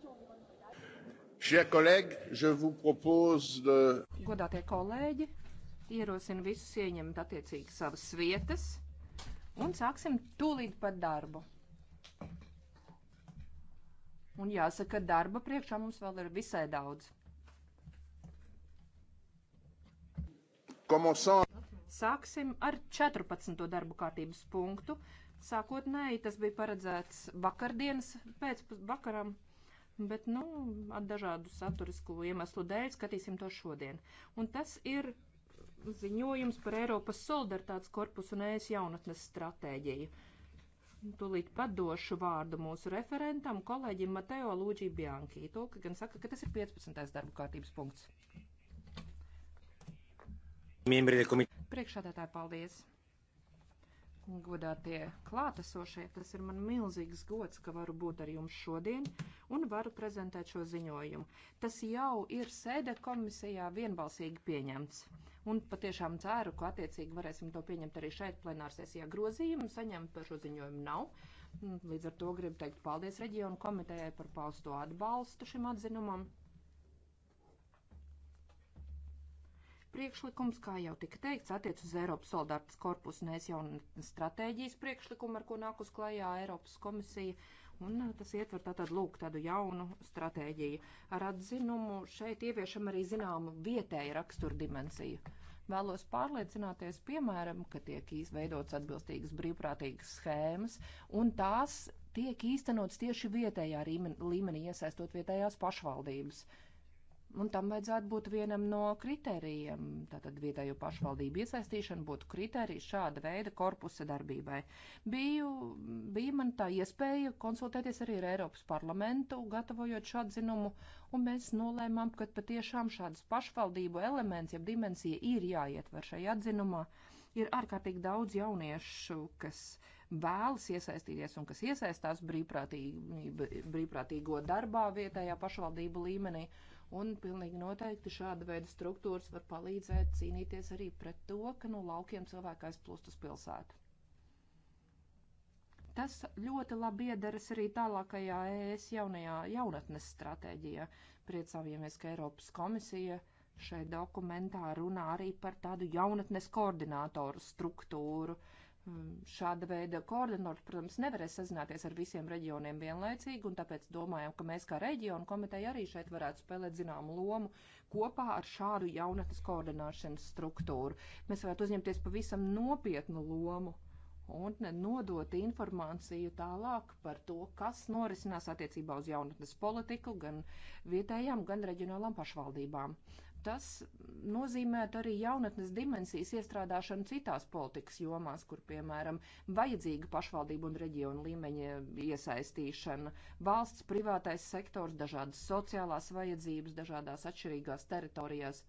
Godātie kolēģi, ierosinu visus ieņemt attiecīgi savas vietas un sāksim tūlīt pat darbu. Un jāsaka, darba priekšā mums vēl ir visai daudz. Sāksim ar 14. darbu kārtības punktu. Sākotnēji tas bija paredzēts vakardienas pēc vakaram bet, nu, ar dažādu saturisku iemeslu dēļ skatīsim to šodien. Un tas ir ziņojums par Eiropas solidaritātes korpusu un ēs jaunatnes stratēģiju. Tūlīt padošu vārdu mūsu referentam, kolēģim Mateo Lūģī Bianchi. To, ka gan saka, ka tas ir 15. darba kārtības punkts. Priekšādātāji, paldies! godātie klātesošie, tas ir man milzīgs gods, ka varu būt ar jums šodien un varu prezentēt šo ziņojumu. Tas jau ir sēde komisijā vienbalsīgi pieņemts. Un patiešām ceru, ka attiecīgi varēsim to pieņemt arī šeit plenārsēsijā grozījumu, saņemt par šo ziņojumu nav. Līdz ar to gribu teikt paldies reģionu komitējai par pausto atbalstu šim atzinumam. priekšlikums, kā jau tika teikts, attiec uz Eiropas solidaritātes korpusu un es jau stratēģijas priekšlikumu, ar ko nāk uz klajā Eiropas komisija. Un tas ietver tātad lūk tādu jaunu stratēģiju. Ar atzinumu šeit ieviešam arī zināmu vietēju raksturu dimensiju. Vēlos pārliecināties, piemēram, ka tiek izveidots atbilstīgas brīvprātīgas schēmas, un tās tiek īstenots tieši vietējā līmenī, iesaistot vietējās pašvaldības. Uh, Un tam vajadzētu būt vienam no kritērijiem. Tātad vietējo pašvaldību iesaistīšana būtu kritērijs šāda veida korpusa darbībai. Biju, bija man tā iespēja konsultēties arī ar Eiropas parlamentu, gatavojot šo atzinumu, un mēs nolēmām, ka patiešām šādas pašvaldību elements, jeb dimensija ir jāietver šajā atzinumā. Ir ārkārtīgi daudz jauniešu, kas vēlas iesaistīties un kas iesaistās brīvprātīgo darbā vietējā pašvaldību līmenī. Un pilnīgi noteikti šāda veida struktūras var palīdzēt cīnīties arī pret to, ka no nu, laukiem cilvēki aizplūst uz pilsētu. Tas ļoti labi iederas arī tālākajā ES jaunajā jaunatnes stratēģijā. Priecājamies, ka Eiropas komisija šeit dokumentā runā arī par tādu jaunatnes koordinātoru struktūru. Uh, Mm, šāda veida koordinatori, protams, nevarēs sazināties ar visiem reģioniem vienlaicīgi, un tāpēc domājam, ka mēs kā reģionu komiteja arī šeit varētu spēlēt zināmu lomu kopā ar šādu jaunatnes koordināšanas struktūru. Mēs varētu uzņemties pavisam nopietnu lomu un nodot informāciju tālāk par to, kas norisinās attiecībā uz jaunatnes politiku gan vietējām, gan reģionālām pašvaldībām. Tas nozīmētu arī jaunatnes dimensijas iestrādāšanu citās politikas jomās, kur, piemēram, vajadzīga pašvaldību un reģionu līmeņa iesaistīšana, valsts privātais sektors, dažādas sociālās vajadzības dažādās atšķirīgās teritorijās –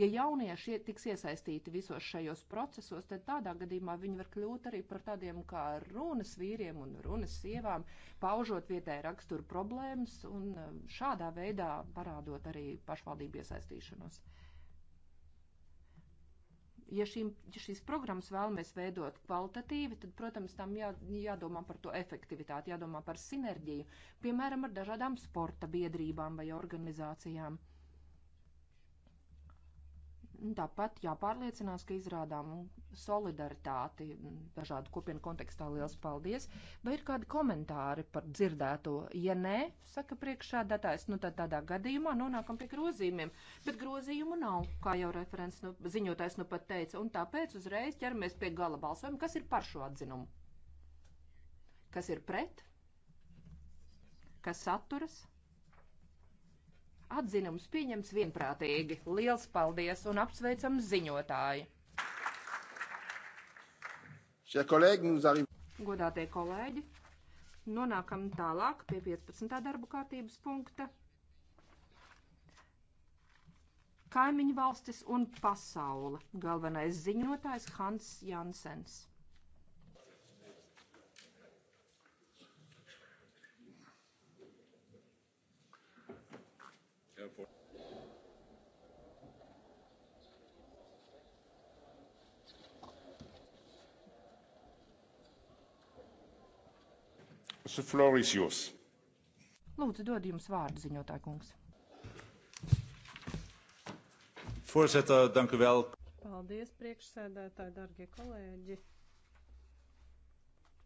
Ja jaunieši tiks iesaistīti visos šajos procesos, tad tādā gadījumā viņi var kļūt arī par tādiem kā runas vīriem un runas sievām, paužot vietēju raksturu problēmas un um, šādā veidā parādot arī pašvaldību iesaistīšanos ja, šīm, ja šīs programmas vēlamies veidot kvalitatīvi, tad, protams, tam jā, jādomā par to efektivitāti, jādomā par sinerģiju, piemēram, ar dažādām sporta biedrībām vai organizācijām. Tāpat jāpārliecinās, ka izrādām solidaritāti dažādu kopienu kontekstā. Liels paldies! Vai ir kādi komentāri par dzirdēto? Ja nē, saka priekšādātājs, nu tad tādā gadījumā nonākam pie grozījumiem. Bet grozījumu nav, kā jau referents nu, ziņotājs nu pat teica, un tāpēc uzreiz ķeramies pie gala balsojuma. Kas ir par šo atzinumu? Kas ir pret? Kas saturas? Atzinums pieņems vienprātīgi. Liels paldies un apsveicam ziņotāju! Godātie kolēģi, nonākam tālāk pie 15. darbu kārtības punkta. Kaimiņu valstis un pasaule. Galvenais ziņotājs Hans Jansens. rapport. The floor is yours. Lūdzu, dod jums vārdu, ziņotāj kungs. Voorzitter, dank u wel. Paldies, priekšsēdētāji, darbie kolēģi.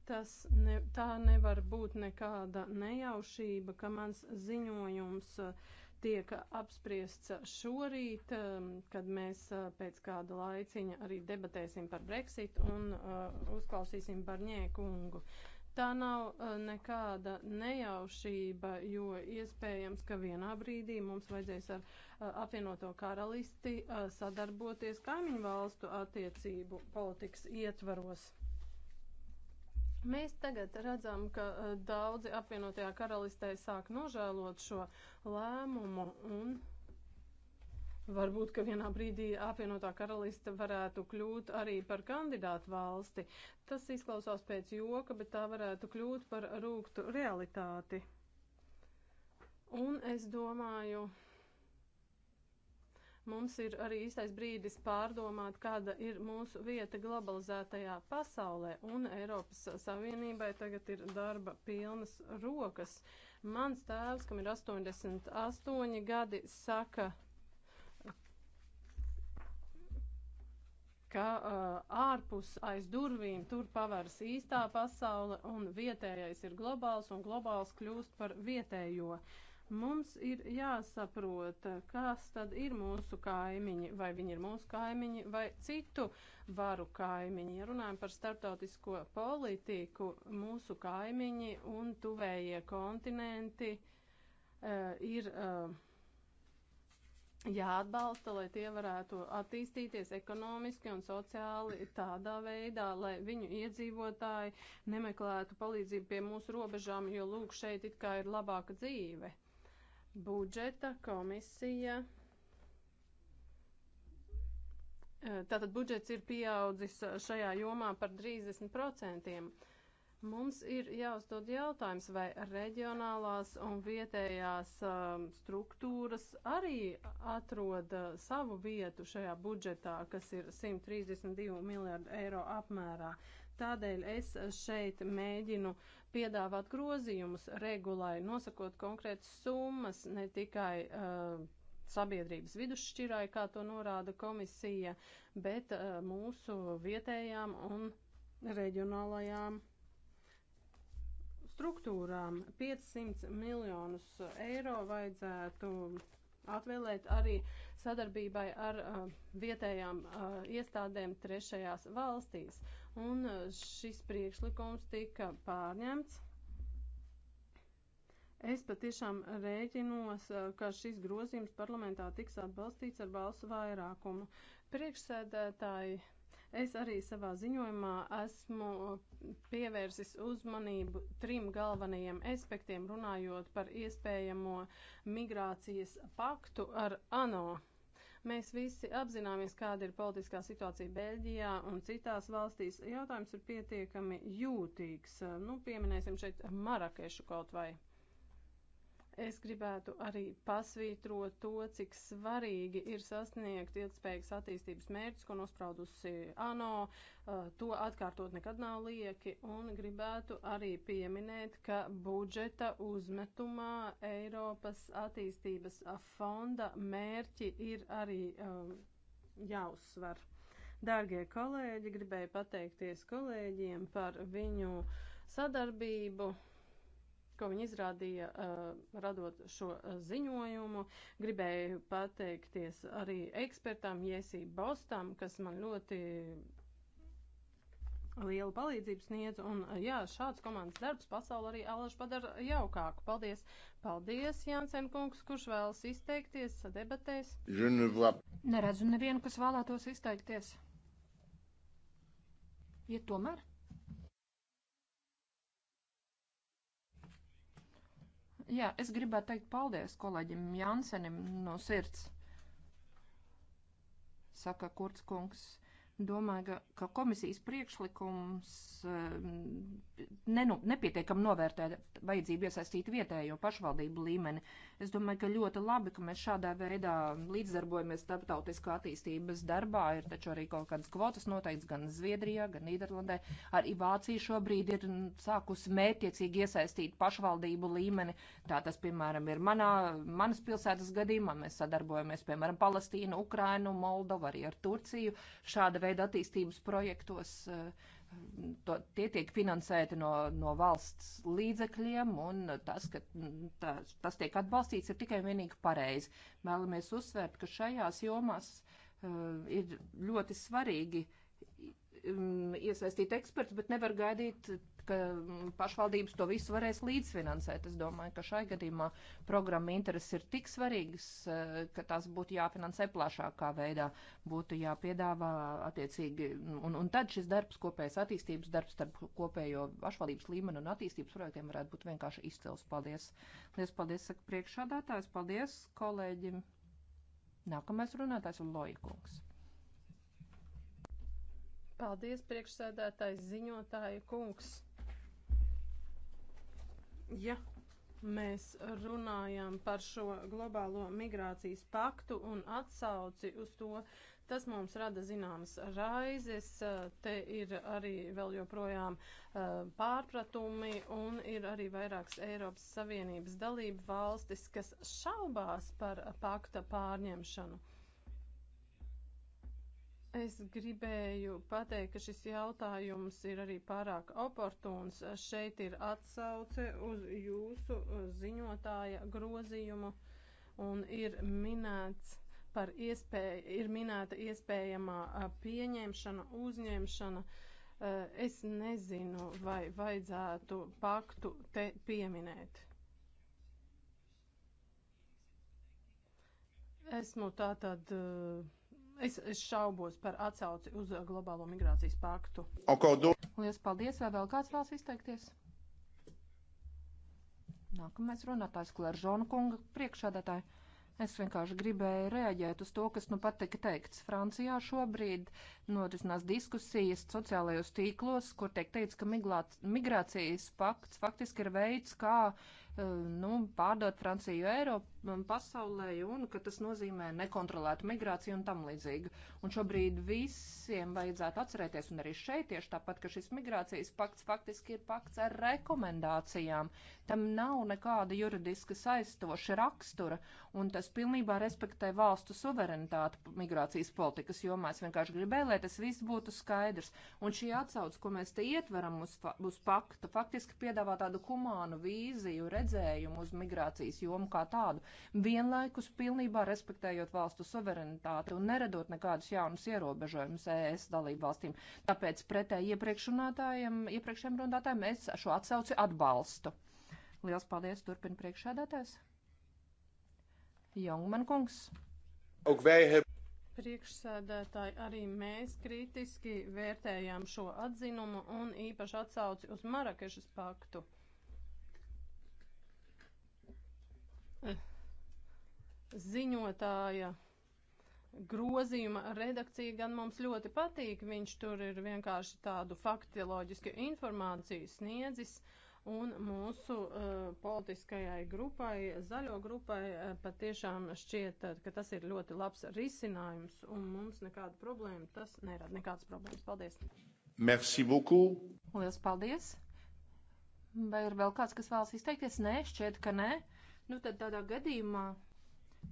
Tas ne, tā nevar būt nekāda nejaušība, ka mans ziņojums uh, tiek apspriests šorīt, um, kad mēs uh, pēc kāda laiciņa arī debatēsim par Brexit un uh, uzklausīsim Barņē kungu. Tā nav uh, nekāda nejaušība, jo iespējams, ka vienā brīdī mums vajadzēs ar apvienoto karalisti sadarboties kaimiņu valstu attiecību politikas ietvaros. Mēs tagad redzam, ka eh, daudzi apvienotajā karalistē sāk nožēlot šo lēmumu un varbūt, ka vienā brīdī apvienotā karaliste varētu kļūt arī par kandidātu valsti. Tas izklausās pēc joka, bet tā varētu kļūt par rūktu realitāti. Un es domāju, Mums ir arī īstais brīdis pārdomāt, kāda ir mūsu vieta globalizētajā pasaulē, un Eiropas Savienībai tagad ir darba pilnas rokas. Mans tēvs, kam ir 88 gadi, saka, ka uh, ārpus aiz durvīm tur paveras īstā pasaule un vietējais ir globāls un globāls kļūst par vietējo. Uh, Mums ir jāsaprot, kas tad ir mūsu kaimiņi, vai viņi ir mūsu kaimiņi, vai citu varu kaimiņi. Ja runājam par starptautisko politiku, mūsu kaimiņi un tuvējie kontinenti uh, ir. Uh, jāatbalsta, lai tie varētu attīstīties ekonomiski un sociāli tādā veidā, lai viņu iedzīvotāji nemeklētu palīdzību pie mūsu robežām, jo lūk, šeit it kā ir labāka dzīve budžeta komisija. E, tātad budžets ir pieaudzis šajā jomā par 30%. Mums ir jāuzdod jautājums, vai reģionālās un vietējās um, struktūras arī atrod e, savu vietu šajā budžetā, kas ir 132 miljārdu eiro apmērā. Tādēļ es šeit mēģinu uh, piedāvāt grozījumus regulai, nosakot konkrētas summas, ne tikai uh, sabiedrības vidusšķirai, kā to norāda komisija, bet uh, mūsu vietējām un reģionālajām struktūrām 500 miljonus eiro vajadzētu atvēlēt arī sadarbībai ar uh, vietējām uh, iestādēm trešajās valstīs un e, šis priekšlikums tika pārņemts. Es patiešām rēķinos, e, ka šis grozījums parlamentā tiks atbalstīts ar balsu vairākumu. Priekšsēdētāji, es arī savā ziņojumā esmu e, pievērsis uzmanību trim galvenajiem aspektiem, runājot par iespējamo migrācijas paktu ar ANO. Mēs visi apzināmies, kāda ir politiskā situācija Beļģijā un citās valstīs. Jautājums ir pietiekami jūtīgs. Nu, pieminēsim šeit Marakešu kaut vai. Es gribētu arī pasvītrot to, cik svarīgi ir sasniegt ilgspējīgas attīstības mērķus, ko nospraudusi ANO. To atkārtot nekad nav lieki. Un gribētu arī pieminēt, ka budžeta uzmetumā Eiropas attīstības fonda mērķi ir arī um, jāuzsver. Dārgie kolēģi, gribēju pateikties kolēģiem par viņu sadarbību ko viņi izrādīja, uh, radot šo eh, ziņojumu. Gribēju pateikties arī ekspertām, Jēsī Bostam, kas man ļoti lielu palīdzību sniedz. Un, eh, jā, šāds komandas darbs pasauli arī alaži padara jaukāku. Paldies! Paldies, Jansen kungs, kurš vēlas izteikties debatēs. Neredzu nevienu, kas vēlētos izteikties. Ja tomēr. Jā, es gribētu teikt paldies kolēģim Jansenim no sirds, saka Kurts kungs. Domāju, ka, ka komisijas priekšlikums ehm, nenu, nepietiekam novērtē vajadzību iesaistīt vietējo pašvaldību līmeni. Es domāju, ka ļoti labi, ka mēs šādā veidā līdzdarbojamies starptautiskā attīstības darbā. Ir taču arī kaut kādas kvotas noteikts gan Zviedrijā, gan Nīderlandē. Arī Vācija šobrīd ir sākusi mērķiecīgi iesaistīt pašvaldību līmeni. Tā tas, piemēram, ir manā, manas pilsētas gadījumā. Mēs sadarbojamies, piemēram, Palestīnu, Ukrainu, Moldovu, arī ar Turciju. Šāda veida attīstības projektos eh, to, tie tiek finansēti no, no valsts līdzekļiem, un tas, ka mm, tas, tas tiek atbalstīts, ir tikai un vienīgi pareizi. Mēlamies uzsvērt, ka šajās jomās uh, ir ļoti svarīgi uh, Um, iesaistīt eksperts, bet nevar gaidīt, ka pašvaldības to visu varēs līdzfinansēt. Es domāju, ka šai gadījumā programma interesi ir tik svarīgas, uh, ka tās būtu jāfinansē plašākā veidā, būtu jāpiedāvā attiecīgi, un, un tad šis darbs, kopējais attīstības darbs starp kopējo pašvaldības līmeni un attīstības projektiem varētu būt vienkārši izcils. Paldies! Lies paldies, saka priekšādātājs, paldies kolēģim! Nākamais runātājs ir Loja kungs. Paldies, priekšsēdētājs ziņotāja kungs. Ja mēs runājam par šo globālo migrācijas paktu un atsauci uz to, Tas mums rada zināmas raizes, te ir arī vēl joprojām eh, pārpratumi un ir arī vairākas Eiropas Savienības dalību valstis, kas šaubās par pakta pārņemšanu. Es gribēju pateikt, ka šis jautājums ir arī pārāk oportuns. Šeit ir atsauce uz jūsu ziņotāja grozījumu un ir minēts par iespēju, ir minēta iespējamā pieņemšana, uzņemšana. Es nezinu, vai vajadzētu paktu te pieminēt. Esmu tātad. Uh, Es, es šaubos par atsauci uz globālo migrācijas paktu. Lielas paldies, vai vēl kāds vēlas izteikties? Nākamais runātājs Klēržona kunga priekšādātāji. Es vienkārši gribēju reaģēt uz to, kas nu pat tika teikts. Francijā šobrīd norisinās diskusijas sociālajos tīklos, kur tiek teica, ka miglāts, migrācijas pakts faktiski ir veids, kā eh, nu, pārdot Franciju Eiropu mm, pasaulē un ka tas nozīmē nekontrolētu migrāciju un tam līdzīgi. Un šobrīd visiem vajadzētu atcerēties, un arī šeit tieši tāpat, ka šis migrācijas pakts faktiski ir pakts ar rekomendācijām. Tam nav nekāda juridiska saistoša rakstura, un tas pilnībā respektē valstu suverenitāti migrācijas politikas jomā. Es vienkārši gribēju, lai lai tas viss būtu skaidrs. Un šī atsauce, ko mēs te ietveram uz, fa uz paktu, faktiski piedāvā tādu humānu vīziju, redzējumu uz migrācijas jomu kā tādu, vienlaikus pilnībā respektējot valstu suverenitāti un neredot nekādus jaunus ierobežojumus ES dalību valstīm. Tāpēc pretēji iepriekšrunātājiem, iepriekšējiem runātājiem es šo atsauci atbalstu. Liels paldies, turpina priekšādātājs. Jongman kungs. Ook wij hebben priekšsēdētāji, arī mēs kritiski vērtējām šo atzinumu un īpaši atsauci uz Marakešas paktu. Ziņotāja grozījuma redakcija gan mums ļoti patīk, viņš tur ir vienkārši tādu faktioloģisku informāciju sniedzis. Uh, Un mūsu uh, politiskajai grupai, zaļo grupai, uh, patiešām šķiet, uh, ka tas ir ļoti labs risinājums, un mums nekāda problēma, tas nerada nekādas problēmas. Paldies! Merci beaucoup! Lielas paldies! Vai ir vēl kāds, kas vēlas izteikties? Nē, šķiet, ka nē. Nu tad tādā gadījumā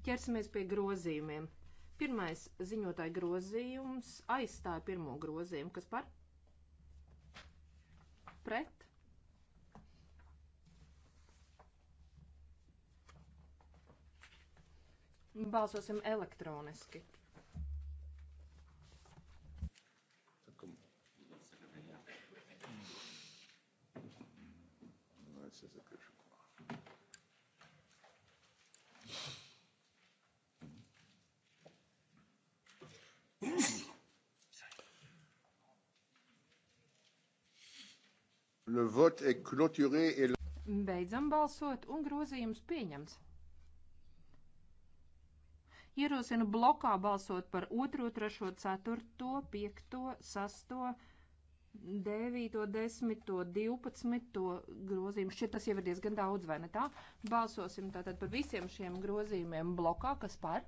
ķersimies pie grozījumiem. Pirmais ziņotāja grozījums aizstāja pirmo grozījumu, kas par pret Balsosim elektroniski. Le vote est clôturé et Beidzam balsot un grozījums pieņems. Ierosinu blokā balsot par 2, 3, 4, 5, 6, 9, 10, 12 grozījumu. Šķiet, tas jau ir diezgan daudz, vai ne tā? Balsosim tātad par visiem šiem grozījumiem blokā, kas par?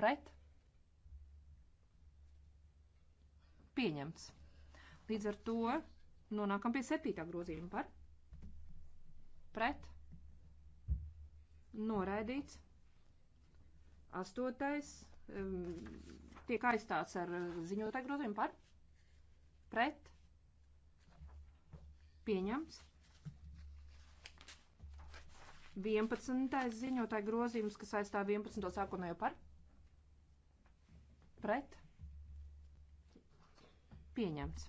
Pret? Pieņemts. Līdz ar to nonākam pie septītā grozījuma par? Pret? Noraidīts. Astotais um, tiek aizstāts ar eh, ziņotāju grozījumu par pret pieņemts. 11. ziņotāju grozījums, kas aizstāv 11. sākotnējo par pret pieņemts.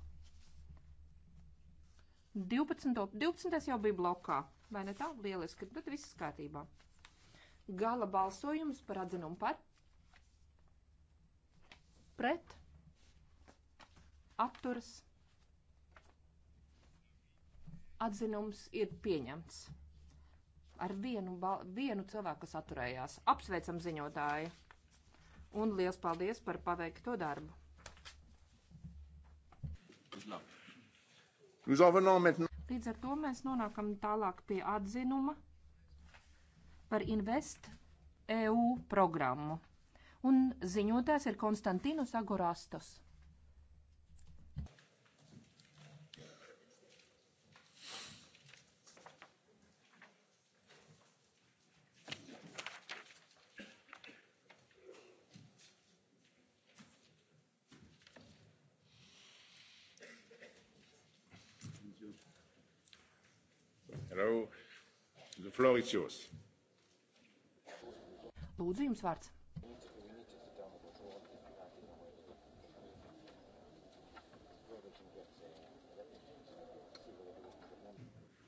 12. 12. jau bija blokā, vai ne tā? Lieliski, bet viss kārtībā. Gala balsojums par atzinumu par. Pret. Apturas. Atzinums ir pieņemts. Ar vienu, vienu cilvēku, kas atturējās. Apsveicam ziņotāju. Un liels paldies par paveikto darbu. Līdz ar to mēs nonākam tālāk pie atzinuma par Invest EU programmu. Un ziņotājs ir Konstantinus Agorastos. Hello, the floor is yours. Lūdzu, jums vārds.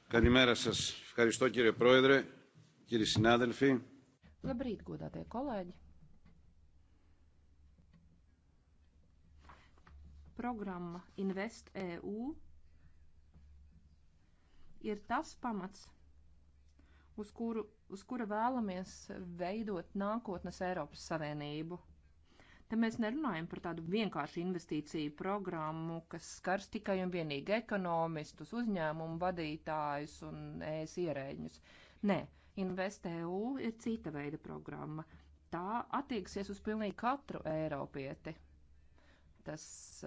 Καλημέρα σας. Ευχαριστώ κύριε Πρόεδρε, κύριοι συνάδελφοι. Labrīt, godātie kolēģi. Programma Invest EU ir tas pamats, uz, kuru, uz kura vēlamies veidot nākotnes Eiropas Savienību. Te mēs nerunājam par tādu vienkāršu investīciju programmu, kas skars tikai un vienīgi ekonomistus, uzņēmumu vadītājus un ēs ierēģņus. Nē, InvestEU ir cita veida programma. Tā attieksies uz pilnīgi katru Eiropieti tas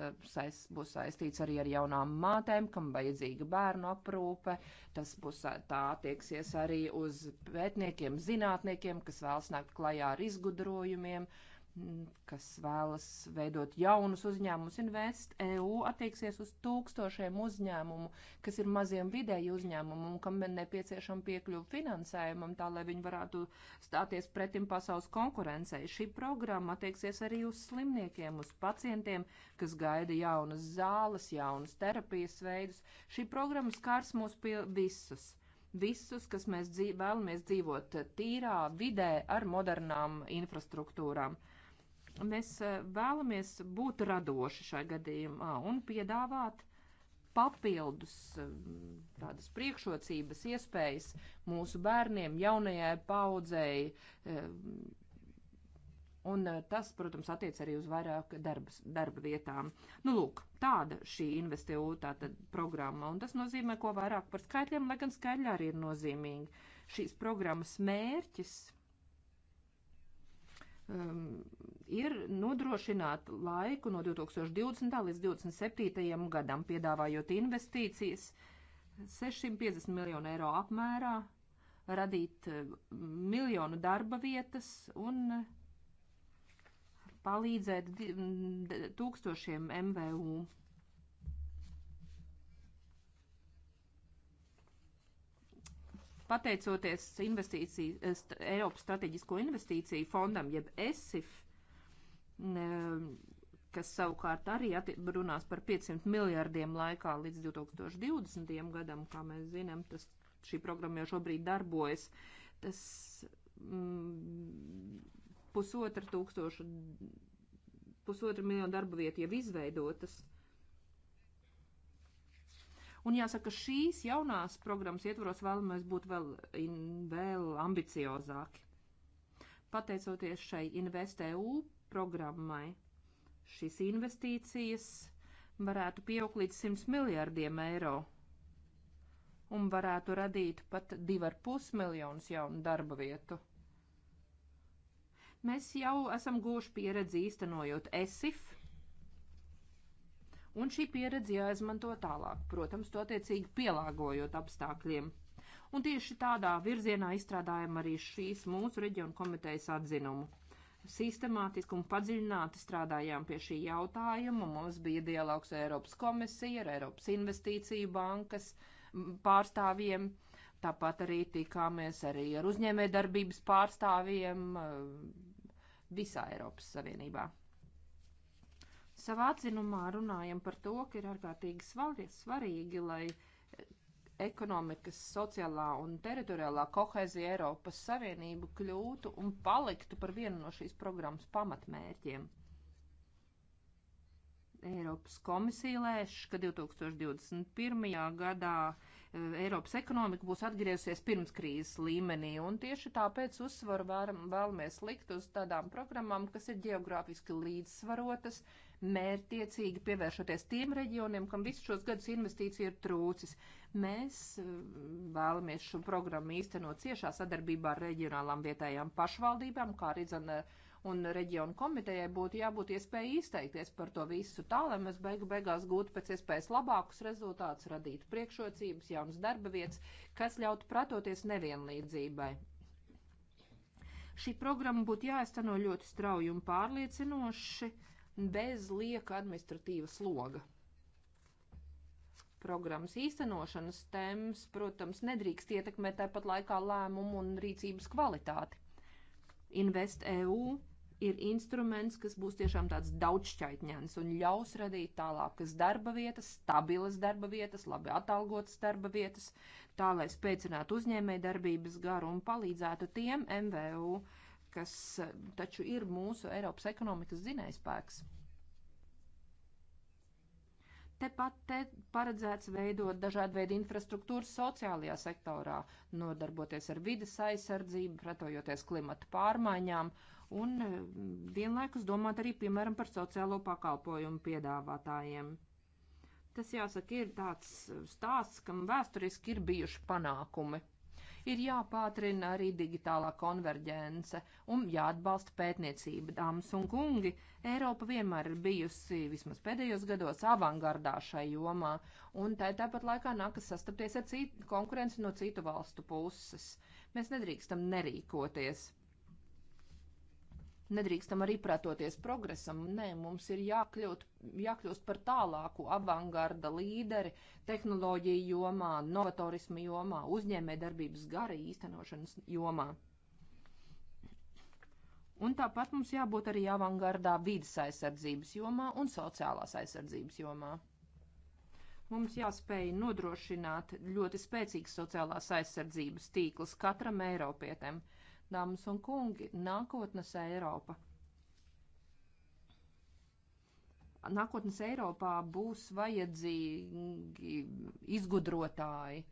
eh, sais, būs saistīts arī ar jaunām mātēm, kam vajadzīga bērnu aprūpe. Tas būs eh, tā attieksies arī uz pētniekiem, zinātniekiem, kas vēlas nākt klajā ar izgudrojumiem. Uh, kas vēlas veidot jaunus uzņēmumus. Invest EU attieksies uz tūkstošiem uzņēmumu, kas ir maziem vidēji uzņēmumu un kam ir nepieciešama piekļuva finansējumam, tā lai viņi varētu stāties pretim pasaules konkurencei. Šī programma attieksies arī uz slimniekiem, uz pacientiem, kas gaida jaunas zāles, jaunas terapijas veidus. Šī programma skars mūs pie visus visus, kas mēs dzīv, vēlamies dzīvot tīrā vidē ar modernām infrastruktūrām. Mēs eh, vēlamies būt radoši šai gadījumā un piedāvāt papildus eh, tādas priekšrocības iespējas mūsu bērniem, jaunajai paudzei. Eh, un tas, protams, attiec arī uz vairāk darbas, darba vietām. Nu, lūk, tāda šī investīvu tātad programma, un tas nozīmē, ko vairāk par skaitļiem, lai gan skaitļi arī ir nozīmīgi. Šīs programmas mērķis um, ir nodrošināt laiku no 2020. līdz 2027. gadam, piedāvājot investīcijas 650 miljonu eiro apmērā, radīt uh, miljonu darba vietas un palīdzēt tūkstošiem MVU. pateicoties investīciju, eh, Eiropas strateģisko investīciju fondam, jeb ESIF, ehm, kas savukārt arī runās par 500 miljardiem laikā līdz 2020. gadam, kā mēs zinām, tas, šī programma jau šobrīd darbojas. Tas mm, pusotra tūkstoša, pusotra miljonu darba vietu jau izveidotas Un jāsaka, šīs jaunās programmas ietvaros vēlamies būt vēl, in, vēl ambiciozāki. Pateicoties šai InvestEU programmai, šīs investīcijas varētu pieaugt līdz 100 miljardiem eiro un varētu radīt pat 2,5 miljonus jaunu darba vietu. Mēs jau esam guvuši pieredzi īstenojot ESIF un šī pieredze jāizmanto tālāk, protams, to attiecīgi pielāgojot apstākļiem. Un tieši tādā virzienā izstrādājam arī šīs mūsu reģionu komitejas atzinumu. Sistemātiski un padziļināti strādājām pie šī jautājuma. Mums bija dialogs ar Eiropas komisiju, ar Eiropas investīciju bankas pārstāvjiem. Tāpat arī tikāmies arī ar uzņēmējdarbības pārstāvjiem visā Eiropas Savienībā. Savā atzinumā runājam par to, ka ir ārkārtīgi svar, svarīgi, lai eh, ekonomikas, sociālā un teritoriālā kohēzija Eiropas Savienību kļūtu un paliktu par vienu no šīs programmas pamatmērķiem. Eiropas komisija lēš, ka 2021. gadā eh, Eiropas ekonomika būs atgriezusies pirms krīzes līmenī, un tieši tāpēc uzsvaru vēlamies likt uz tādām programmām, kas ir geogrāfiski līdzsvarotas, uh, mērtiecīgi pievēršoties tiem reģioniem, kam visus šos gadus investīcija ir trūcis. Mēs eh, vēlamies šo programmu īstenot ciešā sadarbībā ar reģionālām vietējām pašvaldībām, kā arī zan, eh, un reģionu komitejai būtu jābūt iespēja izteikties par to visu tā, lai mēs beigu beigās gūtu pēc iespējas labākus rezultātus, radītu priekšrocības, jaunas darba vietas, kas ļautu pratoties nevienlīdzībai šī programma būtu jāizteno ļoti strauji un pārliecinoši, bez lieka administratīva sloga programmas īstenošanas tēmas, protams, nedrīkst ietekmēt tāpat laikā lēmumu un rīcības kvalitāti. Invest EU ir instruments, kas būs tiešām tāds daudzšķaitņēns un ļaus radīt tālākas darba vietas, stabilas darba vietas, labi atalgotas darba vietas, tā lai spēcinātu uzņēmē darbības garu un palīdzētu tiem MVU, uh, kas eh, taču ir mūsu Eiropas ekonomikas zinājspēks. Tepat te paredzēts veidot dažādu veidu infrastruktūru sociālajā sektorā, nodarboties ar vidas aizsardzību, pretojoties klimata pārmaiņām un eh, vienlaikus domāt arī, piemēram, par sociālo pakalpojumu piedāvātājiem. Tas jāsaka, ir tāds eh, stāsts, kam vēsturiski ir bijuši panākumi. Ir jāpātrina arī digitālā konverģence un jāatbalsta pētniecība. Dāmas un kungi, Eiropa vienmēr ir bijusi, vismaz pēdējos gados, avangardā šai jomā, un tai tāpat laikā nākas sastapties ar citu konkurenci no citu valstu puses. Mēs nedrīkstam nerīkoties. Nedrīkstam arī prātoties progresam, nē, mums ir jākļūt, jākļūst par tālāku avangarda līderi tehnoloģiju jomā, novatorismu jomā, uzņēmē darbības gara īstenošanas jomā. Un tāpat mums jābūt arī avangardā vidas aizsardzības jomā un sociālās aizsardzības jomā. Mums jāspēj nodrošināt ļoti spēcīgas sociālās aizsardzības tīklus katram Eiropietam. Dāmas un kungi, nākotnes Eiropa. Nākotnes Eiropā būs vajadzīgi izgudrotāji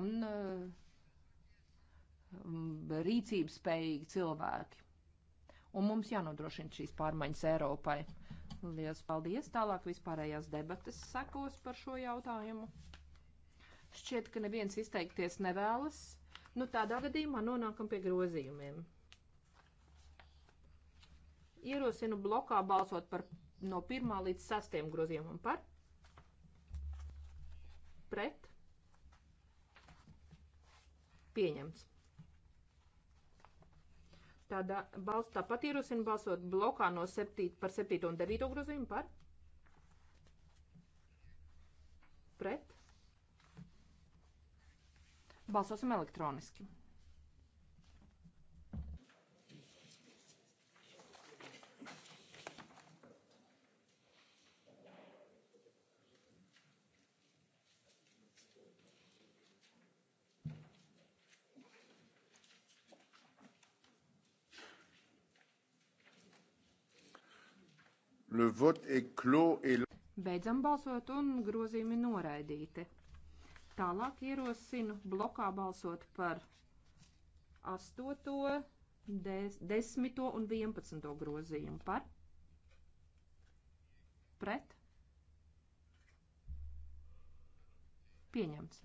un uh, rīcības spējīgi cilvēki. Un mums jānodrošina šīs pārmaiņas Eiropai. Lielas paldies! Tālāk vispārējās debatas sekos par šo jautājumu. Šķiet, ka neviens izteikties nevēlas. Nu, tādā gadījumā nonākam pie grozījumiem. Ierosinu blokā balsot par no 1. līdz 6. grozījumam par pret pieņemts. Tādā balss tāpat ierosina balsot blokā no 7, par 7 un 9 grozījumu par pret Balsosim elektroniski. Le vote est clos et... Beidzam balsot un grozījumi noraidīti. Tālāk ierosinu blokā balsot par 8, 10 un 11 grozījumu par pret pieņemts.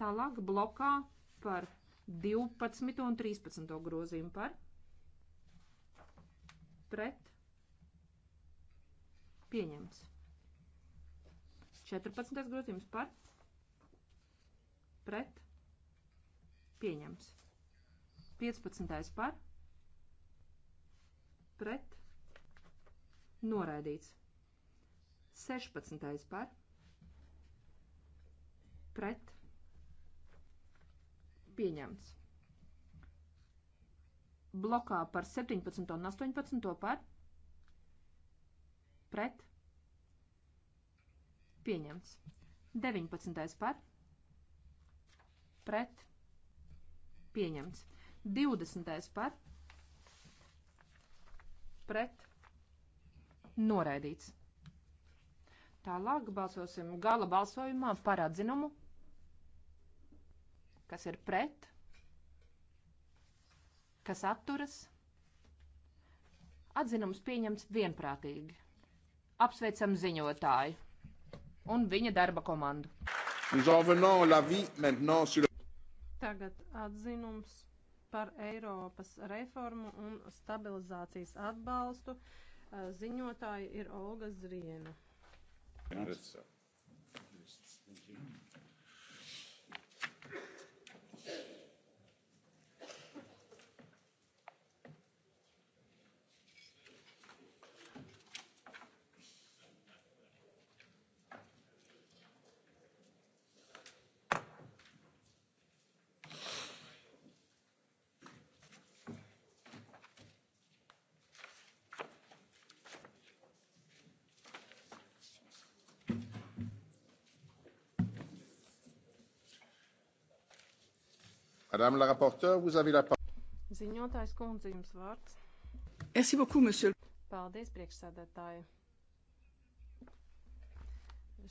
Tālāk blokā par 12 un 13 grozījumu par pret pieņemts. 14. grozījums par pret pieņems. 15. par pret noraidīts. 16. par pret pieņemts. Blokā par 17 un 18 par pret Pieņemts. 19. par. Pret. Pieņemts. 20. par. Pret. Noraidīts. Tālāk balsosim gala balsojumā par atzinumu, kas ir pret, kas atturas. Atzinums pieņemts vienprātīgi. Apsveicam ziņotāju! un viņa darba komandu. Tagad atzinums par Eiropas reformu un stabilizācijas atbalstu. Ziņotāji ir Olga Zriena. Jums. Madame la rapporteure, vous avez la parole. Ziņotājs kundze, jums vārds. Es jau beaucoup, monsieur. Paldies, priekšsēdētāji.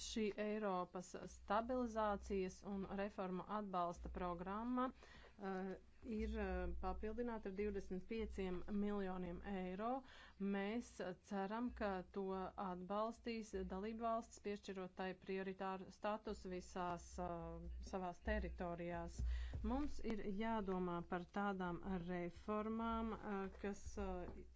Šī Eiropas stabilizācijas un reforma atbalsta programma uh, ir eh, papildināta ar 25 miljoniem eiro. Mēs eh, ceram, ka to atbalstīs dalībvalsts, piešķirot tai prioritāru statusu visās uh, savās teritorijās. Uh, Mums ir jādomā par tādām reformām, kas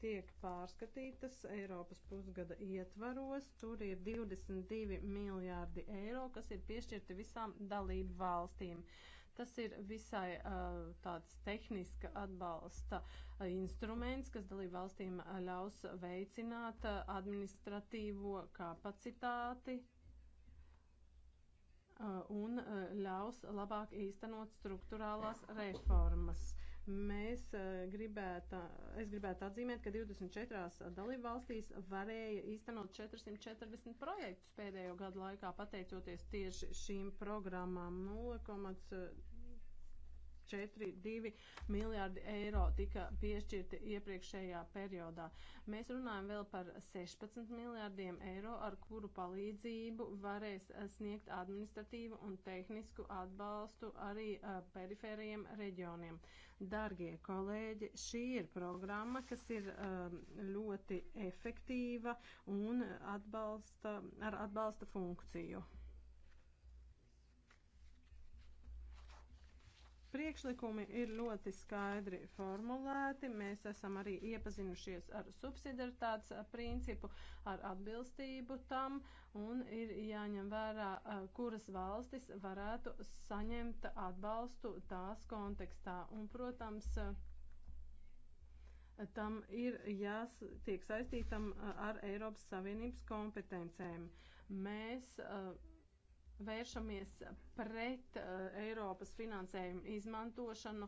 tiek pārskatītas Eiropas pusgada ietvaros. Tur ir 22 miljārdi eiro, kas ir piešķirti visām dalību valstīm. Tas ir visai tāds tehniska atbalsta instruments, kas dalību valstīm ļaus veicināt administratīvo kapacitāti Uh, un uh, ļaus labāk īstenot struktūrālās reformas. Mēs uh, gribētu, es gribētu atzīmēt, ka 24 dalību valstīs varēja īstenot 440 projektus pēdējo gadu laikā, pateicoties tieši šīm programmām 0,4. 1,42 miljārdi eiro tika piešķirti iepriekšējā periodā. Mēs runājam vēl par 16 miljārdiem eiro, ar kuru palīdzību varēs sniegt administratīvu un tehnisku atbalstu arī uh, perifēriem reģioniem. Dargie kolēģi, šī ir programma, kas ir uh, ļoti efektīva un atbalsta, ar atbalsta funkciju. Priekšlikumi ir ļoti skaidri formulēti. Mēs esam arī iepazinušies ar subsidiaritātes principu, ar atbilstību tam, un ir jāņem vērā, kuras valstis varētu saņemt atbalstu tās kontekstā. Un, protams, tam ir jātiek saistītam ar Eiropas Savienības kompetencēm. Mēs uh, vēršamies pret uh, Eiropas finansējumu izmantošanu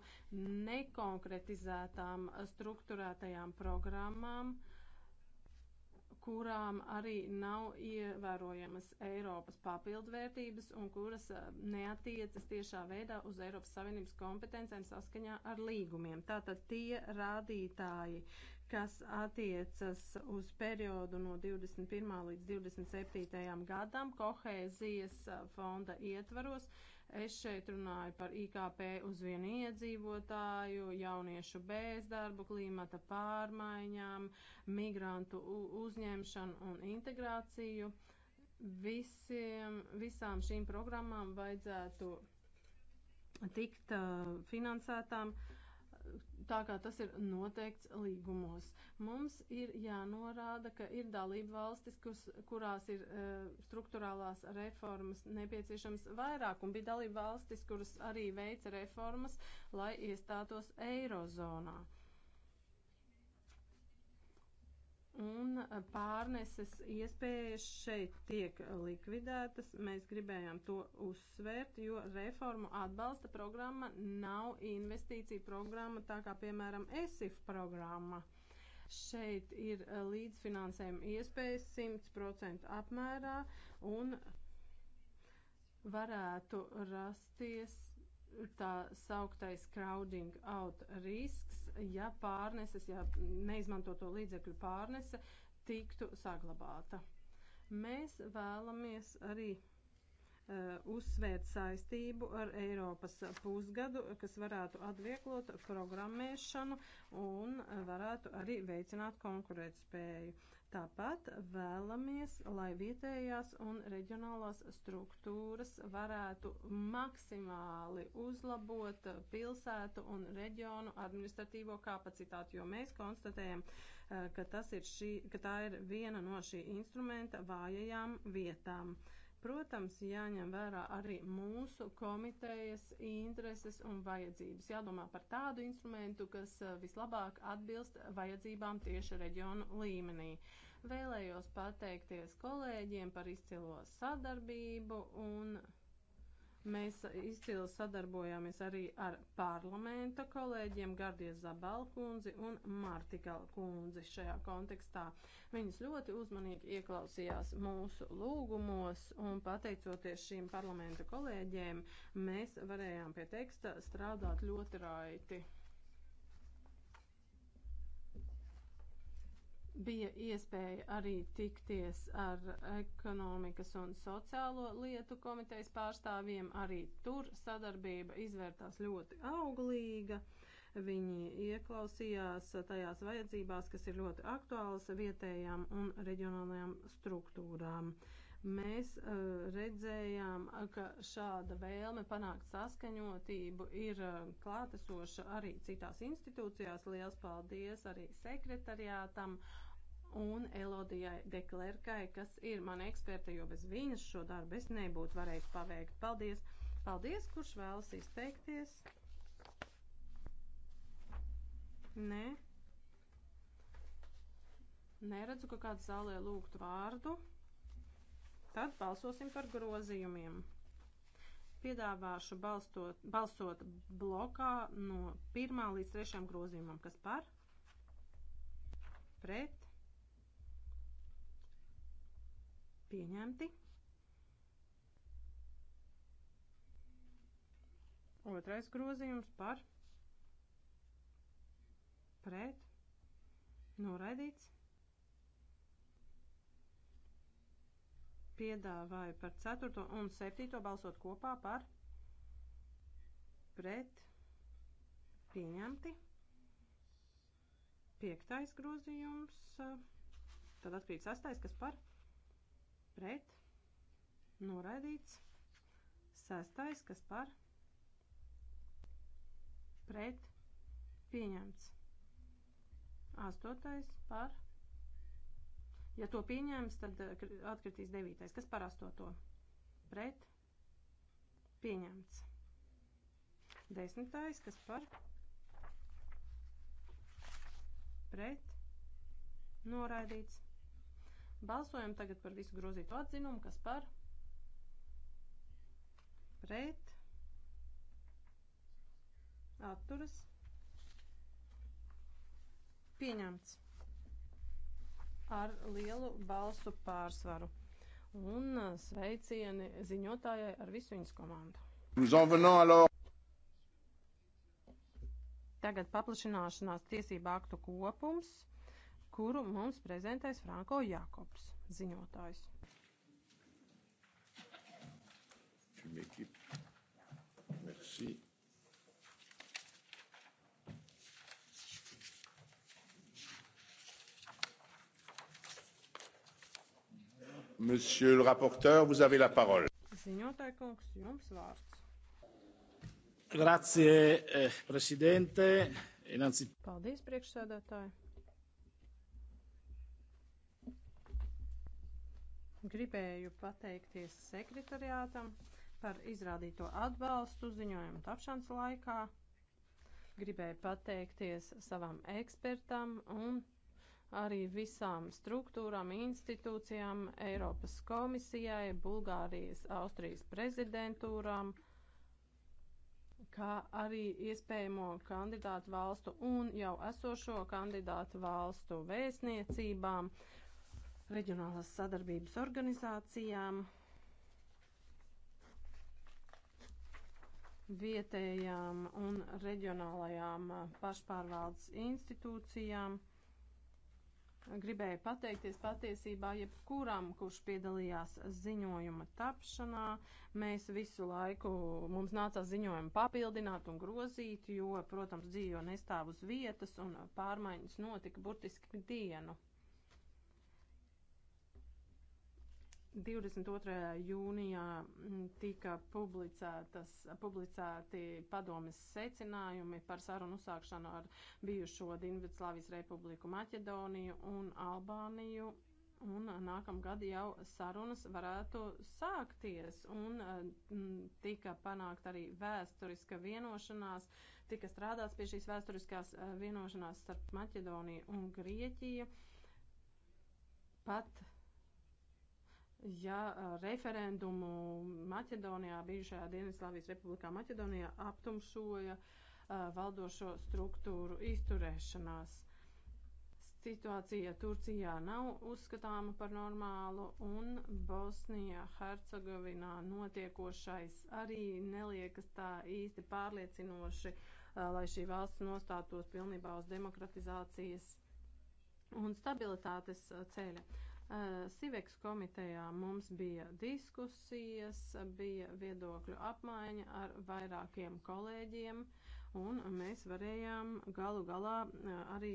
nekonkretizētām eh, struktūrētajām programmām, kurām arī nav ievērojamas Eiropas papildvērtības un kuras uh, neatiecas tiešā veidā uz Eiropas Savienības kompetencēm saskaņā ar līgumiem. Tātad tie rādītāji, uh, kas attiecas uz periodu no 21. līdz 27. gadam kohēzijas fonda ietvaros. Es šeit runāju par IKP uz vienu iedzīvotāju, jauniešu bezdarbu, klimata pārmaiņām, migrantu uzņemšanu un integrāciju. Visiem, visām šīm programmām vajadzētu tikt uh, finansētām uh, tā kā tas ir noteikts līgumos. Mums ir jānorāda, ka ir dalība valstis, kus, kurās ir uh, struktūrālās reformas nepieciešams vairāk, un bija dalība valstis, kuras arī veica reformas, lai iestātos eirozonā. un pārneses iespējas šeit tiek likvidētas. Mēs gribējām to uzsvērt, jo reformu atbalsta programma nav investīcija programma, tā kā piemēram ESIF programma. Šeit ir līdzfinansējuma iespējas 100% apmērā un varētu rasties tā sauktais crowding out risks ja pārneses, ja neizmanto to līdzekļu pārnese, tiktu saglabāta. Mēs vēlamies arī uh, uzsvērt saistību ar Eiropas pusgadu, kas varētu atvieglot programmēšanu un varētu arī veicināt konkurētspēju. Tāpat vēlamies, lai vietējās un reģionālās struktūras varētu maksimāli uzlabot pilsētu un reģionu administratīvo kapacitāti, jo mēs konstatējam, eh, ka, ir šī, ka tā ir viena no šī instrumenta vājajām vietām. Protams, jāņem vērā arī mūsu komitejas intereses un vajadzības. Jādomā par tādu instrumentu, kas eh, vislabāk atbilst vajadzībām tieši reģionu līmenī. Uh, Vēlējos pateikties kolēģiem par izcilo sadarbību un mēs izcili sadarbojāmies arī ar parlamenta kolēģiem Gardies Zabalkundzi un Martikal kundzi šajā kontekstā. Viņas ļoti uzmanīgi ieklausījās mūsu lūgumos un pateicoties šīm parlamenta kolēģiem, mēs varējām pie teksta strādāt ļoti raiti. bija iespēja arī tikties ar ekonomikas un sociālo lietu komitejas pārstāvjiem. Arī tur sadarbība izvērtās ļoti auglīga. Viņi ieklausījās tajās vajadzībās, kas ir ļoti aktuālas vietējām un reģionālajām struktūrām. Mēs uh, redzējām, ka šāda vēlme panākt saskaņotību ir uh, klātesoša arī citās institūcijās. Liels paldies arī sekretariātam. Uh, un Elodijai Deklerkai, kas ir mana eksperte, jo bez viņas šo darbu es nebūtu varējis paveikt. Paldies! Paldies, kurš vēlas izteikties? Nē. Neredzu, ka kāds zālē lūgtu vārdu. Tad balsosim par grozījumiem. Piedāvāšu balstot, balsot blokā no 1 līdz 3 grozījumam, kas par, pret, pieņemti. Otrais grozījums par pret noraidīts. Piedāvāju par 4. un 7. balsot kopā par pret pieņemti. Piektais grozījums, tad atkrīt sastais, kas par pret pret, noraidīts. Sestais, kas par, pret, pieņemts. Astotais par. Ja to pieņēmis, tad eh, atkritīs devītais. Kas par astoto? Pret. Pieņemts. Desmitais, kas par. Pret. Noraidīts. Balsojam tagad par visu grozīto atzinumu, kas par pret atturas pieņemts ar lielu balsu pārsvaru. Un uh, sveicieni ziņotājai ar visu viņas komandu. Tagad paplašināšanās tiesību aktu kopums kuru mums prezentēs Franko Jakobs, ziņotājs. Merci. Monsieur le rapporteur, vous avez la parole. Ziņotāj kungs, jums vārds. Grazie, eh, presidente. Innanzitutto. Paldies, priekšsēdētāji. Gribēju pateikties sekretariātam par izrādīto atbalstu ziņojumu tapšanas laikā. Gribēju pateikties savam ekspertam un arī visām struktūrām, institūcijām, Eiropas komisijai, Bulgārijas, Austrijas prezidentūrām, kā arī iespējamo kandidātu valstu un jau esošo kandidātu valstu vēstniecībām. Uh, reģionālās sadarbības organizācijām, vietējām un reģionālajām pašpārvaldes institūcijām. Gribēju pateikties patiesībā jebkuram, kurš piedalījās ziņojuma tapšanā. Mēs visu laiku, mums nācās ziņojumu papildināt un grozīt, jo, protams, dzīvo nestāv uz vietas un pārmaiņas notika burtiski dienu. 22. jūnijā mm, tika publicēti padomes secinājumi par sarunu uzsākšanu ar bijušo Dienvidslāvijas republiku Maķedoniju un Albāniju. Un nākamgad jau sarunas varētu sākties, un tika panākt arī vēsturiska vienošanās, tika strādāts pie šīs vēsturiskās vienošanās starp Maķedoniju un Grieķiju. Pat ja referendumu Maķedonijā, bijušajā Dienvidslāvijas republikā Maķedonijā, aptumšoja valdošo struktūru izturēšanās. Situācija Turcijā nav uzskatāma par normālu, un Bosnijā, Hercegovinā notiekošais arī neliekas tā īsti pārliecinoši, lai šī valsts nostātos pilnībā uz demokratizācijas un stabilitātes ceļa. Eh, Siveks komitejā mums bija diskusijas, bija viedokļu apmaiņa ar vairākiem kolēģiem, un mēs varējām galu galā eh, arī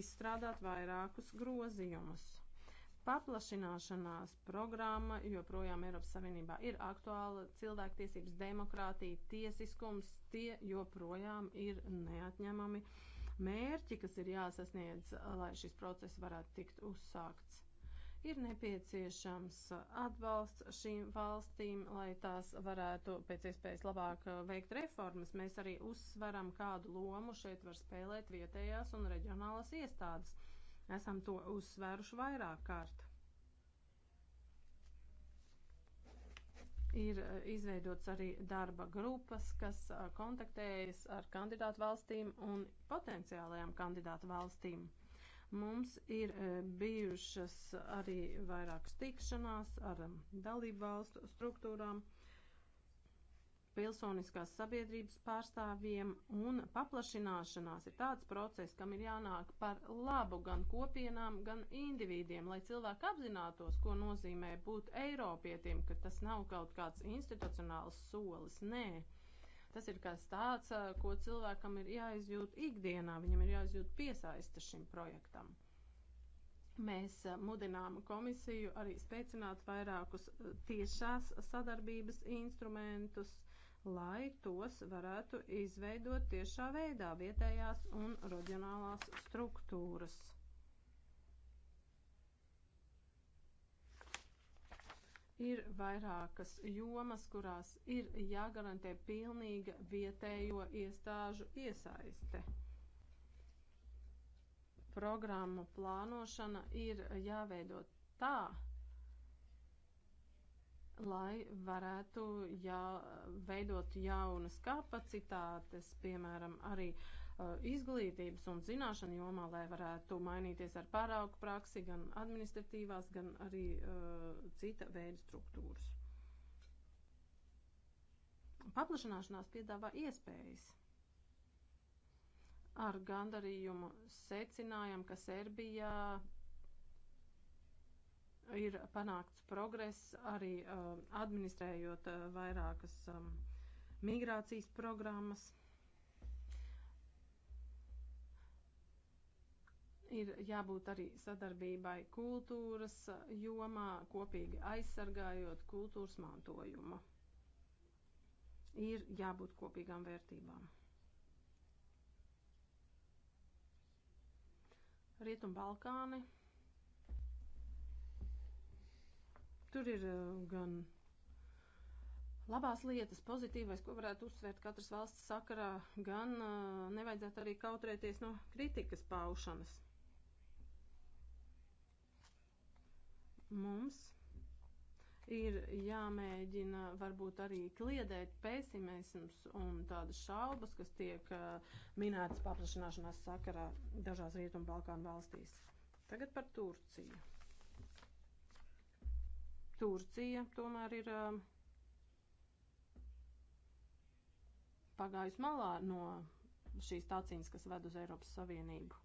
izstrādāt vairākus grozījumus. Paplašināšanās programma joprojām Eiropas Savienībā ir aktuāla, cilvēktiesības, demokrātija, tiesiskums, tie joprojām ir neatņemami uh, mērķi, kas ir jāsasniedz, lai šis process varētu tikt uzsākts. Ir nepieciešams atbalsts šīm valstīm, lai tās varētu pēc iespējas labāk veikt reformas. Mēs arī uzsveram, kādu lomu šeit var spēlēt vietējās un reģionālās iestādes. Esam to uzsvēruši vairāk kārt. Ir eh, izveidots arī darba grupas, kas eh, kontaktējas ar kandidātu valstīm un potenciālajām kandidātu valstīm. Mums ir eh, bijušas arī vairākas tikšanās ar dalību valstu struktūrām pilsoniskās sabiedrības pārstāvjiem, un paplašināšanās ir tāds process, kam ir jānāk par labu gan kopienām, gan individiem, lai cilvēki apzinātos, ko nozīmē būt Eiropietim, ka tas nav kaut kāds institucionāls solis, nē. Tas ir kas tāds, ko cilvēkam ir jāizjūt ikdienā, viņam ir jāizjūt piesaista šim projektam. Mēs mudinām komisiju arī spēcināt vairākus tiešās sadarbības instrumentus, lai tos varētu izveidot tiešā veidā vietējās un reģionālās struktūras. Ir vairākas jomas, kurās ir jāgarantē pilnīga vietējo iestāžu iesaiste. Programmu plānošana ir jāveido tā, lai varētu jā, veidot jaunas kapacitātes, piemēram, arī uh, izglītības un zināšanu jomā, lai varētu mainīties ar pārauku praksi gan administratīvās, gan arī uh, cita veida struktūras. Paplašanāšanās piedāvā iespējas. Ar gandarījumu secinājām, ka Serbijā ir panākts progress arī uh, administrējot uh, vairākas um, migrācijas programmas. Ir jābūt arī sadarbībai kultūras uh, jomā, kopīgi aizsargājot kultūras mantojumu. Ir jābūt kopīgām vērtībām. Rietumbalkāni. Balkāni Tur ir eh, gan labās lietas, pozitīvais, ko varētu uzsvērt katras valsts sakarā, gan eh, nevajadzētu arī kautrēties no kritikas paušanas. Mums ir jāmēģina varbūt arī kliedēt pesimisms un tādas šaubas, kas tiek eh, minētas paplašināšanās sakarā dažās Rietumbalkānu valstīs. Tagad par Turciju. Turcija tomēr ir um, pagājusi malā no šīs tācīņas, kas ved uz Eiropas Savienību.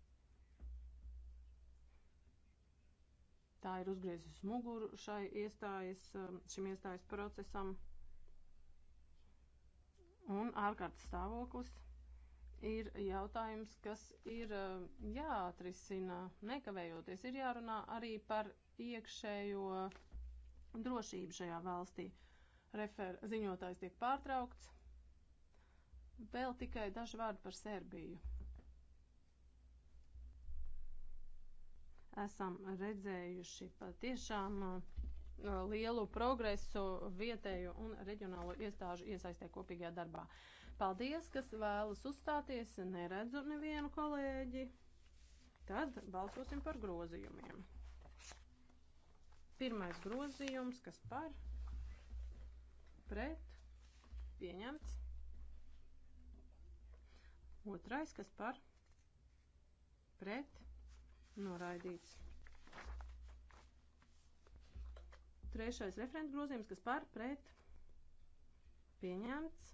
Tā ir uzgriezusi muguru šai iestājas, um, šim iestājas procesam. Un ārkārtas stāvoklis ir jautājums, kas ir um, jāatrisina nekavējoties. Ir jārunā arī par iekšējo drošību šajā valstī. Refer ziņotājs tiek pārtraukts. Vēl tikai daži vārdi par Serbiju. Esam redzējuši patiešām uh, lielu progresu vietēju un reģionālo iestāžu iesaistē kopīgajā darbā. Paldies, kas vēlas uzstāties, neredzu nevienu kolēģi. Tad balsosim par grozījumiem. Pirmais grozījums, kas par pret pieņemts. Otrais, kas par pret noraidīts. Trešais referenta grozījums, kas par pret pieņemts.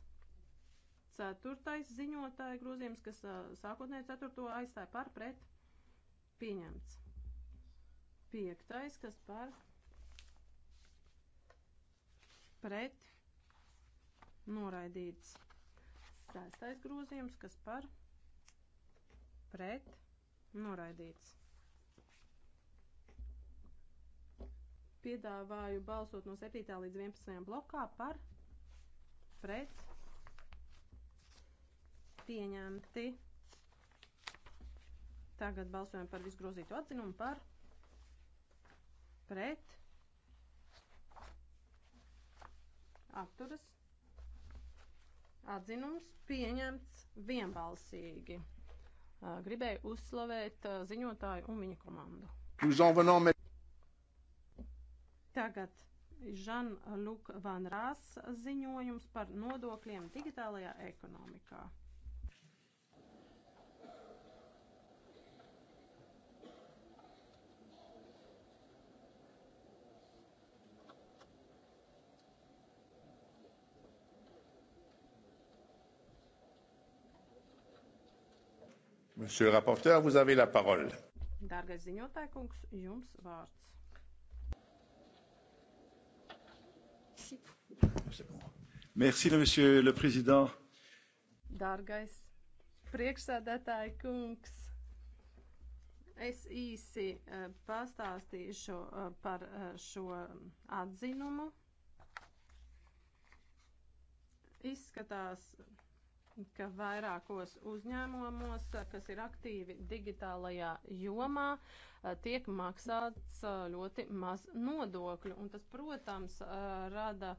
Ceturtais ziņotāja grozījums, kas sākotnēji ceturto aizstāja par pret pieņemts. Piektais, kas par pret noraidīts. Sēstais grozījums, kas par pret noraidīts. Piedāvāju balsot no 7. līdz 11. blokā par pret pieņemti. Tagad balsojam par visgrozīto atzinumu par pret atturas atzinums pieņemts vienbalsīgi. Gribēju uzslavēt ziņotāju un viņa komandu. Tagad Žan-Luk Van Rās ziņojums par nodokļiem digitālajā ekonomikā. Monsieur le rapporteur, vous avez la parole. Dārgais ziņotāj, kungs, jums vārds. Merci, monsieur le président. Dārgais priekšsēdētāji, kungs, es īsi eh, pastāstīšu eh, par eh, šo atzinumu. Izskatās, ka vairākos uzņēmumos, kas ir aktīvi digitālajā jomā, eh, tiek maksāts eh, ļoti maz nodokļu. Un tas, protams, eh, rada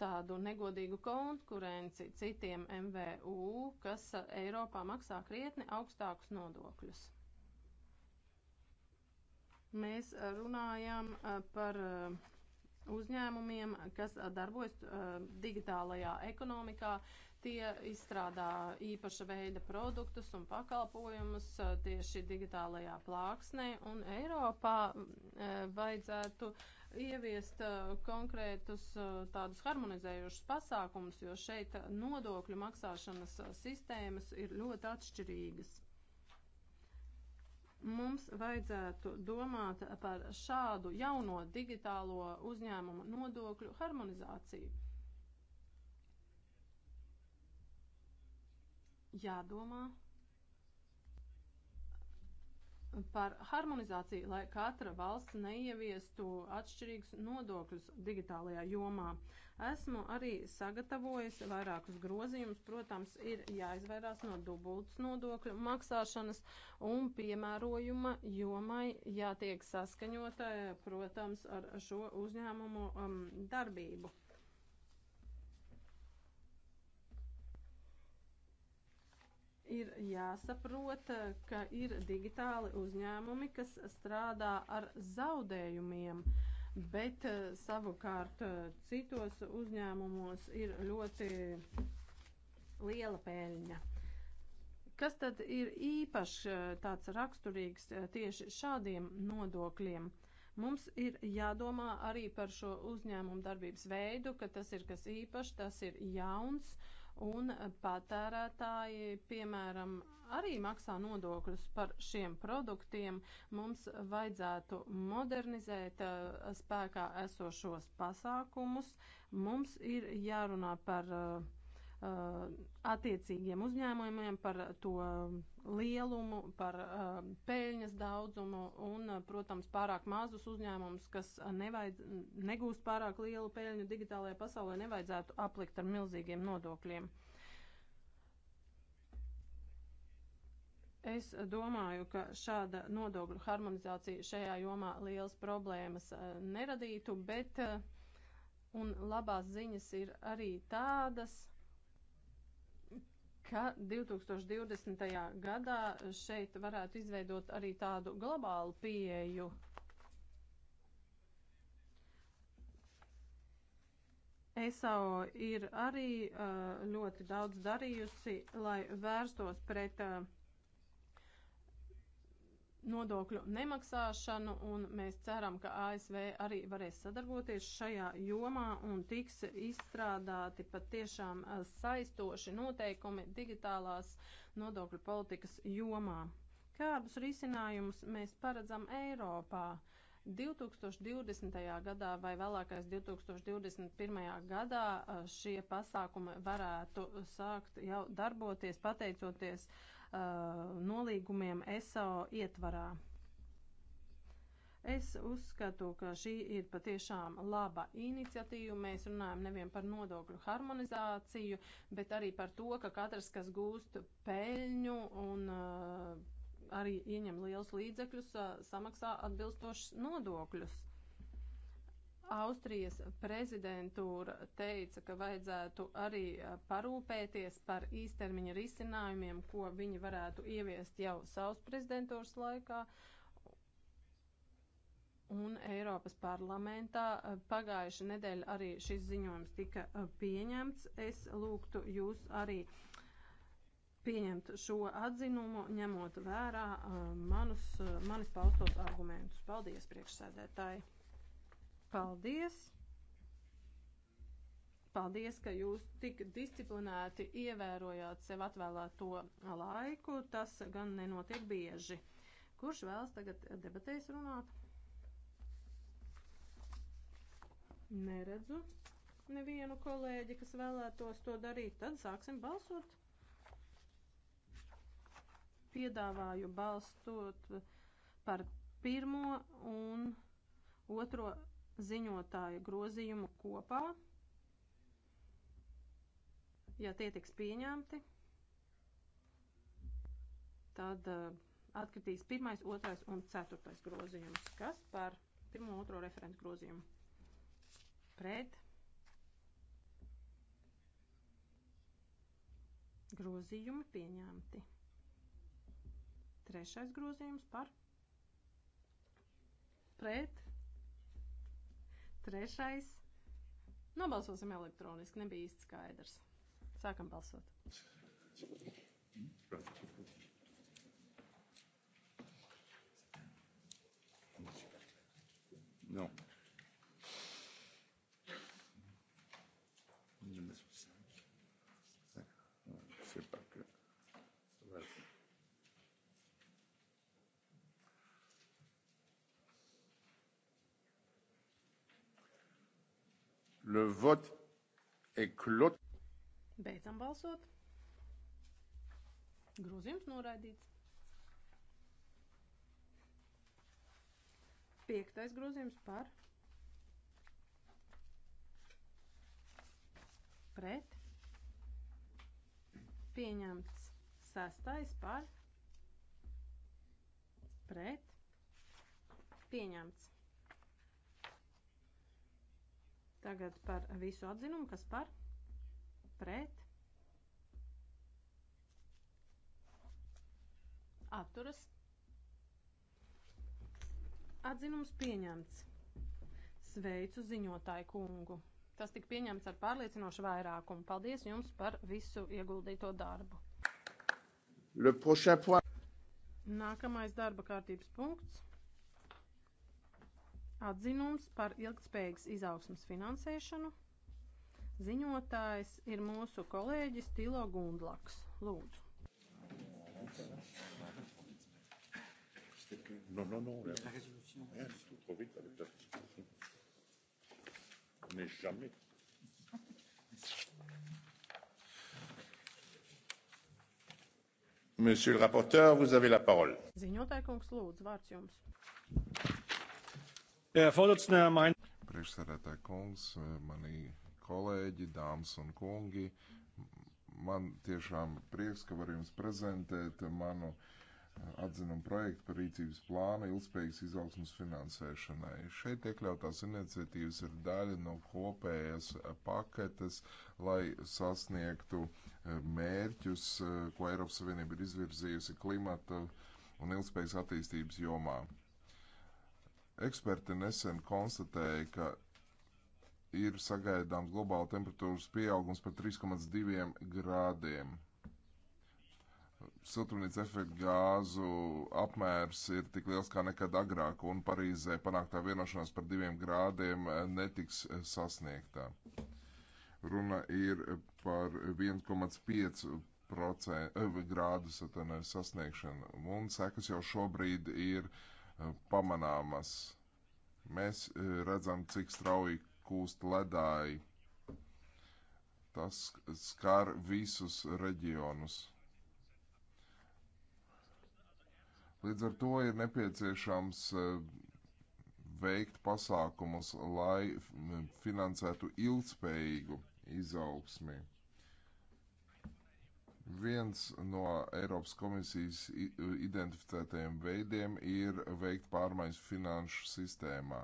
tādu negodīgu konkurenci citiem MVU, kas Eiropā maksā krietni augstākus nodokļus. Mēs runājam par uzņēmumiem, kas darbojas digitālajā ekonomikā, Tie izstrādā īpaša veida produktus un pakalpojumus uh, tieši digitālajā plāksnē, un Eiropā mm, uh, vajadzētu ieviest uh, konkrētus tādus harmonizējušus pasākumus, jo šeit nodokļu maksāšanas sistēmas ir ļoti atšķirīgas. Mums vajadzētu domāt par šādu jauno digitālo uzņēmumu nodokļu harmonizāciju. jādomā par harmonizāciju, lai katra valsts neieviestu atšķirīgus nodokļus digitālajā jomā. Esmu arī sagatavojis vairākus grozījumus, protams, ir jāizvairās no dubultas nodokļu maksāšanas un piemērojuma jomai jātiek saskaņotai, protams, ar šo uzņēmumu um, darbību. ir jāsaprot, ka ir digitāli uzņēmumi, kas strādā ar zaudējumiem, bet eh, savukārt eh, citos uzņēmumos ir ļoti liela pēļņa. Kas tad ir īpaši eh, tāds raksturīgs tieši šādiem nodokļiem? Mums ir jādomā arī par šo uzņēmumu darbības veidu, ka tas ir kas īpašs, tas ir jauns. Uh, un patērētāji, piemēram, arī maksā nodokļus par šiem produktiem. Mums vajadzētu modernizēt eh, spēkā esošos pasākumus. Mums ir jārunā par eh, eh, attiecīgiem uzņēmumiem, par to lielumu, par uh, peļņas daudzumu un, uh, protams, pārāk mazus uzņēmumus, kas uh, nevajadz, negūst pārāk lielu peļņu digitālajā pasaulē, nevajadzētu aplikt ar milzīgiem nodokļiem. Es domāju, ka šāda nodokļu harmonizācija šajā jomā liels problēmas uh, neradītu, bet uh, un labās ziņas ir arī tādas, ka 2020. gadā šeit varētu izveidot arī tādu globālu pieeju. ESAO ir arī uh, ļoti daudz darījusi, lai vērstos pret uh, nodokļu nemaksāšanu, un mēs ceram, ka ASV arī varēs sadarboties šajā jomā un tiks izstrādāti patiešām saistoši noteikumi digitālās nodokļu politikas jomā. Kādus risinājumus mēs paredzam Eiropā? 2020. gadā vai vēlākais 2021. gadā šie pasākumi varētu sākt jau darboties pateicoties uh, Uh, nolīgumiem ESO ietvarā. Es uzskatu, ka šī ir patiešām laba iniciatīva. Mēs runājam nevien par nodokļu harmonizāciju, bet arī par to, ka katrs, kas gūst peļņu un uh, arī ieņem liels līdzekļus, uh, samaksā atbilstošus nodokļus. Austrijas prezidentūra teica, ka vajadzētu arī parūpēties par īstermiņa risinājumiem, ko viņi varētu ieviest jau savas prezidentūras laikā. Un Eiropas parlamentā pagājuši nedēļa arī šis ziņojums tika pieņemts. Es lūgtu jūs arī pieņemt šo atzinumu, ņemot vērā manus, manis paustos argumentus. Paldies, priekšsēdētāji! Paldies! Paldies, ka jūs tik disciplinēti ievērojāt sev atvēlēto laiku. Tas gan nenotiek bieži. Kurš vēlas tagad debatēs runāt? Neredzu nevienu kolēģi, kas vēlētos to darīt. Tad sāksim balsot. Piedāvāju balstot par pirmo un otro ziņotāja grozījumu kopā, ja tie tiks pieņemti, tad uh, atkritīs pirmais, otrais un ceturtais grozījums, kas par pirmo otro referents grozījumu pret grozījumi pieņemti. Trešais grozījums par pret Trešais. Nobalsosim elektroniski, nebija īsti skaidrs. Sākam balsot. No. Le vote est clos. Beidzam balsot. Grozījums noraidīts. Piektais grozījums par pret pieņemts sastais par pret pieņemts Tagad par visu atzinumu, kas par pret atturas. Atzinums pieņemts. Sveicu ziņotāju kungu. Tas tika pieņemts ar pārliecinošu vairākumu. Paldies jums par visu ieguldīto darbu. Nākamais darba kārtības punkts. Atzinums par ilgtspējīgas izaugsmas finansēšanu. Ziņotājs ir mūsu kolēģis Tilo Gundlaks. Lūdzu. Non, non, non, la, la résolution. Rien du tout, trop vite avec la résolution. On n'est jamais. Monsieur le rapporteur, vous avez la parole. Ziņotājkungs, lūdzu, vārds jums. Priekšsēdētāji kungs, mani kolēģi, dāmas un kungi, man tiešām prieks, ka var jums prezentēt manu eh, atzinumu projektu par rīcības plānu ilgspējīgas izaugsmas finansēšanai. Šeit iekļautās iniciatīvas ir daļa no kopējas eh, paketes, lai sasniegtu eh, mērķus, ko Eiropas Savienība ir izvirzījusi klimata un ilgspējas attīstības jomā. Eksperti nesen konstatēja, ka ir sagaidāms globāla temperatūras pieaugums par 3,2 grādiem. Siltumnīca efekta gāzu apmērs ir tik liels kā nekad agrāk, un Parīzē panāktā vienošanās par diviem grādiem netiks sasniegtā. Runa ir par 1,5 eh, grādu sasniegšanu, un sekas jau šobrīd ir uh, Eh, pamanāmas. Mēs eh, redzam, cik strauji kūst ledāji. Tas skar visus reģionus. Līdz ar to ir nepieciešams eh, veikt pasākumus, lai mm, finansētu ilgspējīgu izaugsmi. Viens no Eiropas komisijas identificētajiem veidiem ir veikt pārmaiņas finanšu sistēmā.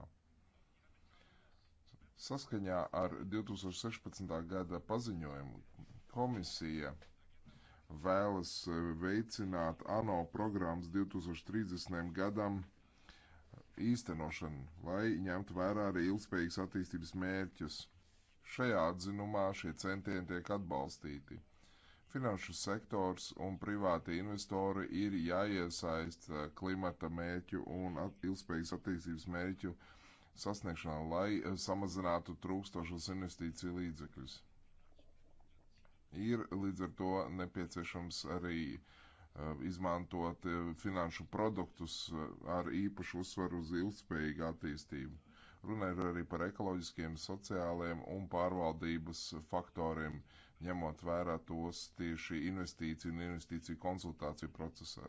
Saskaņā ar 2016. gada paziņojumu komisija vēlas e, veicināt ANO programmas 2030. gadam īstenošanu, lai ņemtu vērā arī ilgspējīgas attīstības mērķus. Šajā atzinumā šie centieni tiek atbalstīti Finanšu sektors un privāti investori ir jāiesaista eh, klimata mērķu un ilgspējīgas attīstības mērķu sasniegšanā, lai eh, samazinātu trūkstošos investīciju līdzekļus. Ir līdz ar to nepieciešams arī eh, izmantot finanšu produktus ar īpašu uzsvaru uz ilgspējīgu attīstību. Runa ir arī par ekoloģiskiem, sociāliem un pārvaldības faktoriem, uh, ņemot vērā tos tieši investīciju un investīciju konsultāciju procesā.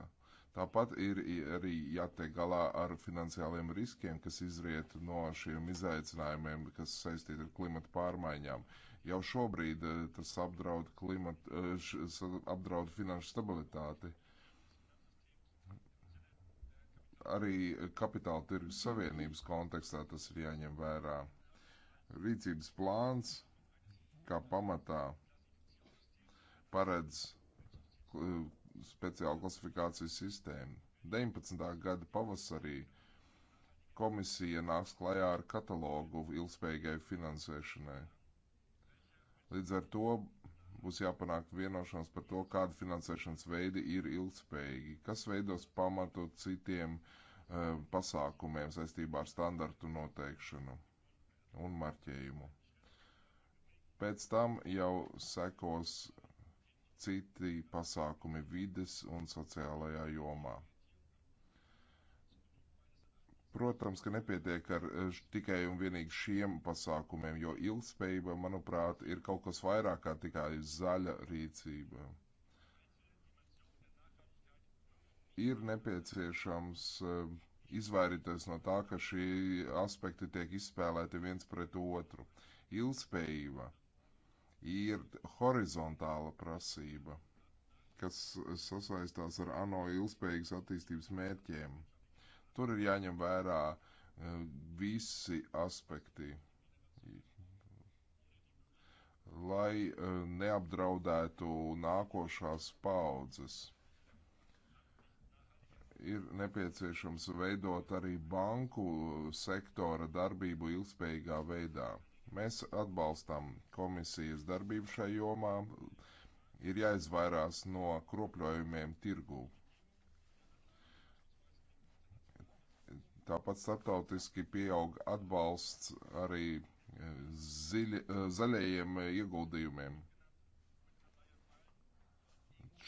Tāpat ir arī jātiek galā ar finansiāliem riskiem, kas izriet no šiem izaicinājumiem, kas saistīti ar klimatu pārmaiņām. Jau šobrīd eh, tas apdraud, klimat, eh, apdraud finanšu stabilitāti. Arī kapitāla tirgus savienības kontekstā tas ir jāņem vērā. Rīcības plāns kā pamatā paredz speciālu klasifikācijas sistēmu. 19. gada pavasarī komisija nāks klajā ar katalogu ilgspējīgai finansēšanai. Līdz ar to būs jāpanāk vienošanās par to, kāda finansēšanas veidi ir ilgspējīgi, kas veidos pamatu citiem uh, pasākumiem saistībā ar standartu noteikšanu un marķējumu. Pēc tam jau sekos citi pasākumi vides un sociālajā jomā. Protams, ka nepietiek ar eh, tikai un vienīgi šiem pasākumiem, jo ilgspējība, manuprāt, ir kaut kas vairāk kā tikai zaļa rīcība. Ir nepieciešams eh, izvairīties no tā, ka šie aspekti tiek izspēlēti viens pret otru. Ilgspējība ir horizontāla prasība, kas sasaistās ar ANO ilgspējīgas attīstības mērķiem. Tur ir jāņem vērā e, visi aspekti, lai e, neapdraudētu nākošās paudzes ir nepieciešams veidot arī banku sektora darbību ilgspējīgā veidā. Mēs atbalstam komisijas darbību šai jomā. Ir jāizvairās no kropļojumiem tirgū. Tāpat starptautiski pieaug atbalsts arī e, ziļa, e, zaļajiem ieguldījumiem.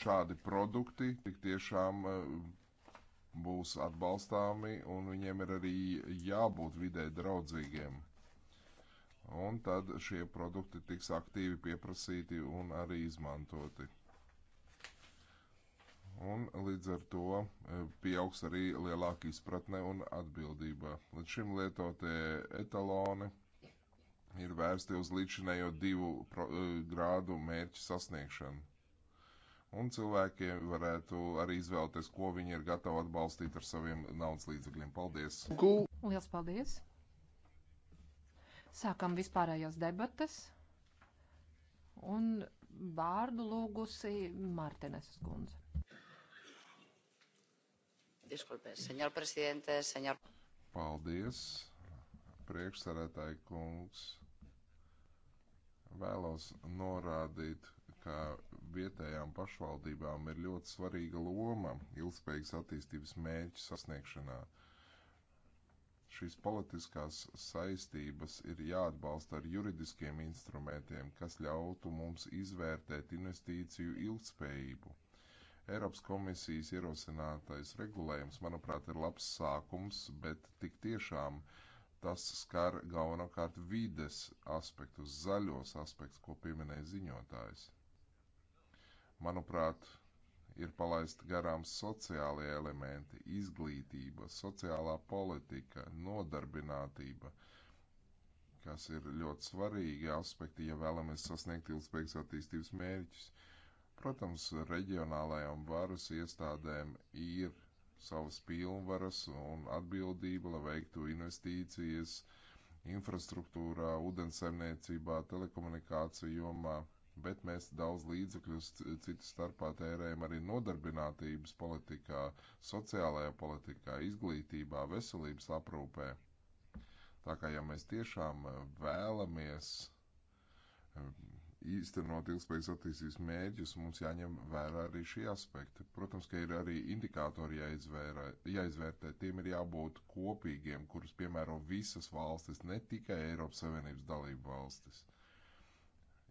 Šādi produkti tik tiešām e, būs atbalstāmi un viņiem ir arī jābūt vidē draudzīgiem un tad šie produkti tiks aktīvi pieprasīti un arī izmantoti. Un līdz ar to e, pieaugs arī lielāka izpratne un atbildība. Līdz šim lietotie etaloni ir vērsti uz līdzinējo divu e, grādu mērķu sasniegšanu. Un cilvēki varētu arī izvēlēties, ko viņi ir gatavi atbalstīt ar saviem naudas līdzekļiem. Paldies! Liels paldies! Sākam vispārējās debatas un vārdu lūgusi Martineses kundze. Disculpe, senor presidente, senor. Paldies, priekšsarētāji kungs. Vēlos norādīt, ka vietējām pašvaldībām ir ļoti svarīga loma ilgspējīgas attīstības mērķu sasniegšanā. Šīs politiskās saistības ir jāatbalsta ar juridiskiem instrumentiem, kas ļautu mums izvērtēt investīciju ilgspējību. Eiropas komisijas ierosinātais regulējums, manuprāt, ir labs sākums, bet tik tiešām tas skar galvenokārt vides aspektus, zaļos aspektus, ko pieminēja ziņotājs. Manuprāt, ir palaisti garām sociālie elementi, izglītība, sociālā politika, nodarbinātība, kas ir ļoti svarīgi aspekti, ja vēlamies sasniegt ilgspējīgas attīstības mērķus. Protams, reģionālajām varas iestādēm ir savas pilnvaras un atbildība, lai veiktu investīcijas infrastruktūrā, ūdensaimniecībā, telekomunikāciju jomā bet mēs daudz līdzekļus citu starpā tērējam arī nodarbinātības politikā, sociālajā politikā, izglītībā, veselības aprūpē. Tā kā ja mēs tiešām eh, vēlamies eh, īstenot ilgspējas attīstības mērķus, mums jāņem vērā arī šie aspekti. Protams, ka ir arī indikātori jāizvērā, jāizvērtē, tiem ir jābūt kopīgiem, kurus piemēro visas valstis, ne tikai Eiropas Savienības dalību valstis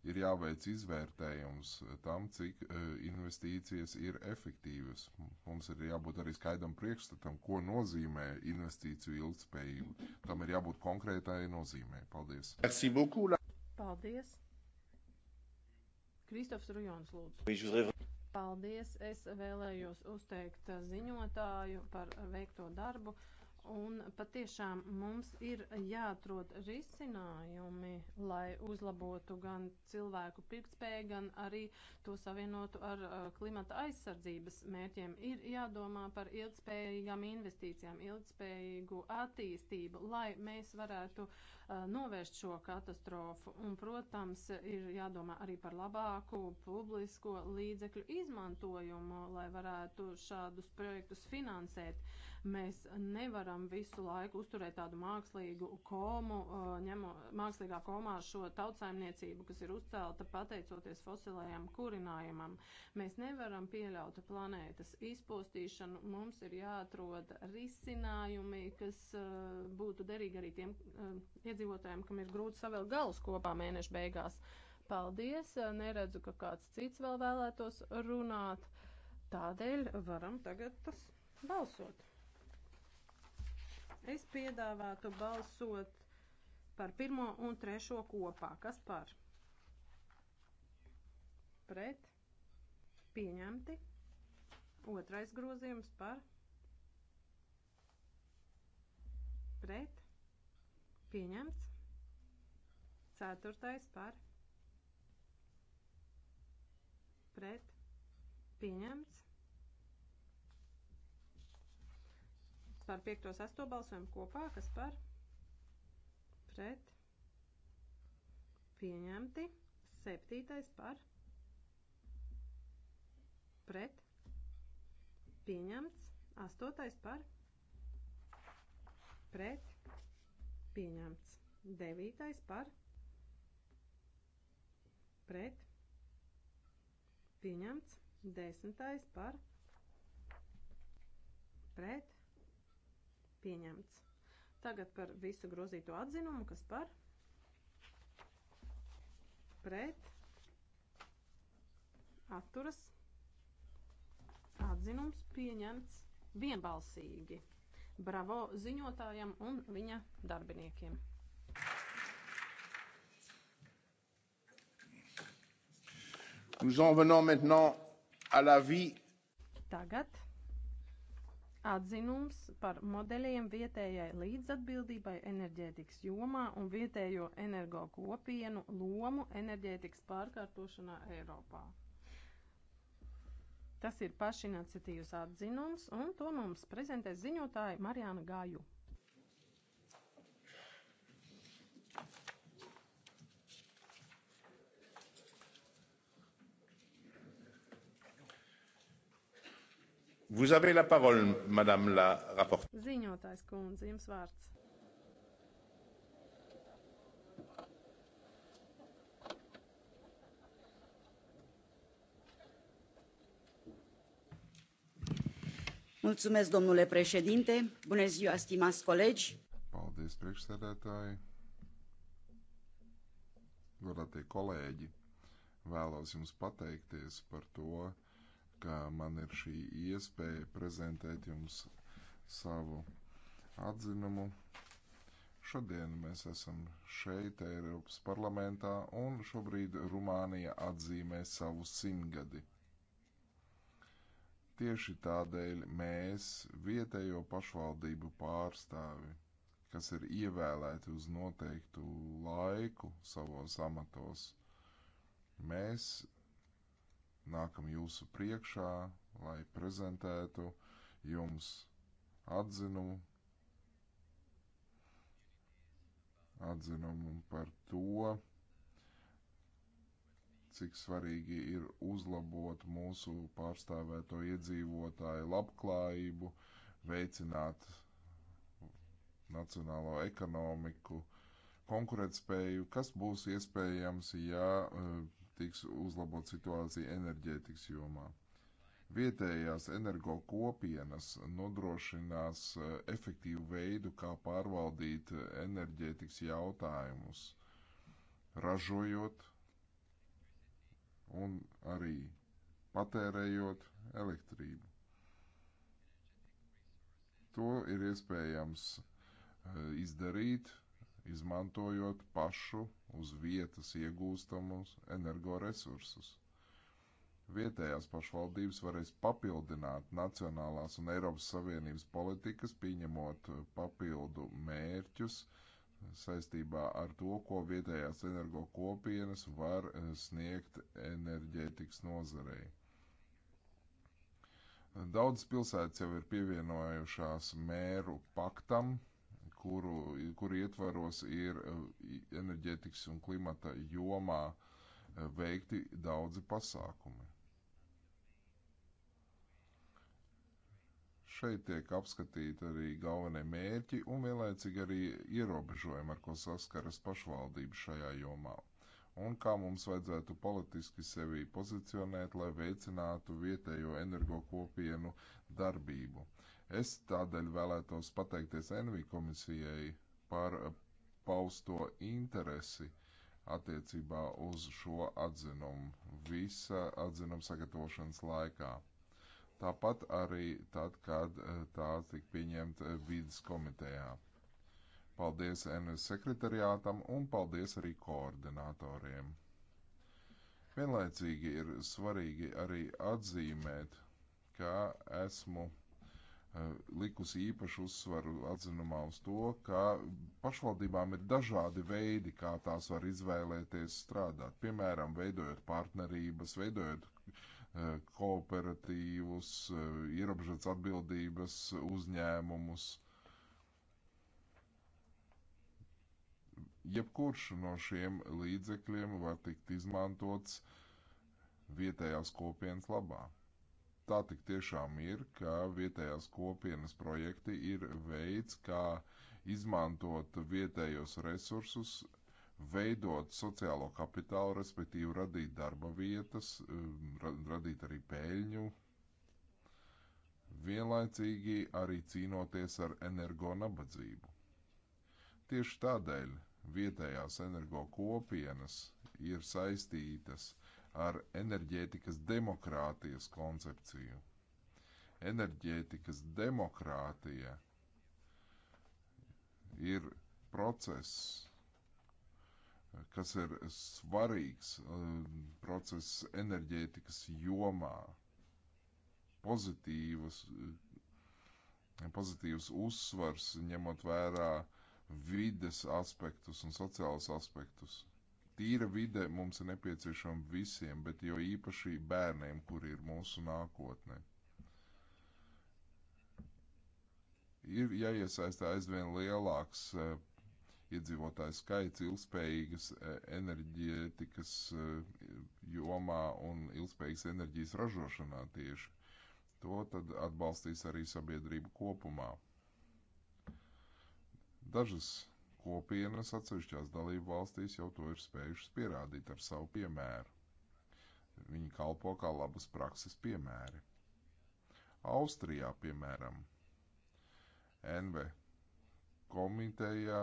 ir jāveic izvērtējums tam, cik e, investīcijas ir efektīvas. Mums ir jābūt arī skaidram priekšstatam, ko nozīmē investīciju ilgspējība. Tam ir jābūt konkrētai nozīmē. Paldies! Paldies! Kristofs Rujons, lūdzu. Paldies! Es vēlējos uzteikt ziņotāju par veikto darbu. Un patiešām mums ir jāatrod risinājumi, lai uzlabotu gan cilvēku pirktspēju, gan arī to savienotu ar uh, klimata aizsardzības mērķiem. Ir jādomā par ilgspējīgām investīcijām, ilgspējīgu attīstību, lai mēs varētu uh, novērst šo katastrofu. Un, protams, ir jādomā arī par labāku publisko līdzekļu izmantojumu, lai varētu šādus projektus finansēt. Uh, Mēs nevaram visu laiku uzturēt tādu mākslīgu komu, uh, ņemo, mākslīgā komā šo tautsaimniecību, kas ir uzcelta pateicoties fosilējam kurinājumam. Mēs nevaram pieļaut planētas izpostīšanu. Mums ir jāatrod risinājumi, kas uh, būtu derīgi arī tiem uh, iedzīvotājiem, kam ir grūti savēl galus kopā mēneša beigās. Paldies! Neredzu, ka kāds cits vēl vēlētos runāt. Tādēļ varam tagad tas balsot. Es piedāvātu balsot par pirmo un trešo kopā. Kas par? Pret. Pieņemti. Otrais grozījums par. Pret. Pieņemts. Ceturtais par. Pret. Pieņemts. par 5.6. balsojumu kopā, kas par pret pieņemti, 7. par pret pieņemts, 8. par pret pieņemts, 9. par pret pieņemts, 10. par pret pieņemts. Tagad par visu grozīto atzinumu, kas par pret atturas atzinums pieņemts vienbalsīgi. Bravo ziņotājam un viņa darbiniekiem. Nous en venons maintenant à l'avis. Tagad atzinums par modeļiem vietējai līdzatbildībai enerģētikas jomā un vietējo energo kopienu lomu enerģētikas pārkārtošanā Eiropā. Tas ir pašiniciatīvas atzinums, un to mums prezentēs ziņotāja Marijāna Gāju. Vous avez la parole, madame la rapporteure. Ziņotājs kundze, jums vārds. Mulțumesc, domnule președinte. Bună ziua, stimați colegi. Paldies, priekšsēdētāji. Godātie kolēģi, vēlos jums pateikties par to, ka man ir šī iespēja prezentēt jums savu atzinumu. Šodien mēs esam šeit, Eiropas parlamentā, un šobrīd Rumānija atzīmē savu simgadi. Tieši tādēļ mēs, vietējo pašvaldību pārstāvi, kas ir ievēlēti uz noteiktu laiku savos amatos, mēs nākam jūsu priekšā, lai prezentētu jums atzinumu, atzinumu par to, cik svarīgi ir uzlabot mūsu pārstāvēto iedzīvotāju labklājību, veicināt nacionālo ekonomiku, konkurētspēju, kas būs iespējams, ja eh, tiks uzlabot situācija enerģētikas jomā. Vietējās energo kopienas nodrošinās eh, efektīvu veidu, kā pārvaldīt enerģētikas jautājumus, ražojot un arī patērējot elektrību. To ir iespējams eh, izdarīt izmantojot pašu uz vietas iegūstamus energoresursus. Vietējās pašvaldības varēs papildināt Nacionālās un Eiropas Savienības politikas, pieņemot papildu mērķus saistībā ar to, ko vietējās energo kopienas var sniegt enerģētikas nozarei. Daudzas pilsētas jau ir pievienojušās mēru paktam, kuru, kuru ietvaros ir eh, enerģetikas un klimata jomā eh, veikti daudzi pasākumi. Šeit tiek apskatīti arī galvenie mērķi un vienlaicīgi arī ierobežojumi, ar ko saskaras pašvaldība šajā jomā, un kā mums vajadzētu politiski sevi pozicionēt, lai veicinātu vietējo energo kopienu darbību Es tādēļ vēlētos pateikties Envi komisijai par eh, pausto interesi attiecībā uz šo atzinumu visa atzinuma sagatavošanas laikā. Tāpat arī tad, kad eh, tā tika pieņemta eh, vidas komitejā. Paldies NS sekretariātam un paldies arī koordinatoriem. Vienlaicīgi ir svarīgi arī atzīmēt, ka esmu Eh, likusi īpašu uzsvaru atzinumā uz to, ka pašvaldībām ir dažādi veidi, kā tās var izvēlēties strādāt. Piemēram, veidojot partnerības, veidojot eh, kooperatīvus, eh, ierobežotas atbildības uzņēmumus. Jebkurš no šiem līdzekļiem var tikt izmantots vietējās kopienas labā tā tik tiešām ir, ka vietējās kopienas projekti ir veids, kā izmantot vietējos resursus, veidot sociālo kapitālu, respektīvi radīt darba vietas, um, radīt arī peļņu, vienlaicīgi arī cīnoties ar energonabadzību. Tieši tādēļ vietējās energo kopienas ir saistītas ar ar enerģētikas demokrātijas koncepciju. Enerģētikas demokrātija ir process, kas ir svarīgs um, process enerģētikas jomā. Pozitīvas, um, pozitīvs uzsvars, ņemot vērā vides aspektus un sociālus aspektus. Tīra vide mums ir nepieciešama visiem, bet jo īpaši bērniem, kuri ir mūsu nākotne. Ir jāiesaista aizvien lielāks eh, iedzīvotāju skaits ilgspējīgas eh, enerģētikas eh, jomā un ilgspējīgas enerģijas ražošanā tieši. To tad atbalstīs arī sabiedrība kopumā. Dažas Kopienas atsevišķās dalību valstīs jau to ir spējušas pierādīt ar savu piemēru. Viņi kalpo kā labas prakses piemēri. Austrijā, piemēram, NV komiteja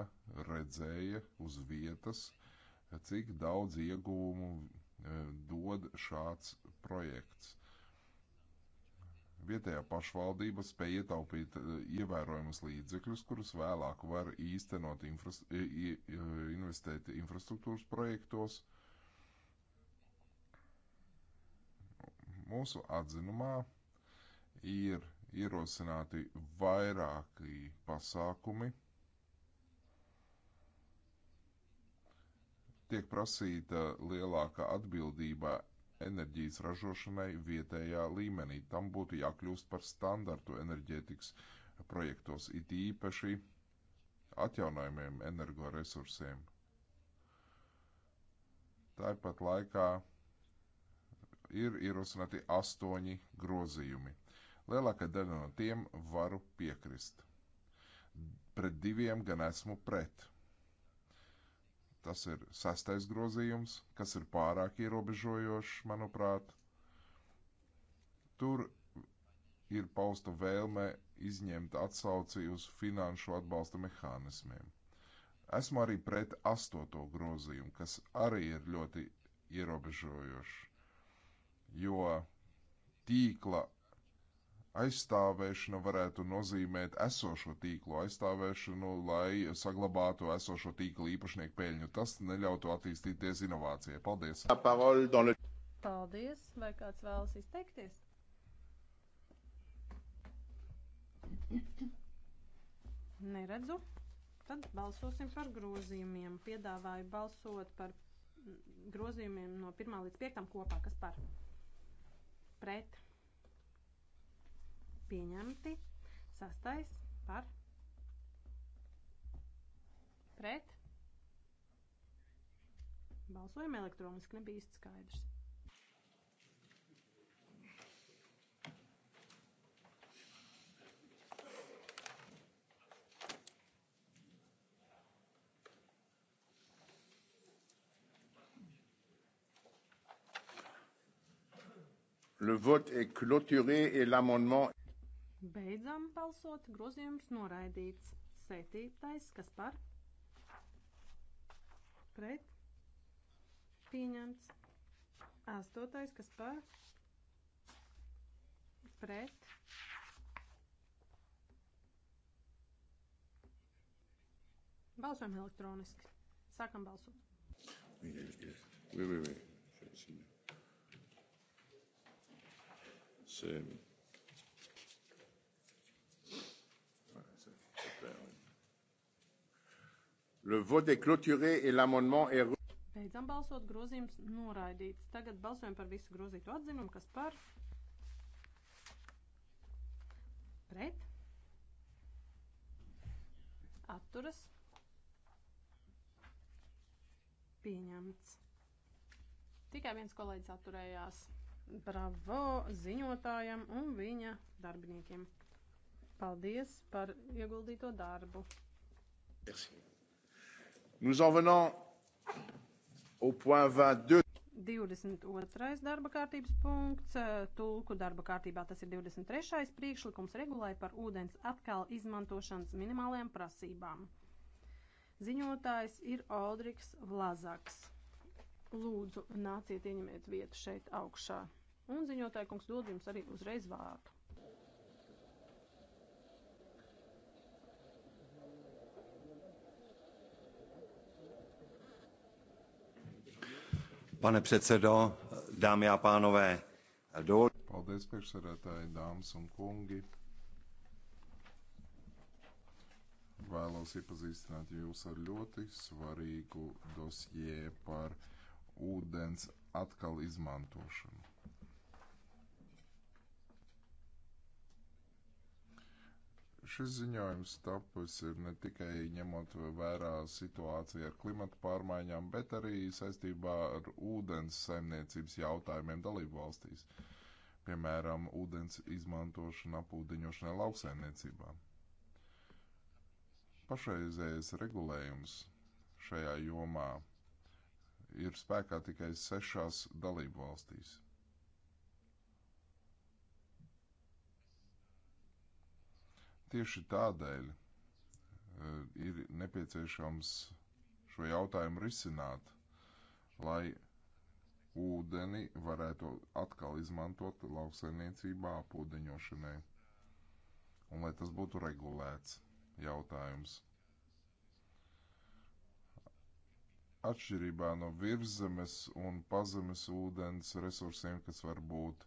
redzēja uz vietas, cik daudz ieguvumu eh, dod šāds projekts. Vietējā pašvaldība spēja ietaupīt e, ievērojumus līdzekļus, kurus vēlāk var īstenot infras, e, investēt infrastruktūras projektos. Mūsu atzinumā ir ierosināti vairāki pasākumi. Tiek prasīta lielāka atbildība enerģijas ražošanai vietējā līmenī. Tam būtu jākļūst par standartu enerģētikas projektos, it īpaši atjaunojumiem energoresursiem. Tāpat laikā ir ierosināti astoņi grozījumi. Lielākā daļa no tiem varu piekrist. Pret diviem gan esmu pret. Tas ir sastais grozījums, kas ir pārāk ierobežojošs, manuprāt. Tur ir pausta vēlme izņemt atsauci uz finanšu atbalsta mehānismiem. Esmu arī pret astoto grozījumu, kas arī ir ļoti ierobežojošs, jo tīkla aizstāvēšana varētu nozīmēt esošo tīklu aizstāvēšanu, lai saglabātu esošo tīklu īpašnieku peļņu. Tas neļautu attīstīties inovācijai. Paldies! Paldies! Vai kāds vēlas izteikties? Neredzu. Tad balsosim par grozījumiem. Piedāvāju balsot par grozījumiem no 1 līdz 5 kopā. Kas par? Pret pieņemti. Sastais par pret. Balsojam elektroniski, nebija īsti skaidrs. Le vote est clôturé et l'amendement Beidzam balsot. Grozījums noraidīts. Sētītais, kas par? Pret. Pieņemts. Astotais, kas par? Pret. Balsojam elektroniski. Sākam balsot. Oui, oui, oui. Sēmi. Le vote est clôturé et l'amendement est. Beidzam balsot, grozījums noraidīts. Tagad balsojam par visu grozīto atzinumu, kas par. Pret. Atturas. Pieņemts. Tikai viens kolēģis atturējās. Bravo ziņotājam un viņa darbiniekiem. Paldies par ieguldīto darbu. Merci. Nous en venons au point 22. 22. darba kārtības punkts, eh, tulku darba kārtībā tas ir 23. priekšlikums regulē par ūdens atkal izmantošanas minimālajām prasībām. Ziņotājs ir Aldriks Vlazaks. Lūdzu, nāciet ieņemiet vietu šeit augšā. Un ziņotāja kungs dod jums arī uzreiz vārdu. Pane předsedo, dámy a pánové, do... Paldies, priekšsēdētāji, dāmas un kungi. Vēlos iepazīstināt jūs ar ļoti svarīgu dosjē par ūdens atkal izmantošanu. Šis ziņojums tapis ir ne tikai ņemot vērā situāciju ar klimatu pārmaiņām, bet arī saistībā ar ūdens saimniecības jautājumiem dalību valstīs, piemēram, ūdens izmantošana apūdeņošanai lauksaimniecībā. Pašreizējais regulējums šajā jomā ir spēkā tikai sešās dalību valstīs. Tieši tādēļ e, ir nepieciešams šo jautājumu risināt, lai ūdeni varētu atkal izmantot lauksaimniecībā apūdeņošanai. Un lai tas būtu regulēts jautājums. Atšķirībā no virszemes un pazemes ūdens resursiem, kas var būt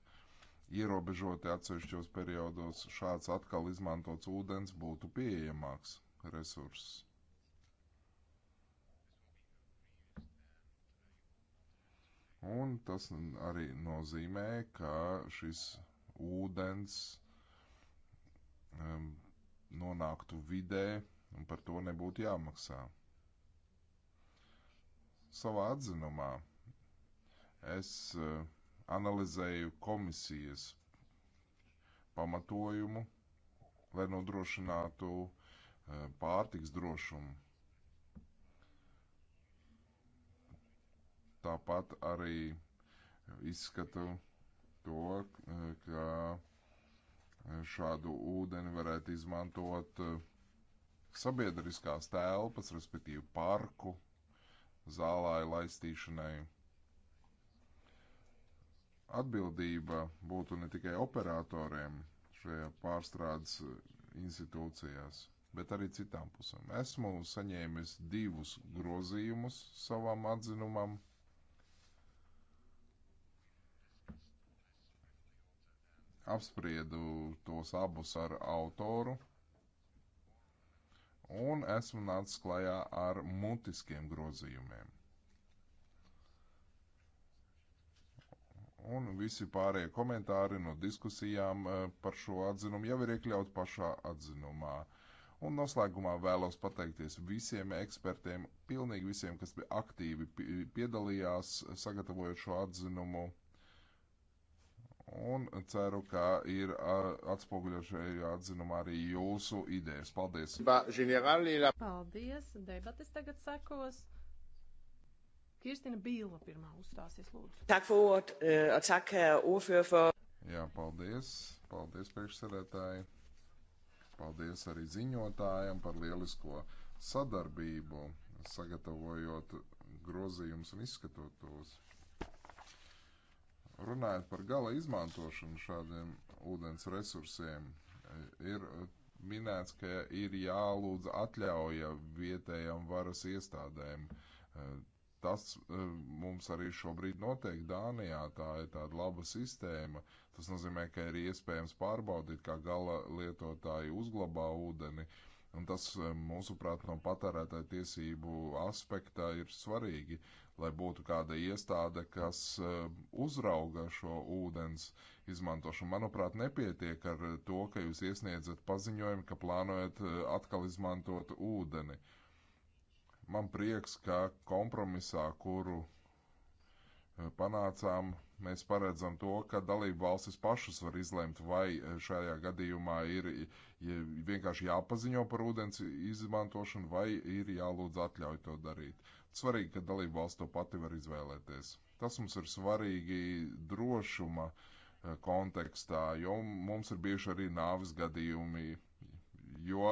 ierobežoti atsevišķos periodos šāds atkal izmantots ūdens būtu pieejamāks resurss. Un tas arī nozīmē, ka šis ūdens um, nonāktu vidē un par to nebūtu jāmaksā. Savā atzinumā es uh, analizēju komisijas pamatojumu, lai nodrošinātu e, pārtiks drošumu. Tāpat arī izskatu to, e, ka šādu ūdeni varētu izmantot e, sabiedriskās telpas, respektīvi parku, zālāju laistīšanai atbildība būtu ne tikai operatoriem šajā pārstrādes institūcijās, bet arī citām pusēm. Esmu saņēmis divus grozījumus savam atzinumam. Apspriedu tos abus ar autoru un esmu nācis klajā ar mutiskiem grozījumiem. un visi pārējie komentāri no diskusijām eh, par šo atzinumu jau ir iekļauts pašā atzinumā. Un noslēgumā vēlos pateikties visiem ekspertiem, pilnīgi visiem, kas aktīvi piedalījās sagatavojot šo atzinumu. Un ceru, ka ir atspoguļošajā atzinumā arī jūsu idejas. Paldies! Paldies! Debates tagad sekos. Kirstina Bīla pirmā uzstāsies, lūdzu. Tak for ordet, øh, og tak, herr ordfører, for... Jā, paldies. Paldies, priekšsēdētāji. Paldies arī ziņotājiem par lielisko sadarbību, sagatavojot grozījumus un izskatot tos. Runājot par gala izmantošanu šādiem ūdens resursiem, ir minēts, ka ir jālūdz atļauja vietējām varas iestādēm Tas eh, mums arī šobrīd notiek Dānijā. Tā ir tāda laba sistēma. Tas nozīmē, ka ir iespējams pārbaudīt, kā gala lietotāji uzglabā ūdeni. Un tas, eh, mūsuprāt, no patērētāja tiesību aspekta ir svarīgi, lai būtu kāda iestāde, kas eh, uzrauga šo ūdens izmantošanu. Manuprāt, nepietiek ar to, ka jūs iesniedzat paziņojumu, ka plānojat atkal izmantot ūdeni. Uh, Man prieks, ka kompromisā, kuru e, panācām, mēs paredzam to, ka dalību valstis pašas var izlemt, vai e, šajā gadījumā ir vienkārši jāpaziņo par ūdens izmantošanu, vai ir jālūdz atļauj to darīt. Svarīgi, ka dalību valsts to pati var izvēlēties. Tas mums ir svarīgi drošuma e, kontekstā, jo mums ir bijuši arī nāvis gadījumi, jo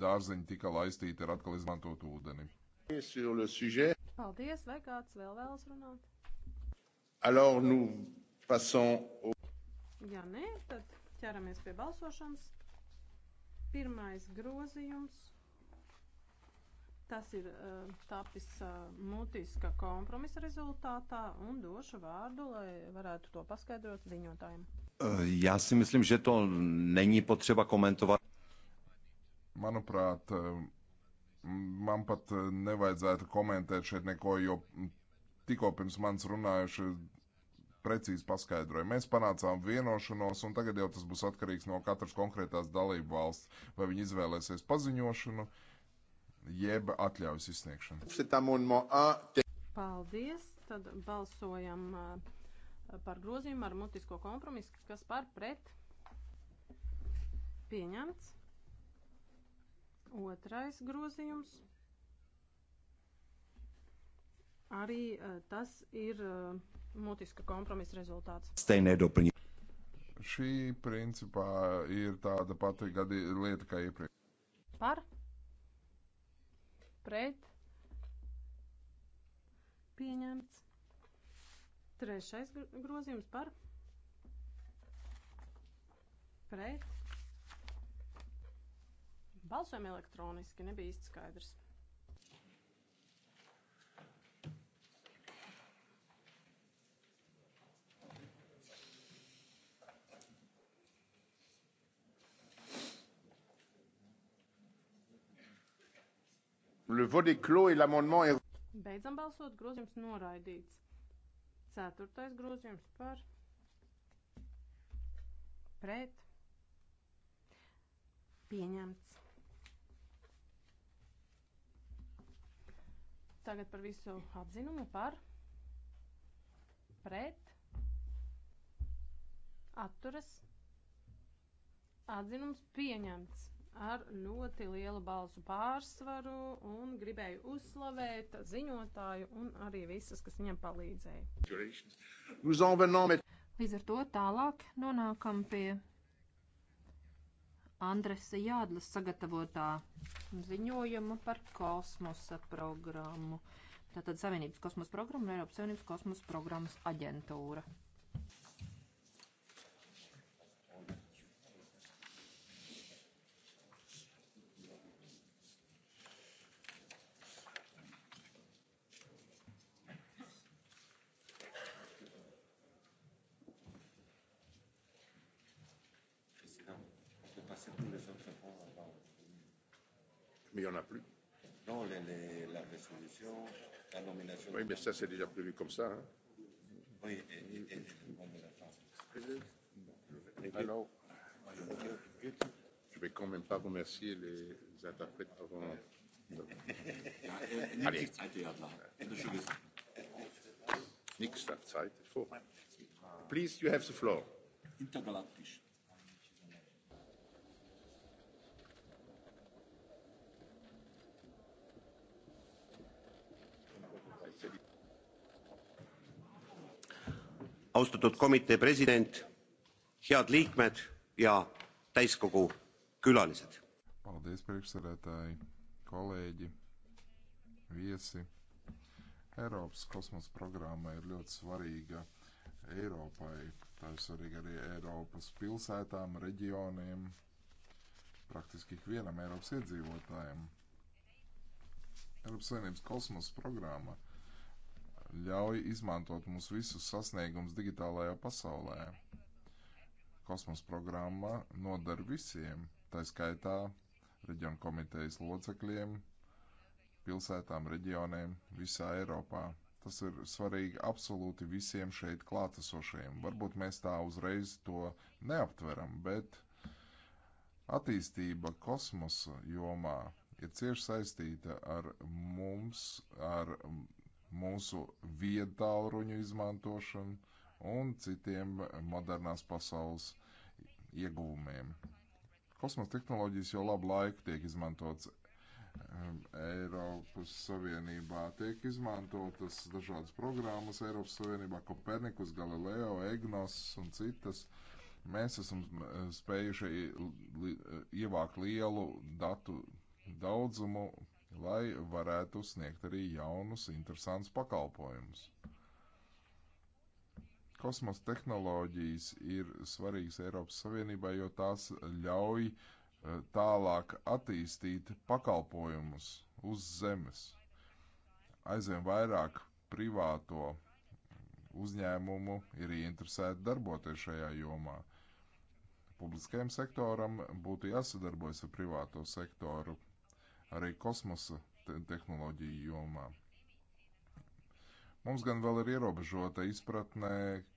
dārzeņi tika laistīti ar atkal izmantotu ūdeni. Paldies, vai kāds vēl vēlas runāt? Alors, nous passons au... Ja nē, tad ķeramies pie balsošanas. Pirmais grozījums. Tas ir uh, tapis uh, mutiska kompromisa rezultātā un došu vārdu, lai varētu to paskaidrot ziņotājiem. Eh, já si myslím, že to není potřeba komentovat. Manuprāt, eh, man pat eh, nevajadzētu komentēt šeit neko, jo tikko pirms manis runājuši precīzi paskaidroja. Mēs panācām vienošanos, un tagad jau tas būs atkarīgs no katras konkrētās dalību valsts, vai viņi izvēlēsies paziņošanu, jeb atļaujas izsniegšanu. Paldies! Tad balsojam eh, par grozījumu ar mutisko kompromisu, kas par pret pieņemts. Otrais grozījums. Arī e, tas ir e, mutiska kompromisa rezultāts. Stay nedoplņi. Šī principā ir tāda pati gadi, lieta kā iepriekš. Par? Pret? Pieņemts. Trešais grozījums par? Pret? Balsojam elektroniski, nebija īsti skaidrs. Le vote est clos et l'amendement est... Beidzam balsot, grozījums noraidīts. Ceturtais grozījums par pret pieņemts. tagad par visu atzinumu par pret atturas atzinums pieņemts ar ļoti lielu balsu pārsvaru un gribēju uzslavēt ziņotāju un arī visas, kas viņam palīdzēja. Līdz ar to tālāk nonākam pie Andresa Jādlas sagatavotā ziņojuma par kosmosa programmu. Tātad Savienības kosmosa programma un Eiropas Savienības kosmosa programmas aģentūra. Mais il n'y en a plus. Non, les, les, la résolution, la nomination. Oui, mais ça, c'est déjà prévu comme ça. Hein. Oui, et, et, et les nominations. Alors, je ne vais quand même pas remercier les interprètes avant. Allez. Niks staat Zeit. Please, you have the floor. Intergalactisch. austatud komitee president head liikmed ja täiskogu külalised! Paldies, priekšsēdētāji, kolēģi, viesi. Eiropas kosmoseprogramma ir ļoti svarīga Eiropai. Tā ir svarīga arī Eiropas pilsētām, reģioniem, praktiski ikvienam Eiropas iedzīvotājam. Eiropas Savienības kosmoseprogramma ļauj izmantot mūsu visus sasniegumus digitālajā pasaulē. Kosmos programma nodar visiem, tā skaitā reģionu komitejas locekļiem, pilsētām, reģioniem visā Eiropā. Tas ir svarīgi absolūti visiem šeit klātesošajiem. Varbūt mēs tā uzreiz to neaptveram, bet attīstība kosmosa jomā ir cieši saistīta ar mums, ar mūsu viedtālruņu izmantošanu un citiem modernās pasaules ieguvumiem. Kosmosa tehnoloģijas jau labu laiku tiek izmantotas um, Eiropas Savienībā. Tiek izmantotas dažādas programmas Eiropas Savienībā, Kopernikus, Galileo, Egnos un citas. Mēs esam spējuši e, e, ievākt lielu datu daudzumu lai varētu sniegt arī jaunus, interesantus pakalpojumus. Kosmosa tehnoloģijas ir svarīgas Eiropas Savienībai, jo tās ļauj eh, tālāk attīstīt pakalpojumus uz zemes. Aizvien vairāk privāto uzņēmumu ir ieinteresēti darboties šajā jomā. Publiskajam sektoram būtu jāsadarbojas ar privāto sektoru, arī kosmosa te tehnoloģiju jomā. Mums gan vēl ir ierobežota izpratnē,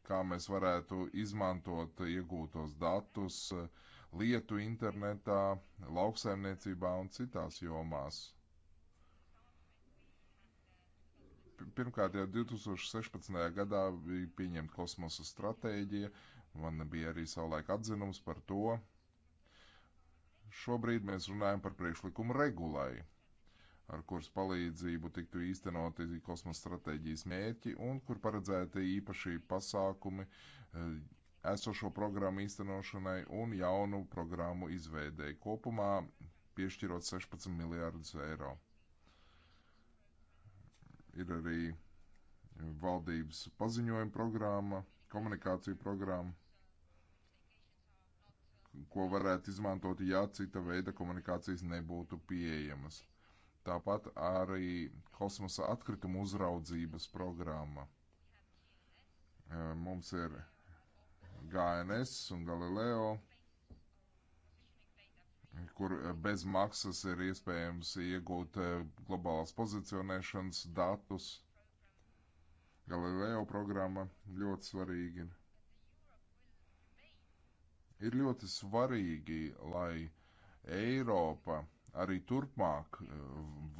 kā mēs varētu izmantot iegūtos datus lietu internetā, lauksaimniecībā un citās jomās. Pirmkārt, jau 2016. gadā bija pieņemta kosmosa stratēģija, man bija arī savulaik atzinums par to, Šobrīd mēs runājam par priekšlikumu regulai, ar kuras palīdzību tiktu īstenoti kosmosa stratēģijas mērķi un kur paredzēti īpašī pasākumi eh, esošo programmu īstenošanai un jaunu programmu izveidēji, kopumā piešķirot 16 miljārdus eiro. Ir arī valdības paziņojuma programma, komunikāciju programma, ko varētu izmantot, ja cita veida komunikācijas nebūtu pieejamas. Tāpat arī kosmosa atkrituma uzraudzības programma. E, mums ir GNS un Galileo, kur bez maksas ir iespējams iegūt e, globālās pozicionēšanas datus. Galileo programma ļoti svarīga ir Ir ļoti svarīgi, lai Eiropa arī turpmāk eh,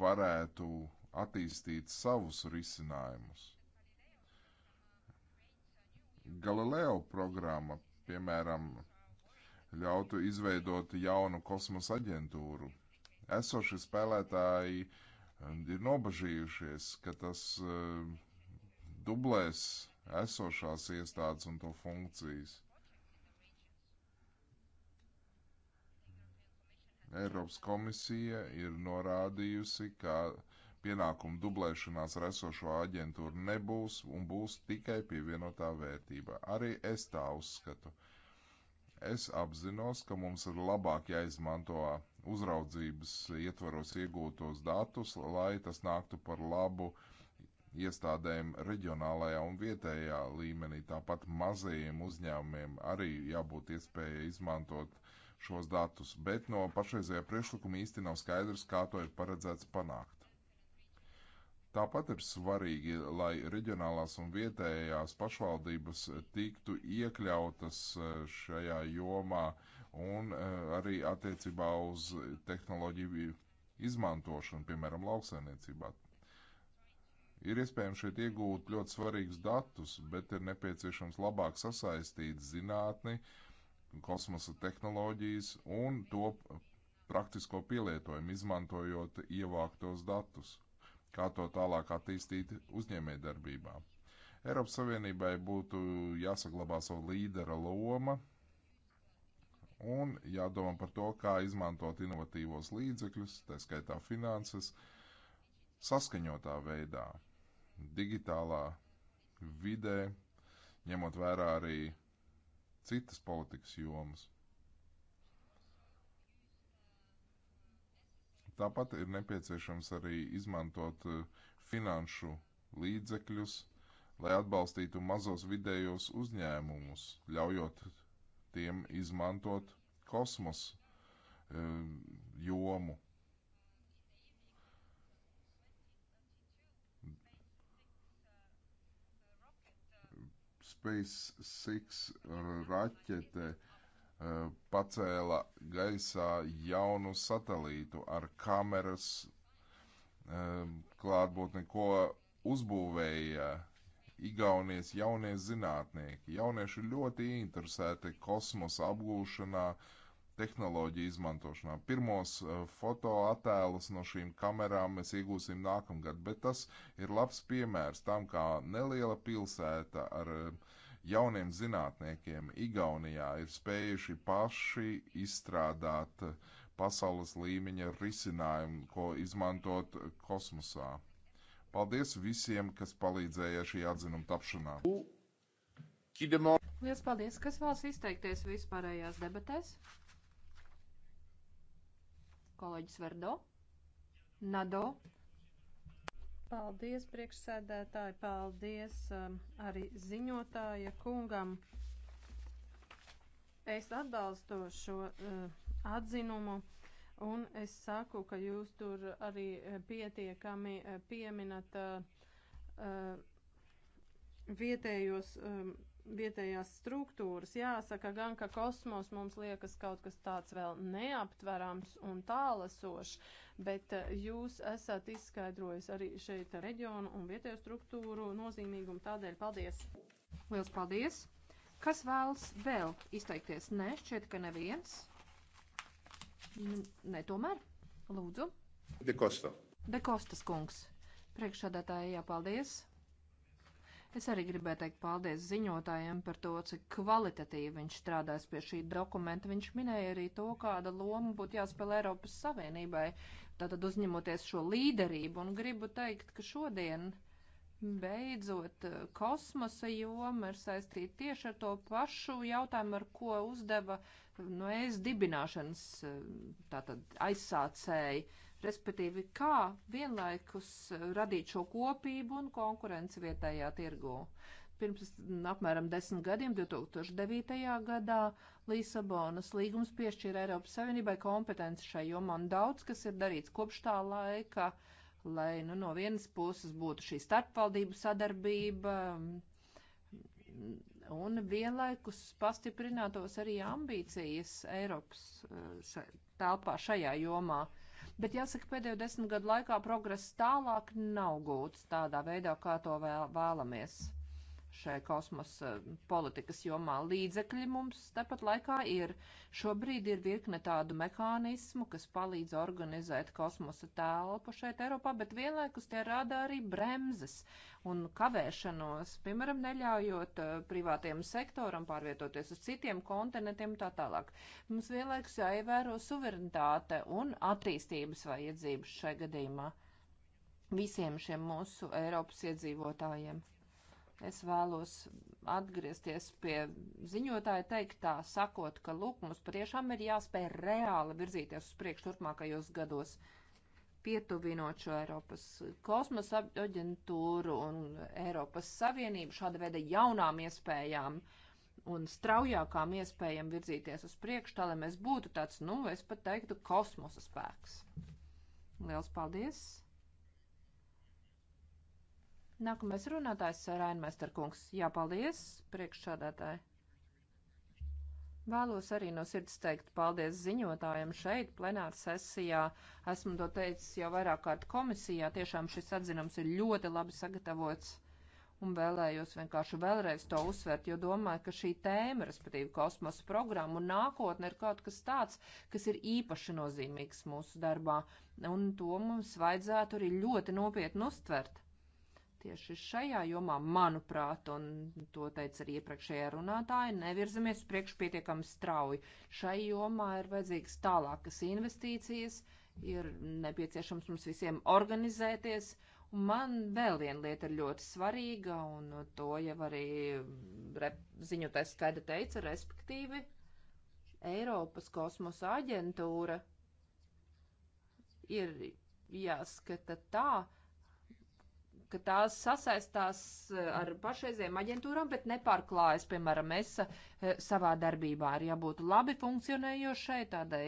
varētu attīstīt savus risinājumus. Galileo programma, piemēram, ļautu izveidot jaunu kosmosa aģentūru. Esošie spēlētāji eh, ir nobažījušies, ka tas eh, dublēs esošās iestādes un to funkcijas. Eiropas komisija ir norādījusi, ka pienākumu dublēšanās ar esošo aģentūru nebūs un būs tikai pievienotā vērtība. Arī es tā uzskatu. Es apzinos, ka mums ir labāk jāizmanto uzraudzības ietvaros iegūtos datus, lai tas nāktu par labu iestādēm reģionālajā un vietējā līmenī. Tāpat mazajiem uzņēmumiem arī jābūt iespēja izmantot šos datus, bet no pašreizējā priekšlikuma īsti nav skaidrs, kā to ir paredzēts panākt. Tāpat ir svarīgi, lai reģionālās un vietējās pašvaldības tiktu iekļautas e, šajā jomā un e, arī attiecībā uz tehnoloģiju izmantošanu, piemēram, lauksaimniecībā. Ir iespējams šeit iegūt ļoti svarīgus datus, bet ir nepieciešams labāk sasaistīt zinātni, uh, kosmosa tehnoloģijas un to praktisko pielietojumu, izmantojot ievāktos datus, kā to tālāk attīstīt uzņēmējdarbībā. Eiropas Savienībai būtu jāsaglabā savu līdera loma un jādomā par to, kā izmantot inovatīvos līdzekļus, tā skaitā finanses, saskaņotā veidā, digitālā vidē, ņemot vērā arī citas politikas jomas. Tāpat ir nepieciešams arī izmantot eh, finanšu līdzekļus, lai atbalstītu mazos vidējos uzņēmumus, ļaujot tiem izmantot kosmosa eh, jomu. SpaceX raķete uh, pacēla gaisā jaunu satelītu ar kameras uh, klātbūtni, ko uzbūvēja Igaunies jaunie zinātnieki. Jaunieši ļoti interesēti kosmosa apgūšanā, tehnoloģiju izmantošanā. Pirmos eh, fotoattēlus no šīm kamerām mēs iegūsim nākamgad, bet tas ir labs piemērs tam, kā neliela pilsēta ar uh, jauniem zinātniekiem Igaunijā ir spējuši paši izstrādāt pasaules līmeņa risinājumu, ko izmantot kosmosā. Paldies visiem, kas palīdzēja šī atzinuma tapšanā. Lielas paldies, kas vēlas izteikties vispārējās debatēs? Kolēģis Verdo? Nado? Paldies, priekšsēdētāji, paldies um, arī ziņotāja kungam. Es atbalstu šo uh, atzinumu. Un es saku, ka jūs tur arī uh, pietiekami uh, pieminat uh, uh, vietējos um, vietējās struktūras. Jāsaka gan, ka kosmos mums liekas kaut kas tāds vēl neaptverams un tālasošs, bet eh, jūs esat izskaidrojis arī šeit reģionu un vietējo struktūru nozīmīgumu. Tādēļ paldies! Liels paldies! Kas vēlas vēl izteikties? Nē, šķiet, ka neviens. Nē, tomēr. Lūdzu. De Costa. De Costas kungs. Priekšādātāji jāpaldies. Es arī gribēju teikt paldies ziņotājiem par to, cik kvalitatīvi viņš strādās pie šī dokumenta. Viņš minēja arī to, kāda loma būtu jāspēlē Eiropas Savienībai, tātad uzņemoties šo līderību. Un gribu teikt, ka šodien beidzot kosmosa joma ir saistīta tieši ar to pašu jautājumu, ar ko uzdeva no nu, es dibināšanas tātad aizsācēji respektīvi, kā vienlaikus radīt šo kopību un konkurenci vietējā tirgū. Pirms apmēram desmit gadiem, 2009. gadā, Lisabonas līgums piešķīra Eiropas Savienībai kompetenci šai jomā, un daudz kas ir darīts kopš tā laika, lai nu, no vienas puses būtu šī starpvaldību sadarbība, un vienlaikus pastiprinātos arī ambīcijas Eiropas eh, telpā šajā jomā. Uh, bet jāsaka, pēdējo desmit gadu laikā progress tālāk nav gūts tādā veidā, kā to vēl, vēlamies šai kosmosa politikas jomā. Līdzekļi mums tepat laikā ir. Šobrīd ir virkne tādu mehānismu, kas palīdz organizēt kosmosa telpu šeit Eiropā, bet vienlaikus tie rāda arī bremzes un kavēšanos, piemēram, neļaujot e, privātiem sektoram pārvietoties uz citiem kontinentiem tā tālāk. Mums vienlaikus jāievēro suverenitāte un attīstības vajadzības šai gadījumā visiem šiem mūsu Eiropas iedzīvotājiem. Es vēlos atgriezties pie ziņotāja teiktā, sakot, ka lūk, mums patiešām ir jāspēj reāli virzīties uz priekšu turpmākajos gados, pietuvinot šo Eiropas kosmosa aģentūru un Eiropas Savienību šāda veida jaunām iespējām un straujākām iespējām virzīties uz priekšu, tā lai mēs būtu tāds, nu, es pat teiktu, kosmosa spēks. Liels paldies! Nākamais runātājs Rainmeister kungs. Jā, paldies, priekšsādātāji. Vēlos arī no sirds teikt paldies ziņotājiem šeit, plenāra sesijā. Esmu to teicis jau vairāk kārt komisijā. Tiešām šis atzinums ir ļoti labi sagatavots. Un vēlējos vienkārši vēlreiz to uzsvērt, jo domāju, ka šī tēma, respektīvi kosmosa programma un nākotne ir kaut kas tāds, kas ir īpaši nozīmīgs mūsu darbā. Un to mums vajadzētu arī ļoti nopietni uztvert. Tieši šajā jomā, manuprāt, un to teica arī iepriekšējā runātāja, nevirzamies priekš pietiekami strauji. Šai jomā ir vajadzīgas tālākas investīcijas, ir nepieciešams mums visiem organizēties. Un man vēl viena lieta ir ļoti svarīga, un to jau arī ziņotājs skaidri teica, respektīvi Eiropas kosmosa aģentūra ir jāskata tā, ka tās sasaistās eh, ar pašreizējiem aģentūram, bet nepārklājas, piemēram, ESA eh, savā darbībā. Ir jābūt labi funkcionējošai, tādai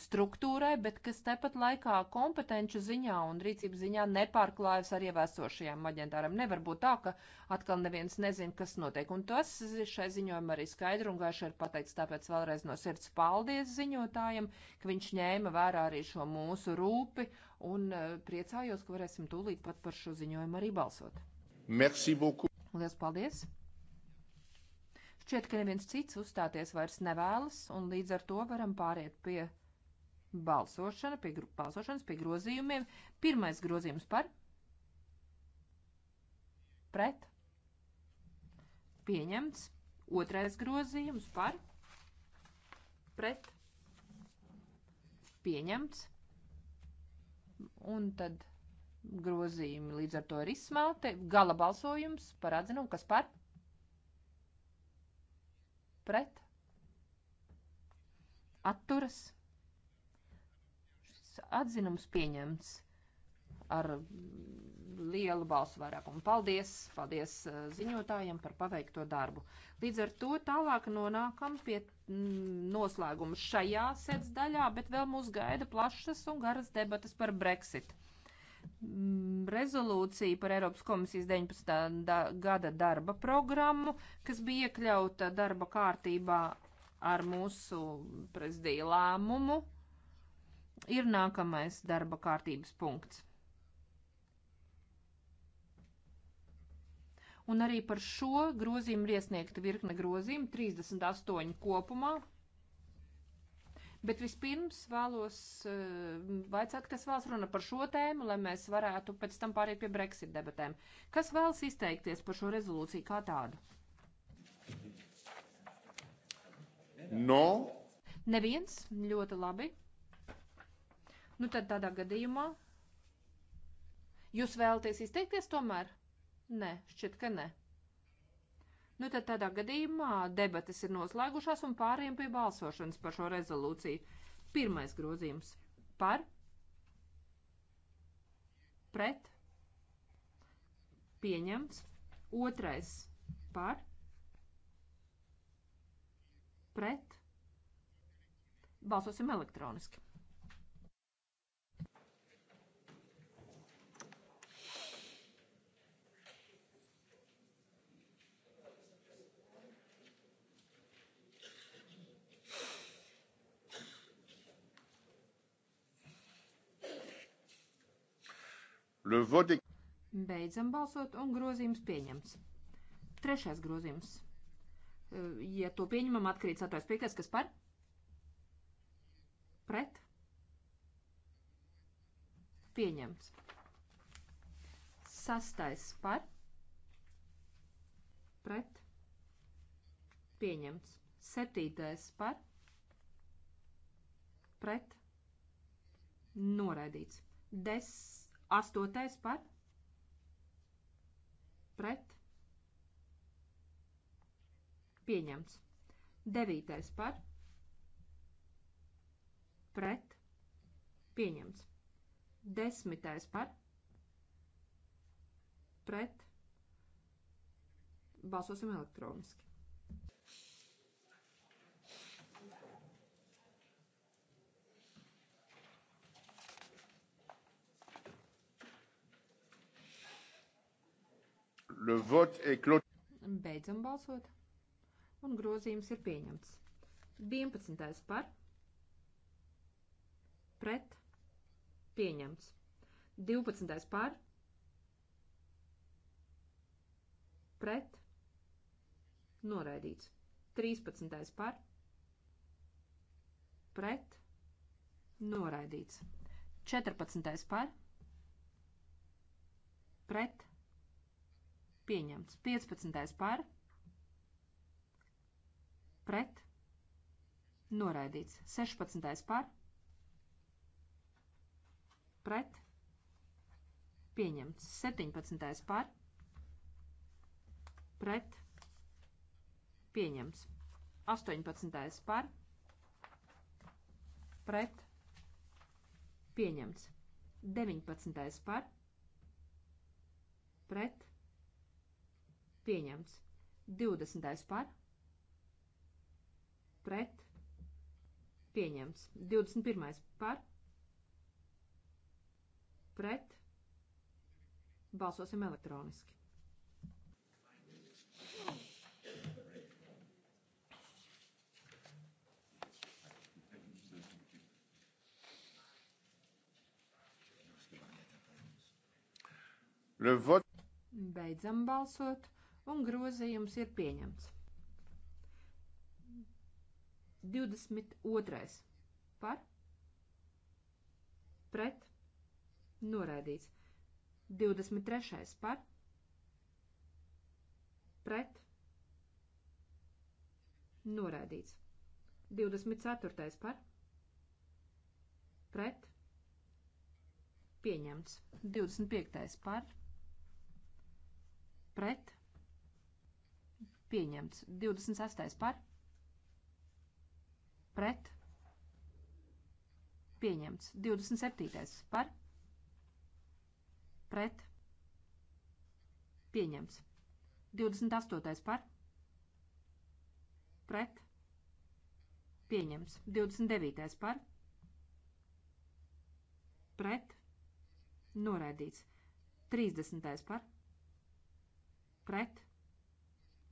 struktūrai, bet kas tepat laikā kompetenču ziņā un rīcības ziņā nepārklājas ar ievēsošajām aģentārām. Nevar būt tā, ka atkal neviens nezin, kas notiek. Un tas šai ziņojumā arī skaidri un gaiši ir pateikts, tāpēc vēlreiz no sirds paldies ziņotājiem, ka viņš ņēma vērā arī šo mūsu rūpi un e, priecājos, ka varēsim tūlīt pat par šo ziņojumu arī balsot. Merci beaucoup! Lielas paldies! Šķiet, ka neviens cits uzstāties vairs nevēlas, un līdz ar to varam pāriet pie balsošana pie, balsošanas pie grozījumiem. Pirmais grozījums par pret pieņemts. Otrais grozījums par pret pieņemts. Un tad grozījumi līdz ar to ir izsmelti. Gala balsojums par atzinumu, kas par pret atturas atzinums pieņemts ar lielu balsu vairākumu. Paldies, paldies uh, ziņotājiem par paveikto darbu. Līdz ar to tālāk nonākam pie mm, noslēguma šajā sēdz daļā, bet vēl mūs gaida plašas un garas debatas par Brexit. Mm, rezolūcija par Eiropas komisijas 19. Da gada darba programmu, kas bija iekļauta darba kārtībā ar mūsu prezidiju lēmumu ir nākamais darba kārtības punkts. Un arī par šo grozījumu ir iesniegta virkne grozījumu, 38 kopumā. Bet vispirms vēlos eh, vaicāt, kas vēlas runāt par šo tēmu, lai mēs varētu pēc tam pāriet pie Brexit debatēm. Kas vēlas izteikties par šo rezolūciju kā tādu? No. Neviens? Ļoti labi. Nu tad tādā gadījumā jūs vēlaties izteikties tomēr? Nē, šķiet, ka nē. Nu tad tādā gadījumā debates ir noslēgušās un pāriem pie balsošanas par šo rezolūciju. Pirmais grozījums par, pret, pieņemts, otrais par, pret, balsosim elektroniski. Le vote est... Beidzam balsot un grozījums pieņemts. Trešais grozījums. E, ja to pieņemam, atkrīt 4.5. kas par? Pret? Pieņemts. Sastais par? Pret? Pieņemts. Septītais par? Pret? Noraidīts. Desmit Astotais par pret pieņemts. Devītais par pret pieņemts. Desmitais par pret balsosim elektroniski. Le vote est clos. Beidzam balsot. Un grozījums ir pieņemts. 11. par. Pret. Pieņemts. 12. par. Pret. Noraidīts. 13. par. Pret. Noraidīts. 14. par. Pret pieņemts. 15. par, pret, noraidīts. 16. par, pret, pieņemts. 17. par, pret, pieņemts. 18. par, pret, pieņemts. 19. par, pret, Pieņemts. 20. par. Pret. Pieņemts. 21. par. Pret. Balsosim elektroniski. Beidzam balsot un grozījums ir pieņemts. 22. par pret noraidīts. 23. par pret noraidīts. 24. par pret pieņemts. 25. par pret pieņemts. 26. par, pret, pieņemts. 27. par, pret, pieņemts. 28. par, pret, pieņemts. 29. par, pret, noraidīts. 30. par, pret, pieņemts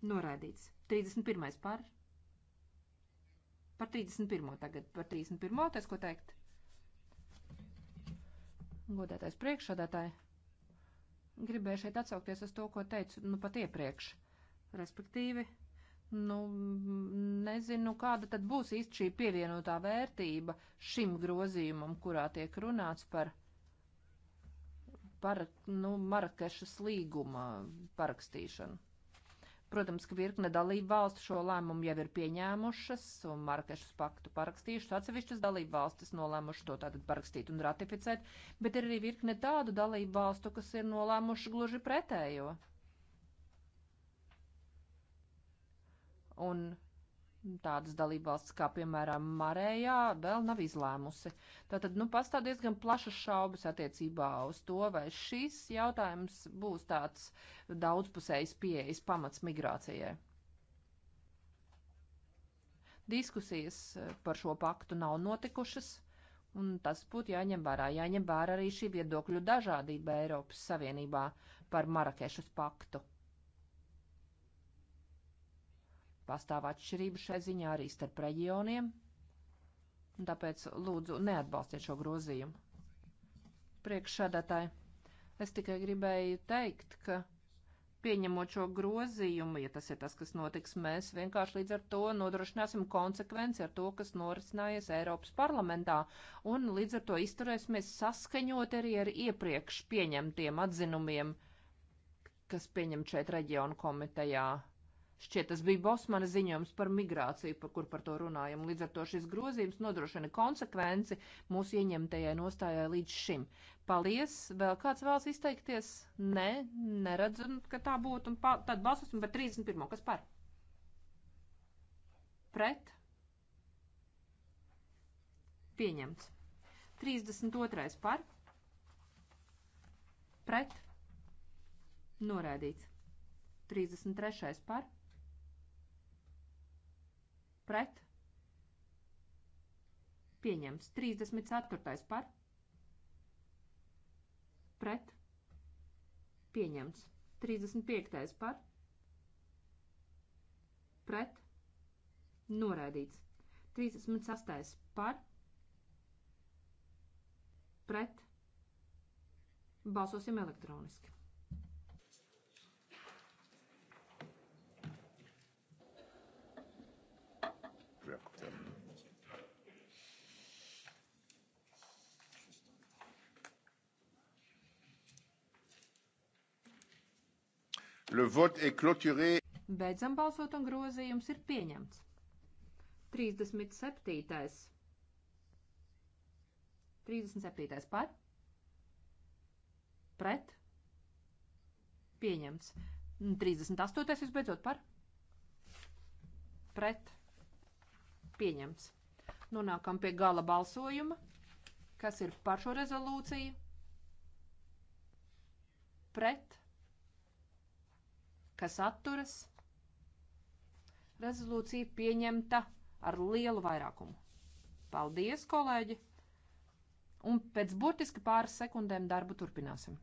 Noraidīts. 31. par. Par 31. tagad. Par 31. tas, ko teikt. Godētais priekšsādātāji. Gribēju šeit atsaukties uz to, ko teicu, nu, pat iepriekš. Respektīvi, nu, nezinu, kāda tad būs īsti šī pievienotā vērtība šim grozījumam, kurā tiek runāts par par nu, Marakešas līguma parakstīšanu. Protams, ka virkne dalību valstu šo lēmumu jau ir pieņēmušas un Markešas paktu parakstījušas. Atsevišķas dalību valstis nolēmuši to tātad parakstīt un ratificēt, bet ir arī virkne tādu dalību valstu, kas ir nolēmuši gluži pretējo. Un Tādas dalībvalstis kā, piemēram, Marējā vēl nav izlēmusi. Tātad, nu, pastāv diezgan plašas šaubas attiecībā uz to, vai šis jautājums būs tāds daudzpusējs pieejas pamats migrācijai. Diskusijas eh, par šo paktu nav notikušas, un tas būtu jāņem vērā. Jāņem vērā arī šī viedokļu dažādība Eiropas Savienībā par Marakešas paktu. Pastāv atšķirība šai ziņā arī starp reģioniem, un tāpēc lūdzu neatbalstiet šo grozījumu. Priekšsēdētāji, es tikai gribēju teikt, ka pieņemot šo grozījumu, ja tas ir tas, kas notiks, mēs vienkārši līdz ar to nodrošināsim konsekvenci ar to, kas norisinājies Eiropas parlamentā, un līdz ar to izturēsimies saskaņot arī ar iepriekš pieņemtiem atzinumiem, kas pieņem šeit reģionu komitejā. Šķiet, tas bija Bosmana ziņojums par migrāciju, par kur par to runājam. Līdz ar to šis grozījums nodrošina konsekvenci mūsu ieņemtajai nostājai līdz šim. Paldies! Vēl kāds vēlas izteikties? Nē, ne, neredzu, ka tā būtu. Un pa, tad balsosim par 31. Kas par? Pret? Pieņemts. 32. par? Pret? Noraidīts. 33. par? pret, pieņems. 34. par, pret, pieņems. 35. par, pret, noraidīts. 36. par, pret, balsosim elektroniski. Le vote est clôturé. Beidzam balsot un grozījums ir pieņemts. 37. 37. par. Pret. Pieņemts. 38. visbeidzot par. Pret. Pieņemts. Nonākam pie gala balsojuma. Kas ir par šo rezolūciju? Pret kas atturas. Rezolūcija pieņemta ar lielu vairākumu. Paldies, kolēģi! Un pēc burtiski pāris sekundēm darbu turpināsim.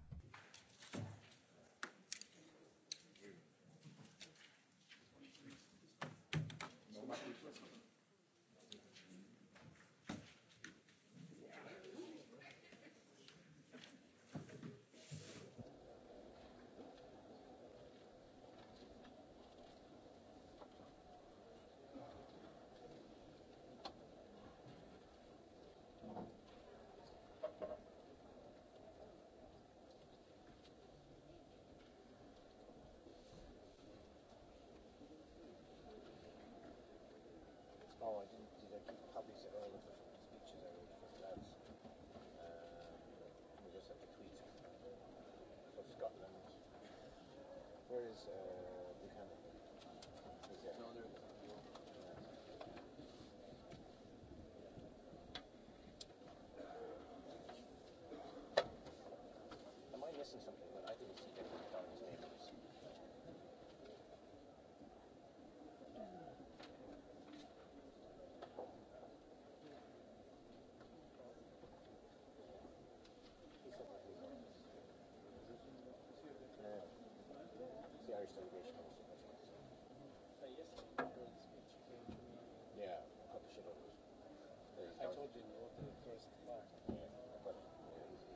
didn't know the first month. Yeah, but uh, it's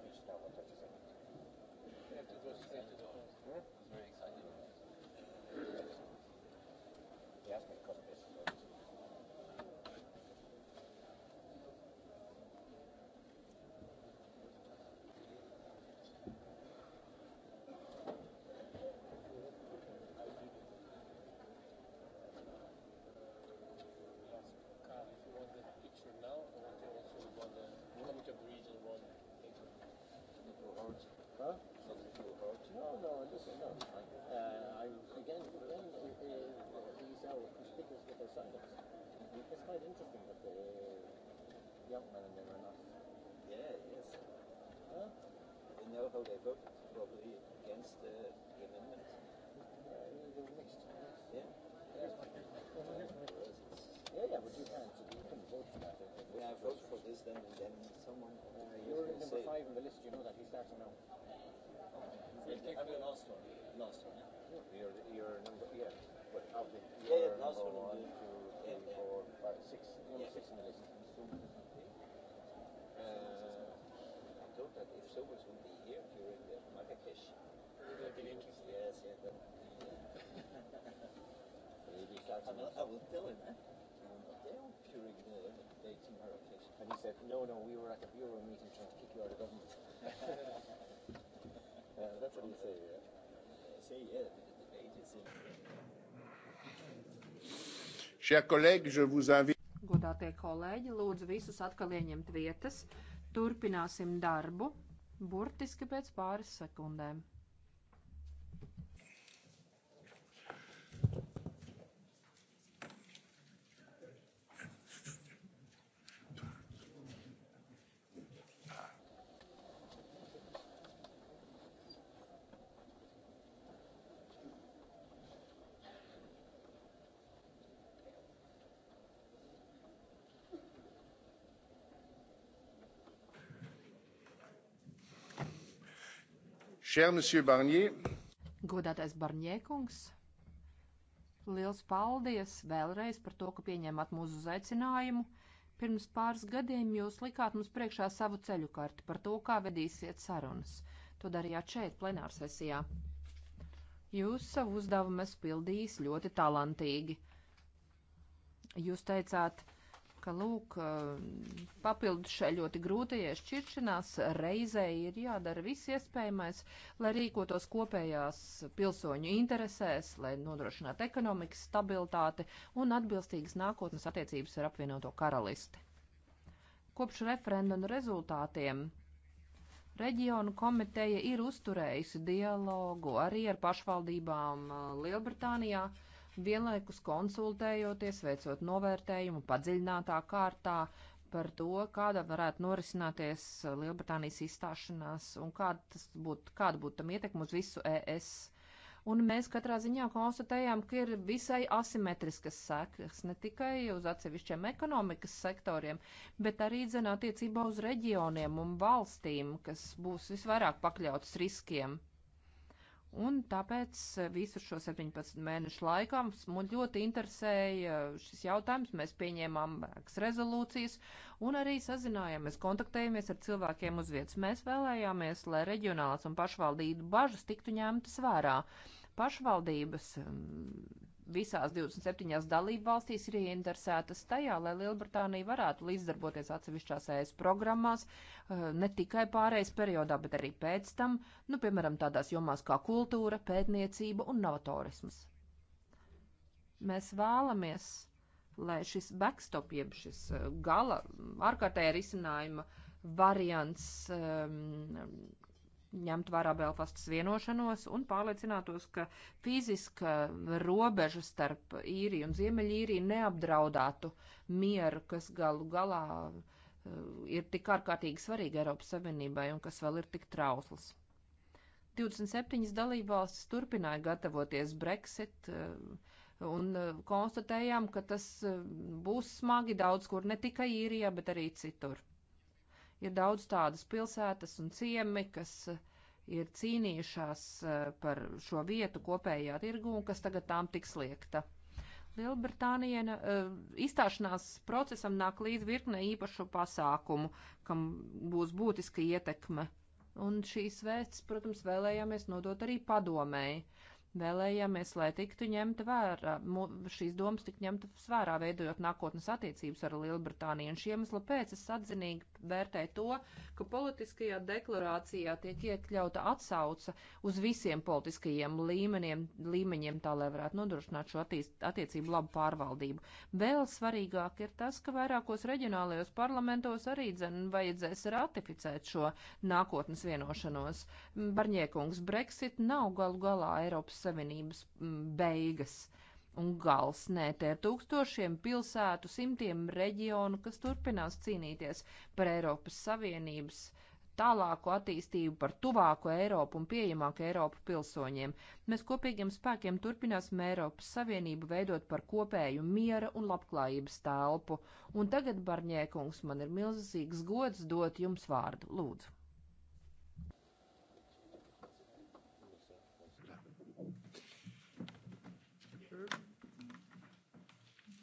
reached now 137. After those, after those. Huh? so they voted probably against uh, the amendment. Uh, they were mixed. Yeah. Yeah. yeah, yeah, but you can't. You can vote for that. When I vote for this, then then someone. Uh, you're number say, five on the list. You know that he's starting now. I'm the last one. Last one. You're you're number yeah. But out of your, yeah, yeah. I will, I will tell him, eh? Um, they are curing the dating hurricane. And he said, no, no, we were at a bureau meeting trying to kick you out of government. yeah, that's what he uh, say, yeah. Say, yeah, the debate is in. Chers collègues, je vous invite. Godātie kolēģi, lūdzu visus atkal ieņemt vietas. Turpināsim darbu burtiski pēc pāris sekundēm. Cher monsieur Barnier. Godātais Barņiekungs, liels paldies vēlreiz par to, ka pieņēmāt mūsu uzaicinājumu. Pirms pāris gadiem jūs likāt mums priekšā savu ceļu karti par to, kā vedīsiet sarunas. To darījāt šeit, plenārsesijā. Jūs savu uzdevumu esat pildījis ļoti talantīgi. Jūs teicāt, ka ka, lūk, eh, papildus šai ļoti grūtajai šķiršanās reizē ir jādara viss iespējamais, lai rīkotos kopējās pilsoņu interesēs, lai nodrošinātu ekonomikas stabilitāti un atbilstīgas nākotnes attiecības ar apvienoto karalisti. Kopš referendumu rezultātiem Reģionu komiteja ir uzturējusi dialogu arī ar pašvaldībām eh, Lielbritānijā. Uh, vienlaikus konsultējoties, veicot novērtējumu padziļinātā kārtā par to, kāda varētu norisināties Lielbritānijas izstāšanās un kāda būtu, kāda būtu tam ietekme uz visu ES. Un mēs katrā ziņā konstatējām, ka ir visai asimetriskas sekas, ne tikai uz atsevišķiem ekonomikas sektoriem, bet arī dzen attiecībā uz reģioniem un valstīm, kas būs visvairāk pakļautas riskiem. Un tāpēc eh, visu šo 17 mēnešu laikā mums ļoti interesēja eh, šis jautājums. Mēs pieņēmām vairākas rezolūcijas un arī sazinājāmies, kontaktējāmies ar cilvēkiem uz vietas. Mēs vēlējāmies, lai reģionālās un pašvaldību bažas tiktu ņemtas vērā. Pašvaldības mm, visās 27 dalību valstīs ir ieinteresētas tajā, lai Lielbritānija varētu līdzdarboties atsevišķās ES programmās, eh, ne tikai pārējais periodā, bet arī pēc tam, nu, piemēram, tādās jomās kā kultūra, pētniecība un novatorisms. Mēs vēlamies, lai šis backstop, jeb šis eh, gala ārkārtējā risinājuma variants um, ņemt vērā Belfastas vienošanos un pārliecinātos, ka fiziska robeža starp īriju un ziemeļīriju neapdraudātu mieru, kas galu galā eh, ir tik ārkārtīgi svarīga Eiropas Savienībai un kas vēl ir tik trausls. 27 dalībvalstis turpināja gatavoties Brexit eh, un eh, konstatējām, ka tas būs smagi daudz kur, ne tikai īrijā, bet arī citur. Ir daudz tādas pilsētas un ciemi, kas eh, ir cīnījušās eh, par šo vietu kopējā tirgu un kas tagad tām tiks liekta. Lielbritānija uh, eh, izstāšanās procesam nāk līdz virknē īpašu pasākumu, kam būs būtiska ietekme. Un šīs vēsts, protams, vēlējāmies nodot arī padomēji. Vēlējāmies, lai tiktu ņemta vērā, šīs domas tik ņemta vērā, veidojot nākotnes attiecības ar Lielbritāniju. Un šī iemesla pēc es atzinīgi vērtē to, ka politiskajā deklarācijā tiek iekļauta atsauca uz visiem politiskajiem līmeniem, līmeņiem, tā lai varētu nodrošināt šo attīst, attiecību labu pārvaldību. Vēl svarīgāk ir tas, ka vairākos reģionālajos parlamentos arī dzen vajadzēs ratificēt šo nākotnes vienošanos. Barņiekungs, Brexit nav galu galā Eiropas Savienības beigas un galsnē. Te ir tūkstošiem pilsētu, simtiem reģionu, kas turpinās cīnīties par Eiropas Savienības tālāku attīstību, par tuvāku Eiropu un pieejamāku Eiropu pilsoņiem. Mēs kopīgiem spēkiem turpināsim Eiropas Savienību veidot par kopēju miera un labklājības telpu. Un tagad, Barņēkungs, man ir milzīgs gods dot jums vārdu. Lūdzu!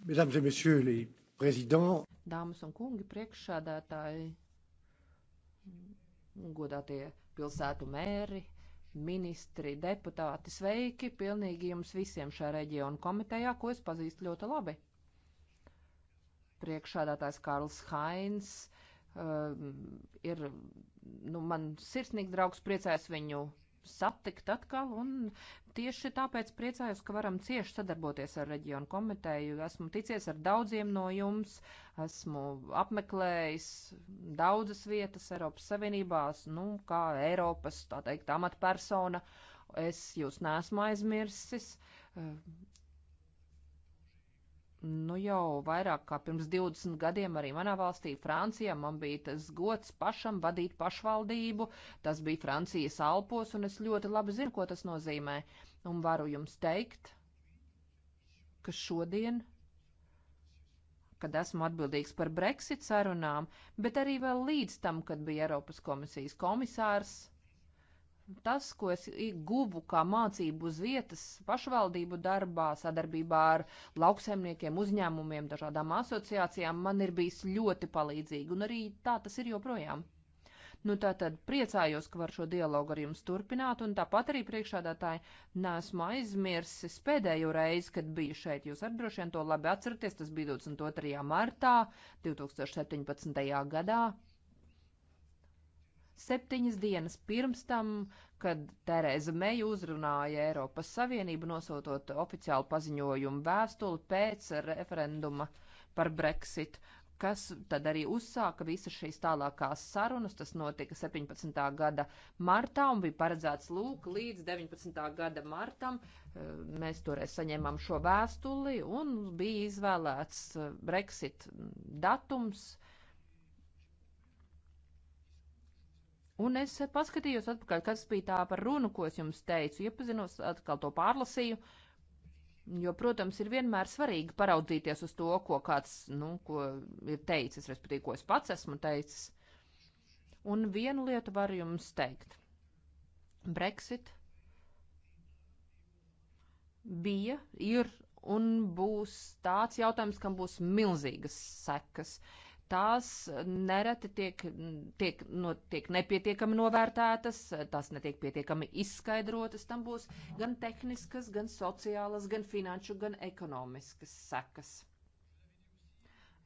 Mesdames et messieurs les présidents. Dāmas un kungi, priekšsādātāji, godātie pilsētu mēri, ministri, deputāti, sveiki pilnīgi jums visiem šā reģiona komitejā, ko es pazīstu ļoti labi. Priekšādātājs Karls Hains uh, ir, nu, man sirsnīgi draugs priecājas viņu satikt atkal, un tieši tāpēc priecājos, ka varam cieši sadarboties ar reģionu komiteju. Esmu ticies ar daudziem no jums, esmu apmeklējis daudzas vietas Eiropas Savienībās, nu, kā Eiropas, tā teikt, amatpersona. Es jūs nesmu aizmirsis Nu jau vairāk kā pirms 20 gadiem arī manā valstī, Francijā, man bija tas gods pašam vadīt pašvaldību. Tas bija Francijas alpos, un es ļoti labi zinu, ko tas nozīmē. Un varu jums teikt, ka šodien, kad esmu atbildīgs par Brexit sarunām, bet arī vēl līdz tam, kad bija Eiropas komisijas komisārs, Tas, ko es guvu kā mācību uz vietas pašvaldību darbā, sadarbībā ar lauksaimniekiem, uzņēmumiem, dažādām asociācijām, man ir bijis ļoti palīdzīgi, un arī tā tas ir joprojām. Nu, tā tad priecājos, ka varu šo dialogu ar jums turpināt, un tāpat arī priekšādātāji nesmu aizmirsis pēdējo reizi, kad biju šeit. Jūs arī droši vien to labi atceraties, tas bija 22. martā 2017. gadā septiņas dienas pirms tam, kad Tereza Meija uzrunāja Eiropas Savienību nosūtot oficiālu paziņojumu vēstuli pēc referenduma par Brexit kas tad arī uzsāka visas šīs tālākās sarunas. Tas notika 17. gada martā un bija paredzēts lūk līdz 19. gada martam. Eh, mēs toreiz saņēmām šo vēstuli un bija izvēlēts eh, Brexit datums Un es paskatījos atpakaļ, kas bija tā par runu, ko es jums teicu, iepazinos, atkal to pārlasīju, jo, protams, ir vienmēr svarīgi paraudzīties uz to, ko kāds, nu, ko ir teicis, respektīvi, ko es pats esmu teicis. Un vienu lietu varu jums teikt. Brexit bija, ir un būs tāds jautājums, kam būs milzīgas sekas tās nereti tiek, tiek, no, tiek nepietiekami novērtētas, tās netiek pietiekami izskaidrotas, tam būs gan tehniskas, gan sociālas, gan finanšu, gan ekonomiskas sekas.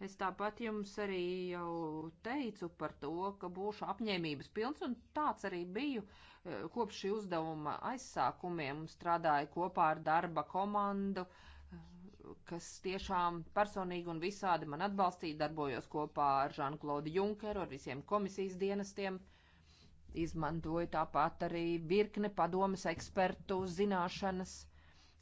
Es tāpat jums arī jau teicu par to, ka būšu apņēmības pilns, un tāds arī biju eh, kopš šī uzdevuma aizsākumiem. Strādāju kopā ar darba komandu, uh, kas tiešām personīgi un visādi man atbalstīja, darbojos kopā ar Žanklodu Junkeru, ar visiem komisijas dienestiem. Izmantoju tāpat arī virkne padomas ekspertu zināšanas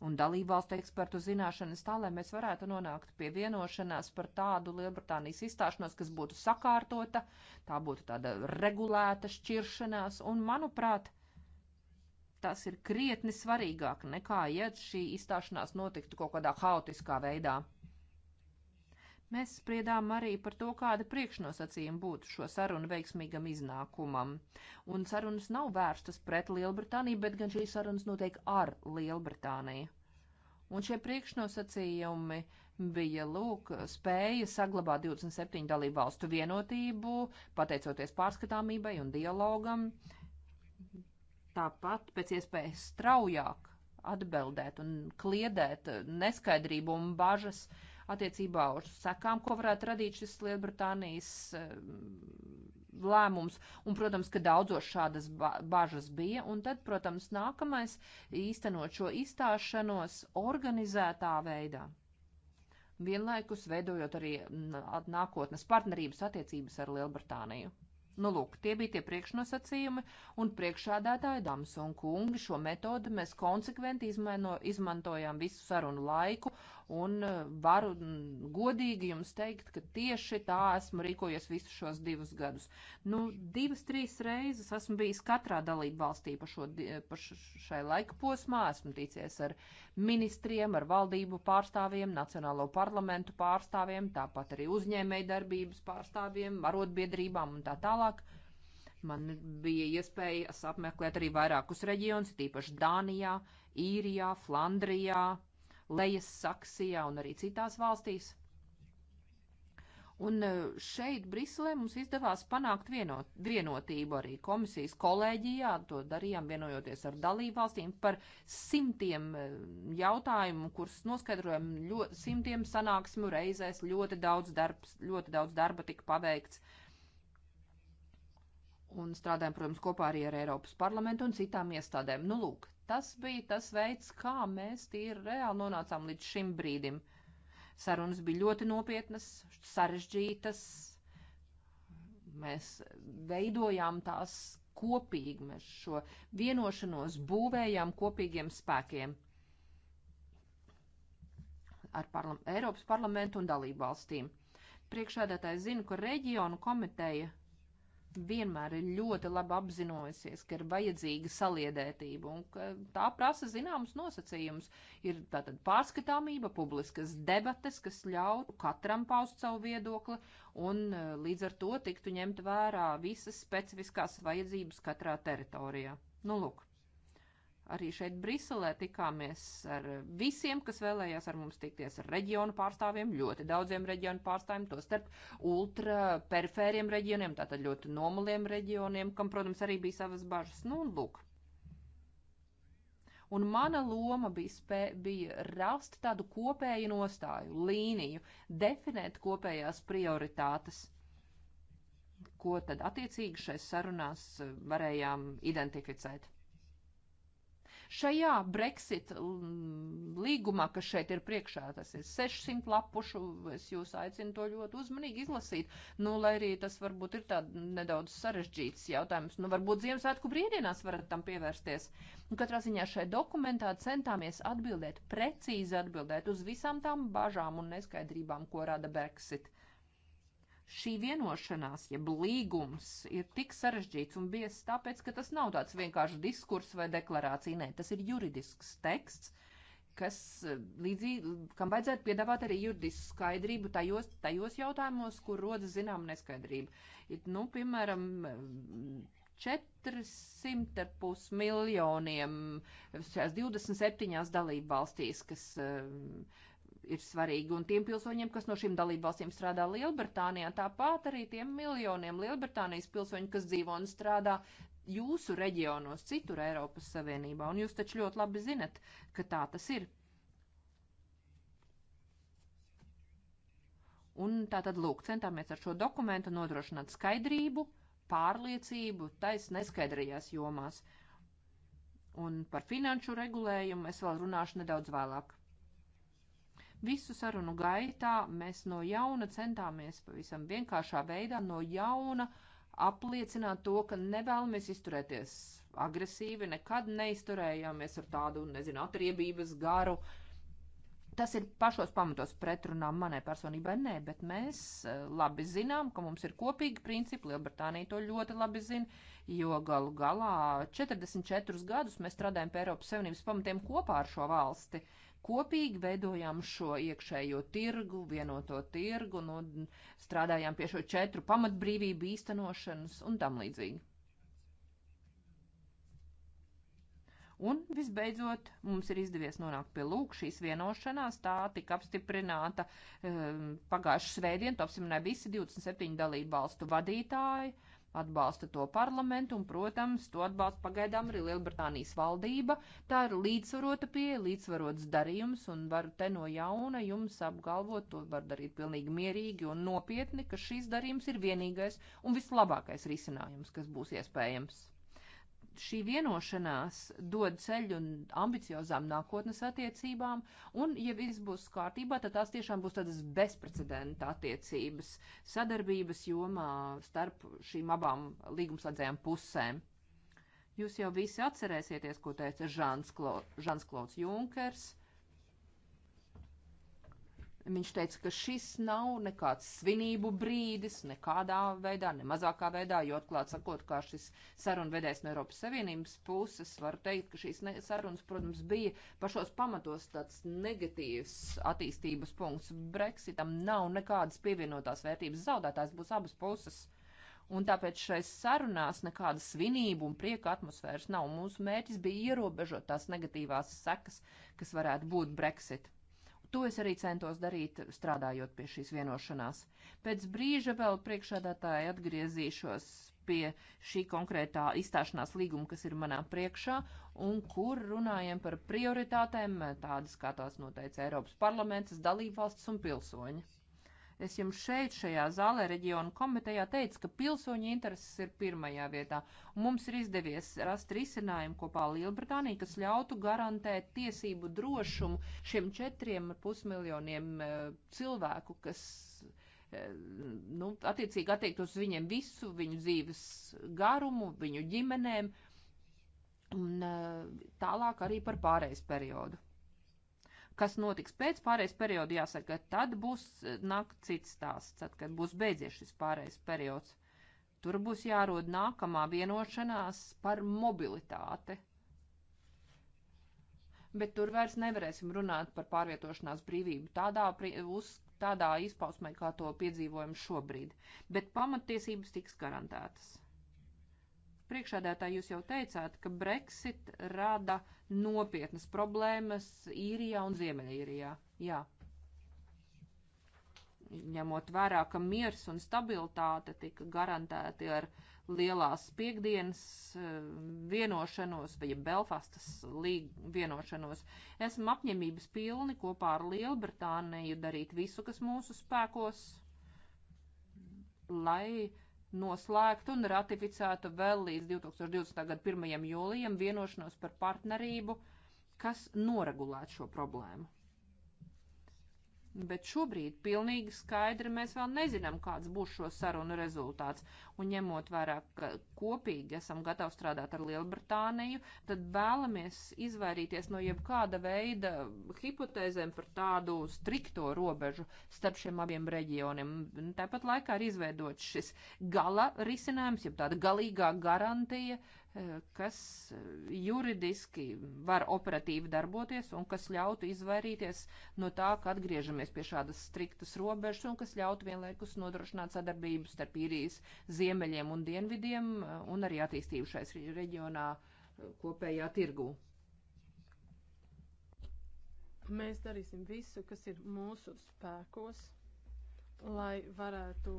un dalībvalstu ekspertu zināšanas tā, lai mēs varētu nonākt pie vienošanās par tādu Lielbritānijas izstāšanos, kas būtu sakārtota, tā būtu tāda regulēta šķiršanās, un, manuprāt, tas ir krietni svarīgāk nekā, ja šī izstāšanās notiktu kaut kādā haotiskā veidā. Mēs spriedām arī par to, kāda priekšnosacījuma būtu šo sarunu veiksmīgam iznākumam. Un sarunas nav vērstas pret Lielbritāniju, bet gan šīs sarunas notiek ar Lielbritāniju. Un šie priekšnosacījumi bija lūk spēja saglabāt 27 dalību valstu vienotību, pateicoties pārskatāmībai un dialogam, tāpat pēc iespējas straujāk atbildēt un kliedēt neskaidrību un bažas attiecībā uz sekām, ko varētu radīt šis Lielbritānijas eh, lēmums. Un, protams, ka daudzos šādas bažas bija. Un tad, protams, nākamais īstenot šo izstāšanos organizētā veidā. Vienlaikus veidojot arī mm, nākotnes partnerības attiecības ar Lielbritāniju. Nu, lūk, tie bija tie priekšnosacījumi, un priekšādātāja dāmas un kungi šo metodu mēs konsekventi izmaino, izmantojām visu sarunu laiku, un e, varu godīgi jums teikt, ka tieši tā esmu rīkojies visus šos divus gadus. Nu, divas, trīs reizes esmu bijis katrā dalību valstī pa, šo, e, pa šai laika posmā, esmu ticies ar ministriem, ar valdību pārstāvjiem, nacionālo parlamentu pārstāvjiem, tāpat arī uzņēmēju darbības pārstāvjiem, arotbiedrībām un tā tālāk. Man bija iespējas apmeklēt arī vairākus reģionus, tīpaši Dānijā, Īrijā, Flandrijā, Lejas Saksijā un arī citās valstīs. Un eh, šeit Briselē mums izdevās panākt vienot, vienotību arī komisijas kolēģijā, to darījām vienojoties ar dalībvalstīm par simtiem eh, jautājumu, kurus noskaidrojam ļo, simtiem sanāksmu reizēs, ļoti daudz, darbs, ļoti daudz darba tika paveikts. Un strādājam, protams, kopā arī ar Eiropas parlamentu un citām iestādēm. Nu, lūk, Tas bija tas veids, kā mēs tīri reāli nonācām līdz šim brīdim. Sarunas bija ļoti nopietnas, sarežģītas. Mēs veidojām tās kopīgi, mēs šo vienošanos būvējām kopīgiem spēkiem ar parlam Eiropas parlamentu un dalību valstīm. Priekšādātājs zina, ka reģionu komiteja vienmēr ir ļoti labi apzinojusies, ka ir vajadzīga saliedētība un ka tā prasa zināmus nosacījumus. Ir tātad pārskatāmība, publiskas debates, kas ļautu katram paust savu viedokli un e, līdz ar to tiktu ņemt vērā visas specifiskās vajadzības katrā teritorijā. Nu, lūk. Arī šeit Briselē tikāmies ar visiem, kas vēlējās ar mums tikties, ar reģionu pārstāvjiem, ļoti daudziem reģionu pārstāvjiem, to starp ultraperifēriem reģioniem, tātad ļoti nomaliem reģioniem, kam, protams, arī bija savas bažas. Nu, un lūk. Un mana loma bija, spē, bija rast tādu kopēju nostāju, līniju, definēt kopējās prioritātes ko tad attiecīgi šais sarunās varējām identificēt. Šajā Brexit mm, līgumā, kas šeit ir priekšā, tas ir 600 lapušu, es jūs aicinu to ļoti uzmanīgi izlasīt, nu, lai arī tas varbūt ir tāds nedaudz sarežģīts jautājums, nu, varbūt Ziemassvētku brīvdienās varat tam pievērsties. Nu, katrā ziņā šai dokumentā centāmies atbildēt, precīzi atbildēt uz visām tām bažām un neskaidrībām, ko rada Brexit šī vienošanās, jeb līgums, ir tik sarežģīts un biezs, tāpēc, ka tas nav tāds vienkārši diskurs vai deklarācija. Nē, tas ir juridisks teksts, kas eh, līdzīgi, kam vajadzētu piedāvāt arī juridisku skaidrību tajos, tajos jautājumos, kur rodas zinām neskaidrība. It, nu, piemēram, 400,5 miljoniem šajās 27 dalību valstīs, kas uh, ir svarīgi. Un tiem pilsoņiem, kas no šīm dalībvalstīm strādā Lielbritānijā, tāpat arī tiem miljoniem Lielbritānijas pilsoņu, kas dzīvo un strādā jūsu reģionos, citur Eiropas Savienībā. Un jūs taču ļoti labi zinat, ka tā tas ir. Un tā tad, lūk, centāmies ar šo dokumentu nodrošināt skaidrību, pārliecību tais neskaidrajās jomās. Un par finanšu regulējumu es vēl runāšu nedaudz vēlāk. Visu sarunu gaitā mēs no jauna centāmies pavisam vienkāršā veidā no jauna apliecināt to, ka nevēlamies izturēties agresīvi, nekad neizturējāmies ar tādu, nezinu, atriebības garu. Tas ir pašos pamatos pretrunā manai personībai, nē, bet mēs eh, labi zinām, ka mums ir kopīgi principi, Lielbritānija to ļoti labi zina, jo galu galā 44 gadus mēs strādājam pie Eiropas Savienības pamatiem kopā ar šo valsti. Uh, kopīgi veidojām šo iekšējo tirgu, vienoto tirgu, nu, strādājām pie šo četru pamatbrīvību īstenošanas un tam līdzīgi. Un, visbeidzot, mums ir izdevies nonākt pie lūk šīs vienošanās. Tā tika apstiprināta um, ehm, pagājušā svētdien, to apstiprināja visi 27 dalību valstu vadītāji. Uh, atbalsta to parlamentu, un, protams, to atbalsta pagaidām arī Lielbritānijas valdība. Tā ir līdzsvarota pieeja, līdzsvarots darījums, un varu te no jauna jums apgalvot, to var darīt pilnīgi mierīgi un nopietni, ka šis darījums ir vienīgais un vislabākais risinājums, kas būs iespējams šī vienošanās dod ceļu un ambiciozām nākotnes attiecībām, un, ja viss būs kārtībā, tad tās tiešām būs tādas bezprecedenta attiecības sadarbības jomā starp šīm abām līgumslēdzējām pusēm. Jūs jau visi atcerēsieties, ko teica Žans Klauds Junkers Viņš teica, ka šis nav nekāds svinību brīdis, nekādā veidā, ne mazākā veidā, jo atklāt sakot, kā šis sarunvedējs no Eiropas Savienības puses, var teikt, ka šīs sarunas, protams, bija pašos pamatos tāds negatīvs attīstības punkts. Brexitam nav nekādas pievienotās vērtības, zaudētājs būs abas puses. Un tāpēc šais sarunās nekādas svinību un prieka atmosfēras nav. Mūsu mērķis bija ierobežot tās negatīvās sekas, kas varētu būt Brexit. To es arī centos darīt, strādājot pie šīs vienošanās. Pēc brīža vēl priekšādātāji atgriezīšos pie šī konkrētā izstāšanās līguma, kas ir manā priekšā, un kur runājam par prioritātēm, tādas kā tās noteica Eiropas parlaments, dalībvalsts un pilsoņi. Es jums šeit, šajā zālē, reģionu komitejā teicu, ka pilsoņu intereses ir pirmajā vietā. Mums ir izdevies rast risinājumu kopā Lielbritānija, kas ļautu garantēt tiesību drošumu šiem četriem pusmiljoniem eh, cilvēku, kas eh, nu, attiecīgi attiektos uz viņiem visu viņu dzīves garumu, viņu ģimenēm un eh, tālāk arī par pārējais periodu. Kas notiks pēc pārējais perioda, jāsaka, tad būs eh, nāk cits stāsts, tad, kad būs beidzies šis pārējais periods. Tur būs jārod nākamā vienošanās par mobilitāti. Bet tur vairs nevarēsim runāt par pārvietošanās brīvību tādā, uz, tādā izpausmē, kā to piedzīvojam šobrīd. Bet pamatiesības tiks garantētas. Priekšādētāji, jūs jau teicāt, ka Brexit rada nopietnas problēmas īrijā un Ziemeļīrijā. Jā. Ņemot vērā, ka miers un stabilitāte tika garantēti ar lielās piekdienas eh, vienošanos vai Belfastas līga vienošanos. Esam apņemības pilni kopā ar Lielbritāniju darīt visu, kas mūsu spēkos, lai uh, noslēgtu un ratificētu vēl līdz 2020. gada 1. jūlijam vienošanos par partnerību, kas noregulētu šo problēmu. Bet šobrīd pilnīgi skaidri mēs vēl nezinām, kāds būs šo sarunu rezultāts. Un ņemot vērā, ka kopīgi esam gatavi strādāt ar Lielbritāniju, tad vēlamies izvairīties no jebkāda veida hipotēzēm par tādu strikto robežu starp šiem abiem reģioniem. Tāpat laikā ir izveidots šis gala risinājums, jeb tāda galīgā garantija Eh, kas eh, juridiski var operatīvi darboties un kas ļautu izvairīties no tā, ka atgriežamies pie šādas striktas robežas un kas ļautu vienlaikus nodrošināt sadarbību starp īrijas ziemeļiem un dienvidiem eh, un arī attīstību šais reģionā kopējā tirgū. Mēs darīsim visu, kas ir mūsu spēkos, lai varētu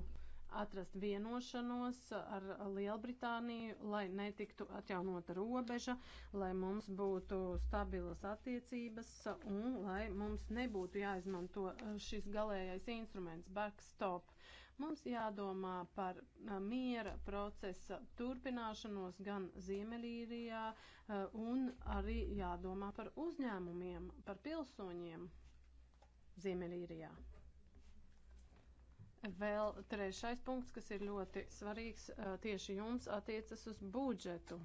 atrast vienošanos ar Lielbritāniju, lai netiktu atjaunota robeža, lai mums būtu stabilas attiecības un lai mums nebūtu jāizmanto eh, šis galējais instruments backstop. Mums jādomā par eh, miera procesa turpināšanos gan Ziemeļīrijā eh, un arī jādomā par uzņēmumiem, par pilsoņiem Ziemeļīrijā. Vēl trešais punkts, kas ir ļoti svarīgs tieši jums, attiecas uz budžetu.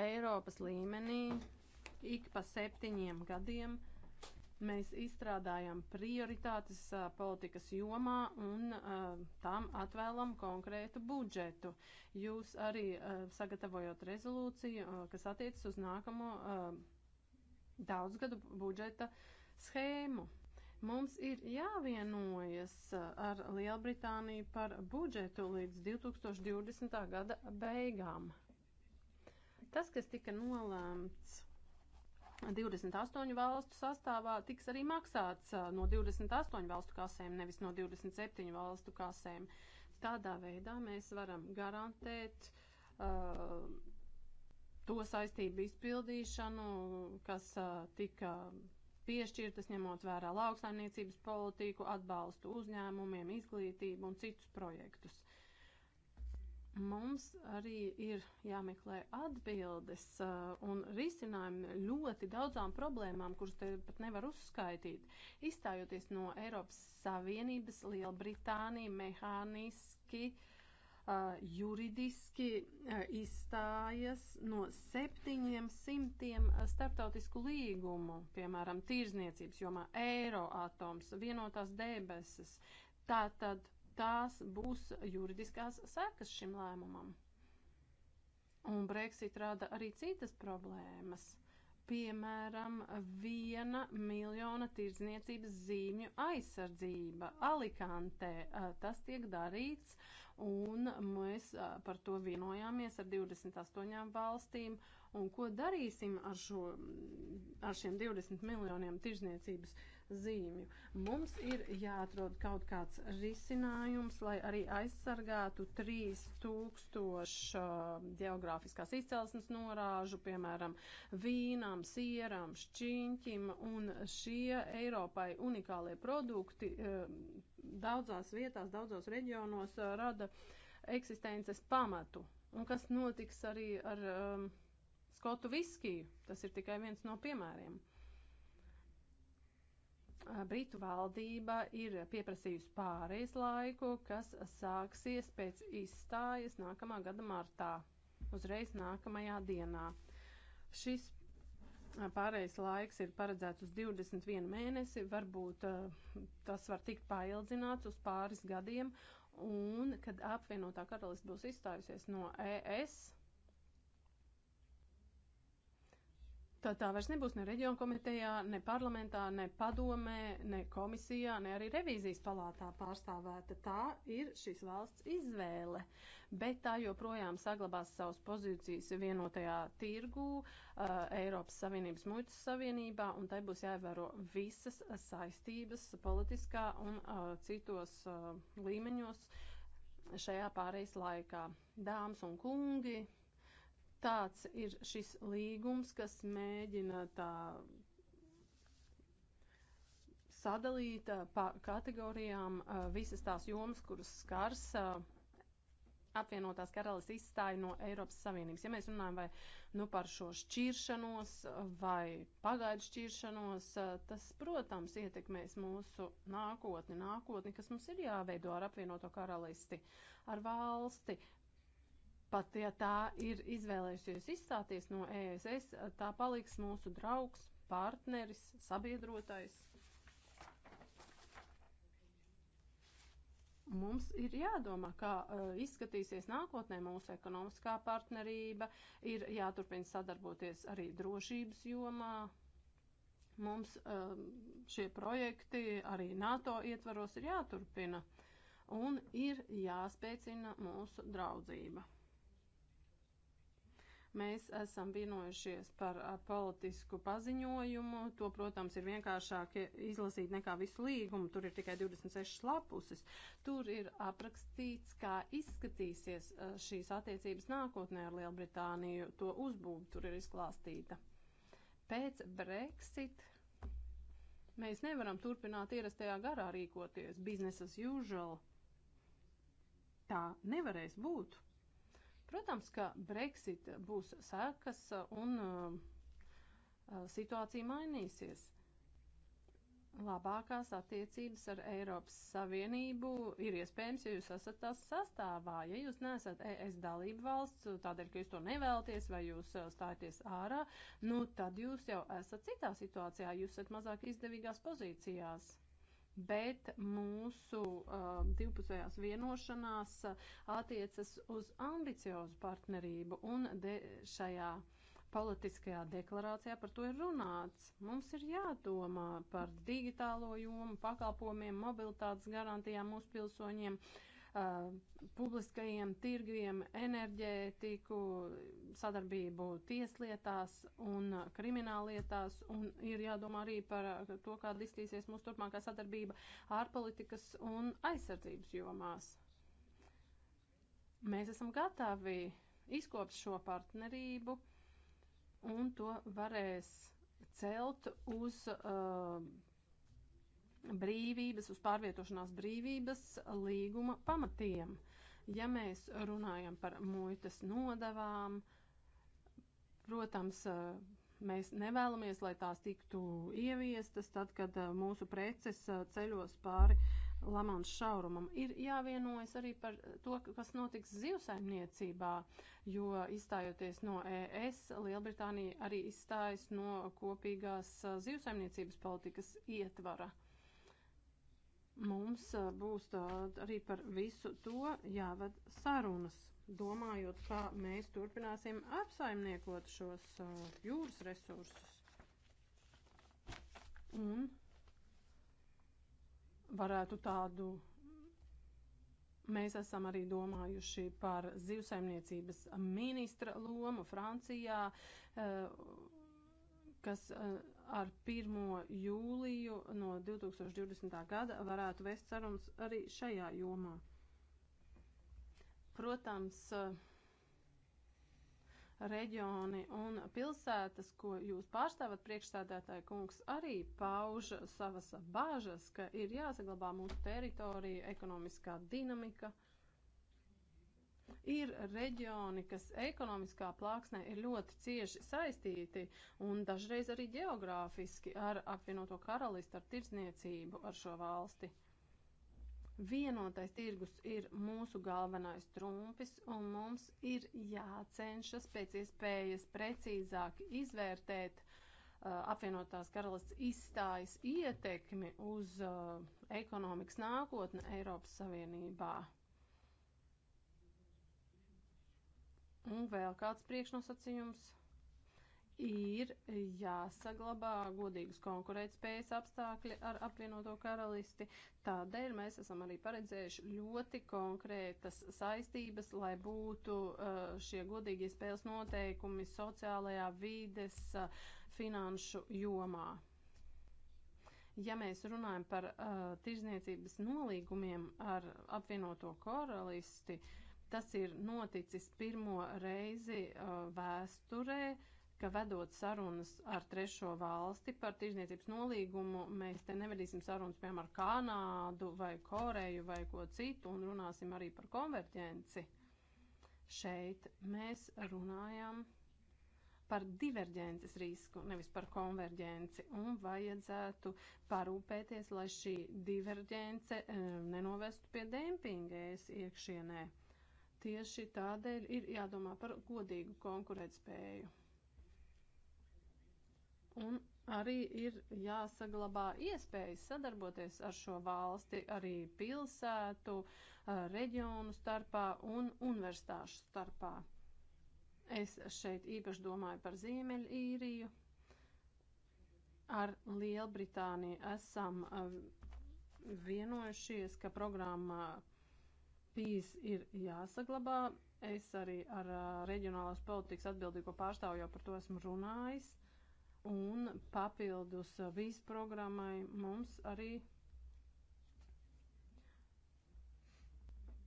Eiropas līmenī ik pa septiņiem gadiem mēs izstrādājam prioritātes politikas jomā un tam atvēlam konkrētu budžetu. Jūs arī sagatavojot rezolūciju, kas attiecas uz nākamo daudzgadu budžeta schēmu. Mums ir jāvienojas uh, ar Lielbritāniju par budžetu līdz 2020. gada beigām. Tas, kas tika nolēmts 28 valstu sastāvā, tiks arī maksāts uh, no 28 valstu kasēm, nevis no 27 valstu kasēm. Tādā veidā mēs varam garantēt uh, to saistību izpildīšanu, kas uh, tika piešķirtas, ņemot vērā lauksaimniecības politiku, atbalstu uzņēmumiem, izglītību un citus projektus. Mums arī ir jāmeklē atbildes uh, un risinājumi ļoti daudzām problēmām, kuras te pat nevar uzskaitīt. Izstājoties no Eiropas Savienības, Lielbritānija mehāniski uh, juridiski izstājas no 700 starptautisku līgumu, piemēram, tīrzniecības jomā, Eiroatoms, vienotās debesis. Tātad tās būs juridiskās sekas šim lēmumam. Un Brexit rada arī citas problēmas. Piemēram, viena miljona tirdzniecības zīmju aizsardzība Alikantē. Tas tiek darīts uh, un mēs par to vienojāmies ar 28 valstīm. Un ko darīsim ar, šo, ar šiem 20 miljoniem tirzniecības? zīmju. Mums ir jāatrod kaut kāds risinājums, lai arī aizsargātu 3000 uh, um, geogrāfiskās izcelsmes norāžu, piemēram, vīnam, sieram, šķiņķim, un šie Eiropai unikālie produkti uh, daudzās vietās, daudzos reģionos uh, rada eksistences pamatu. Un kas notiks arī ar um, skotu viskiju? Tas ir tikai viens no piemēriem. Britu valdība ir pieprasījusi pārejas laiku, kas sāksies pēc izstājas nākamā gada martā, uzreiz nākamajā dienā. Šis pārejas laiks ir paredzēts uz 21 mēnesi, varbūt tas var tikt paildzināts uz pāris gadiem, un kad apvienotā karalists būs izstājusies no ES, Tad tā vairs nebūs ne reģionu komitejā, ne parlamentā, ne padomē, ne komisijā, ne arī revīzijas palātā pārstāvēta. Tā ir šīs valsts izvēle, bet tā joprojām saglabās savas pozīcijas vienotajā tirgū, uh, Eiropas Savienības muitas savienībā, un tai būs jāievēro visas saistības politiskā un uh, citos uh, līmeņos šajā pārejas laikā. Dāmas un kungi! Tāds ir šis līgums, kas mēģina tā sadalīt uh, pa kategorijām uh, visas tās jomas, kuras skars uh, apvienotās karalists izstāja no Eiropas Savienības. Ja mēs runājam vai nu par šo šķiršanos vai pagaidu šķiršanos, tas, protams, ietekmēs mūsu nākotni, nākotni, kas mums ir jāveido ar apvienoto karalisti, ar valsti, Pat ja tā ir izvēlējusies izstāties no ESS, tā paliks mūsu draugs, partneris, sabiedrotais. mums ir jādomā, kā uh, izskatīsies nākotnē mūsu ekonomiskā partnerība, ir jāturpina sadarboties arī drošības jomā. Mums uh, šie projekti arī NATO ietvaros ir jāturpina un ir jāspēcina mūsu draudzība. Mēs esam vienojušies par politisku paziņojumu. To, protams, ir vienkāršāk izlasīt nekā visu līgumu. Tur ir tikai 26 lapuses. Tur ir aprakstīts, kā izskatīsies šīs attiecības nākotnē ar Lielbritāniju. To uzbūve tur ir izklāstīta. Pēc Brexit mēs nevaram turpināt ierastajā garā rīkoties, business as usual. Tā nevarēs būt. Protams, ka Brexit būs sekas un uh, uh, situācija mainīsies. Labākās attiecības ar Eiropas Savienību ir iespējams, ja jūs esat tās sastāvā. Ja jūs neesat ES dalība valsts, tādēļ, ka jūs to nevēlaties vai jūs uh, stājaties ārā, nu tad jūs jau esat citā situācijā, jūs esat mazāk izdevīgās pozīcijās bet mūsu uh, divpusējās vienošanās uh, attiecas uz ambiciozu partnerību un de, šajā politiskajā deklarācijā par to ir runāts. Mums ir jādomā par digitālo jomu, pakalpojumiem, mobilitātes garantijām mūsu pilsoņiem. Uh, Uh, publiskajiem tirgiem, enerģētiku, sadarbību tieslietās un uh, krimināllietās, un ir jādomā arī par uh, to, kāda izstīsies mūsu turpmākā sadarbība ārpolitikas un aizsardzības jomās. Mēs esam gatavi izkopt šo partnerību, un to varēs celt uz uh, brīvības, uz pārvietošanās brīvības līguma pamatiem. Ja mēs runājam par muitas nodavām, protams, eh, mēs nevēlamies, lai tās tiktu ieviestas tad, kad eh, mūsu preces eh, ceļos pāri Lamāns šaurumam. Ir jāvienojas arī par to, kas notiks zivsaimniecībā, jo izstājoties no ES, Lielbritānija arī izstājas no kopīgās zivsaimniecības politikas ietvara mums būs arī par visu to jāved sarunas, domājot, kā mēs turpināsim apsaimniekot šos jūras resursus. Un varētu tādu. Mēs esam arī domājuši par zivsaimniecības ministra lomu Francijā, kas ar 1. jūliju no 2020. gada varētu vest sarunas arī šajā jomā. Protams, reģioni un pilsētas, ko jūs pārstāvat priekšstādātāja kungs, arī pauž savas bāžas, ka ir jāsaglabā mūsu teritorija, ekonomiskā dinamika – Ir reģioni, kas ekonomiskā plāksnē ir ļoti cieši saistīti un dažreiz arī geogrāfiski ar apvienoto karalistu, ar tirdzniecību, ar šo valsti. Vienotais tirgus ir mūsu galvenais trumpis, un mums ir jācenšas pēc iespējas precīzāk izvērtēt uh, apvienotās karalists izstājas ietekmi uz uh, ekonomikas nākotni Eiropas Savienībā. Un vēl kāds priekšnosacījums ir jāsaglabā godīgas konkurētspējas apstākļi ar apvienoto karalisti. Tādēļ mēs esam arī paredzējuši ļoti konkrētas saistības, lai būtu uh, šie godīgie spēles noteikumi sociālajā vides, uh, finanšu jomā. Ja mēs runājam par uh, tirzniecības nolīgumiem ar apvienoto karalisti, uh, Tas ir noticis pirmo reizi uh, vēsturē, ka vedot sarunas ar trešo valsti par tirzniecības nolīgumu, mēs te nevedīsim sarunas, piemēram, ar Kanādu vai Koreju vai ko citu un runāsim arī par konverģenci. Šeit mēs runājam par diverģences risku, nevis par konverģenci, un vajadzētu parūpēties, lai šī diverģence um, nenovestu pie dempingēs iekšienē. Tieši tādēļ ir jādomā par godīgu konkurētspēju. Un arī ir jāsaglabā iespējas sadarboties ar šo valsti, arī pilsētu, eh, reģionu starpā un universitāšu starpā. Es šeit īpaši domāju par Ziemeļīriju. Ar Lielbritāniju esam eh, vienojušies, ka programmā pīs ir jāsaglabā. Es arī ar uh, reģionālās politikas atbildīgo pārstāvu jau par to esmu runājis. Un papildus uh, vīz programmai mums arī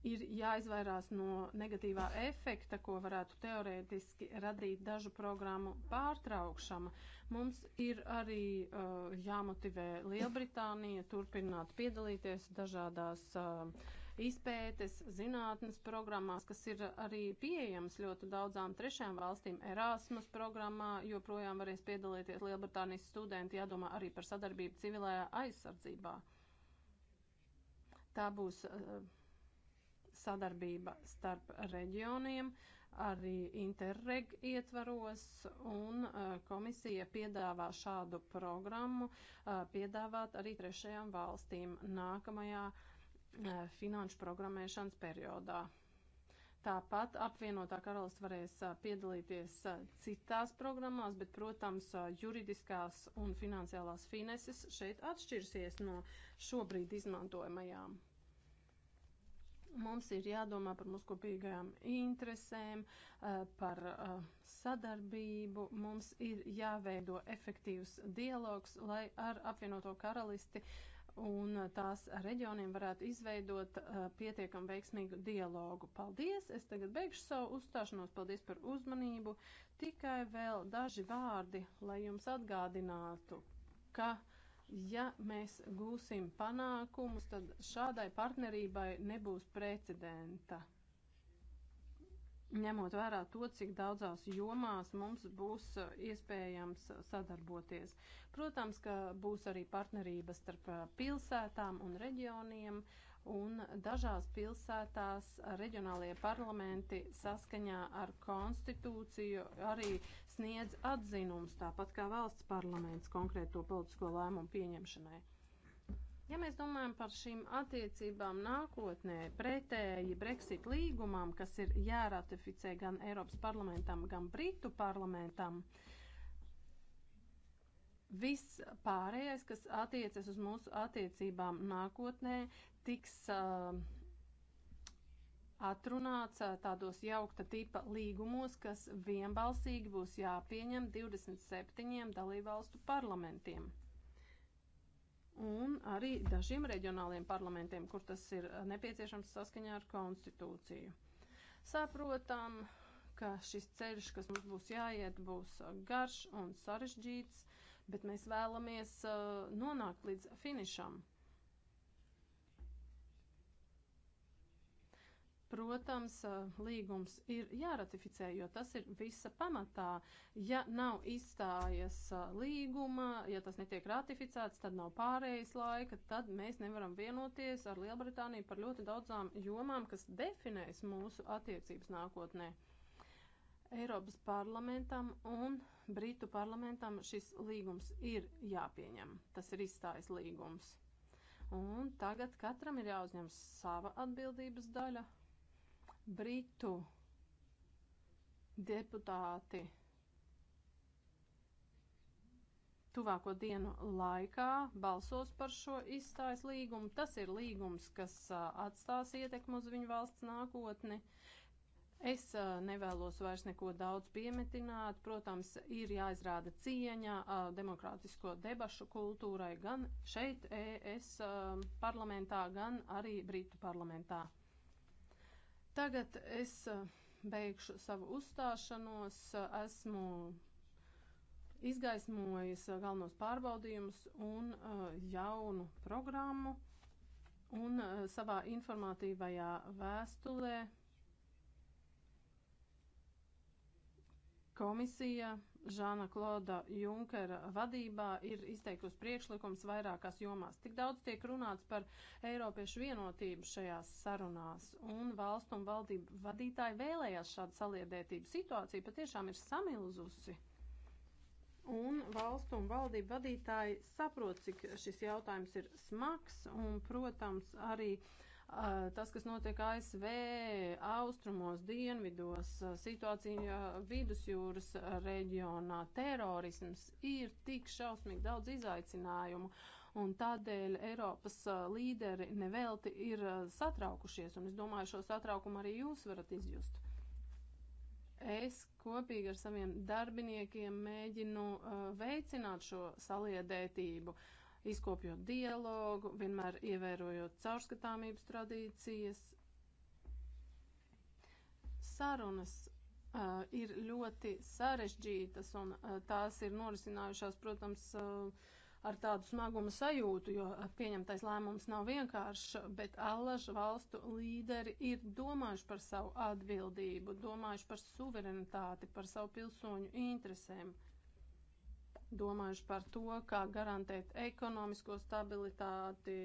ir jāizvairās no negatīvā efekta, ko varētu teorētiski radīt dažu programmu pārtraukšana. Mums ir arī uh, jāmotivē Lielbritānija turpināt piedalīties dažādās uh, izpētes, zinātnes programmās, kas ir arī pieejams ļoti daudzām trešajām valstīm. Erasmus programmā joprojām varēs piedalīties Lielbritānijas studenti, jādomā arī par sadarbību civilajā aizsardzībā. Tā būs uh, sadarbība starp reģioniem, arī Interreg ietvaros, un eh, komisija piedāvā šādu programmu eh, piedāvāt arī trešajām valstīm nākamajā finanšu programmēšanas periodā. Tāpat apvienotā karalists varēs piedalīties citās programmās, bet, protams, juridiskās un finansiālās fineses šeit atšķirsies no šobrīd izmantojamajām. Mums ir jādomā par mūsu kopīgajām interesēm, par sadarbību. Mums ir jāveido efektīvs dialogs, lai ar apvienoto karalisti uh, un uh, tās reģioniem varētu izveidot uh, pietiekam veiksmīgu dialogu. Paldies! Es tagad beigšu savu uzstāšanos. Paldies par uzmanību. Tikai vēl daži vārdi, lai jums atgādinātu, ka, ja mēs gūsim panākumus, tad šādai partnerībai nebūs precedenta ņemot vērā to, cik daudzās jomās mums būs uh, iespējams uh, sadarboties. Protams, ka būs arī partnerības starp uh, pilsētām un reģioniem, un dažās pilsētās reģionālie parlamenti saskaņā ar konstitūciju arī sniedz atzinums, tāpat kā valsts parlaments konkrēto politisko lēmumu pieņemšanai. Ja mēs domājam par šīm attiecībām nākotnē, pretēji Brexit līgumam, kas ir jāratificē gan Eiropas parlamentam, gan Britu parlamentam, viss pārējais, kas attiecas uz mūsu attiecībām nākotnē, tiks uh, atrunāts uh, tādos jaukta tipa līgumos, kas vienbalsīgi būs jāpieņem 27 dalībvalstu parlamentiem un arī dažiem reģionāliem parlamentiem, kur tas ir nepieciešams saskaņā ar konstitūciju. Saprotam, ka šis ceļš, kas mums būs jāiet, būs garš un sarežģīts, bet mēs vēlamies uh, nonākt līdz finišam. Protams, eh, līgums ir jāratificē, jo tas ir visa pamatā. Ja nav izstājas eh, līguma, ja tas netiek ratificēts, tad nav pārējais laika, tad mēs nevaram vienoties ar Lielbritāniju par ļoti daudzām jomām, kas definēs mūsu attiecības nākotnē. Eiropas parlamentam un Britu parlamentam šis līgums ir jāpieņem. Tas ir izstājas līgums. Un tagad katram ir jāuzņem sava atbildības daļa Britu deputāti tuvāko dienu laikā balsos par šo izstājas līgumu. Tas ir līgums, kas atstās ietekmu uz viņu valsts nākotni. Es nevēlos vairs neko daudz piemetināt. Protams, ir jāizrāda cieņa demokrātisko debašu kultūrai gan šeit, ES parlamentā, gan arī Britu parlamentā. Tagad es eh, beigšu savu uzstāšanos. Eh, esmu izgaismojis eh, galvenos pārbaudījumus un jaunu programmu. Un savā informatīvajā vēstulē komisija Žāna Kloda Junkera vadībā ir izteikusi priekšlikums vairākās jomās. Tik daudz tiek runāts par Eiropiešu vienotību šajās sarunās, un valstu un valdību vadītāji vēlējās šādu saliedētību. Situācija patiešām ir samilzusi. Un valstu un valdību vadītāji saprot, cik šis jautājums ir smags, un, protams, arī uh, tas, kas notiek ASV, austrumos, dienvidos, situācija vidusjūras reģionā, terorisms ir tik šausmīgi daudz izaicinājumu. Un tādēļ Eiropas līderi nevelti ir satraukušies, un es domāju, šo satraukumu arī jūs varat izjust. Es kopīgi ar saviem darbiniekiem mēģinu uh, veicināt šo saliedētību. Uh, izkopjot dialogu, vienmēr ievērojot caurskatāmības tradīcijas. Sarunas uh, ir ļoti sarežģītas, un uh, tās ir norisinājušās, protams, uh, ar tādu smagumu sajūtu, jo pieņemtais lēmums nav vienkāršs, bet allaž valstu līderi ir domājuši par savu atbildību, domājuši par suverenitāti, par savu pilsoņu interesēm domājuši par to, kā garantēt ekonomisko stabilitāti,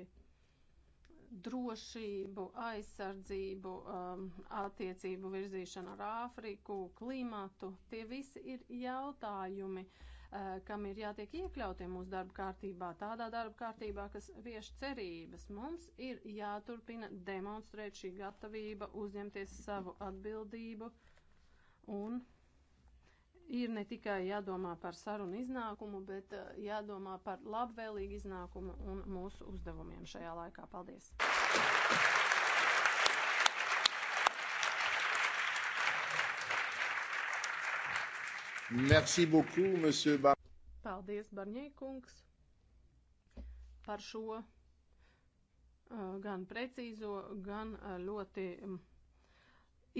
drošību, aizsardzību, um, attiecību virzīšanu ar Āfriku, klimatu. Tie visi ir jautājumi, uh, kam ir jātiek iekļautiem mūsu darba kārtībā, tādā darba kārtībā, kas vieš cerības. Mums ir jāturpina demonstrēt šī gatavība uzņemties savu atbildību un ir ne tikai jādomā par sarunu iznākumu, bet eh, jādomā par labvēlīgu iznākumu un mūsu uzdevumiem šajā laikā. Paldies! Merci beaucoup, monsieur Bar. Paldies, Barņēkungs, par šo eh, gan precīzo, gan eh, ļoti mm,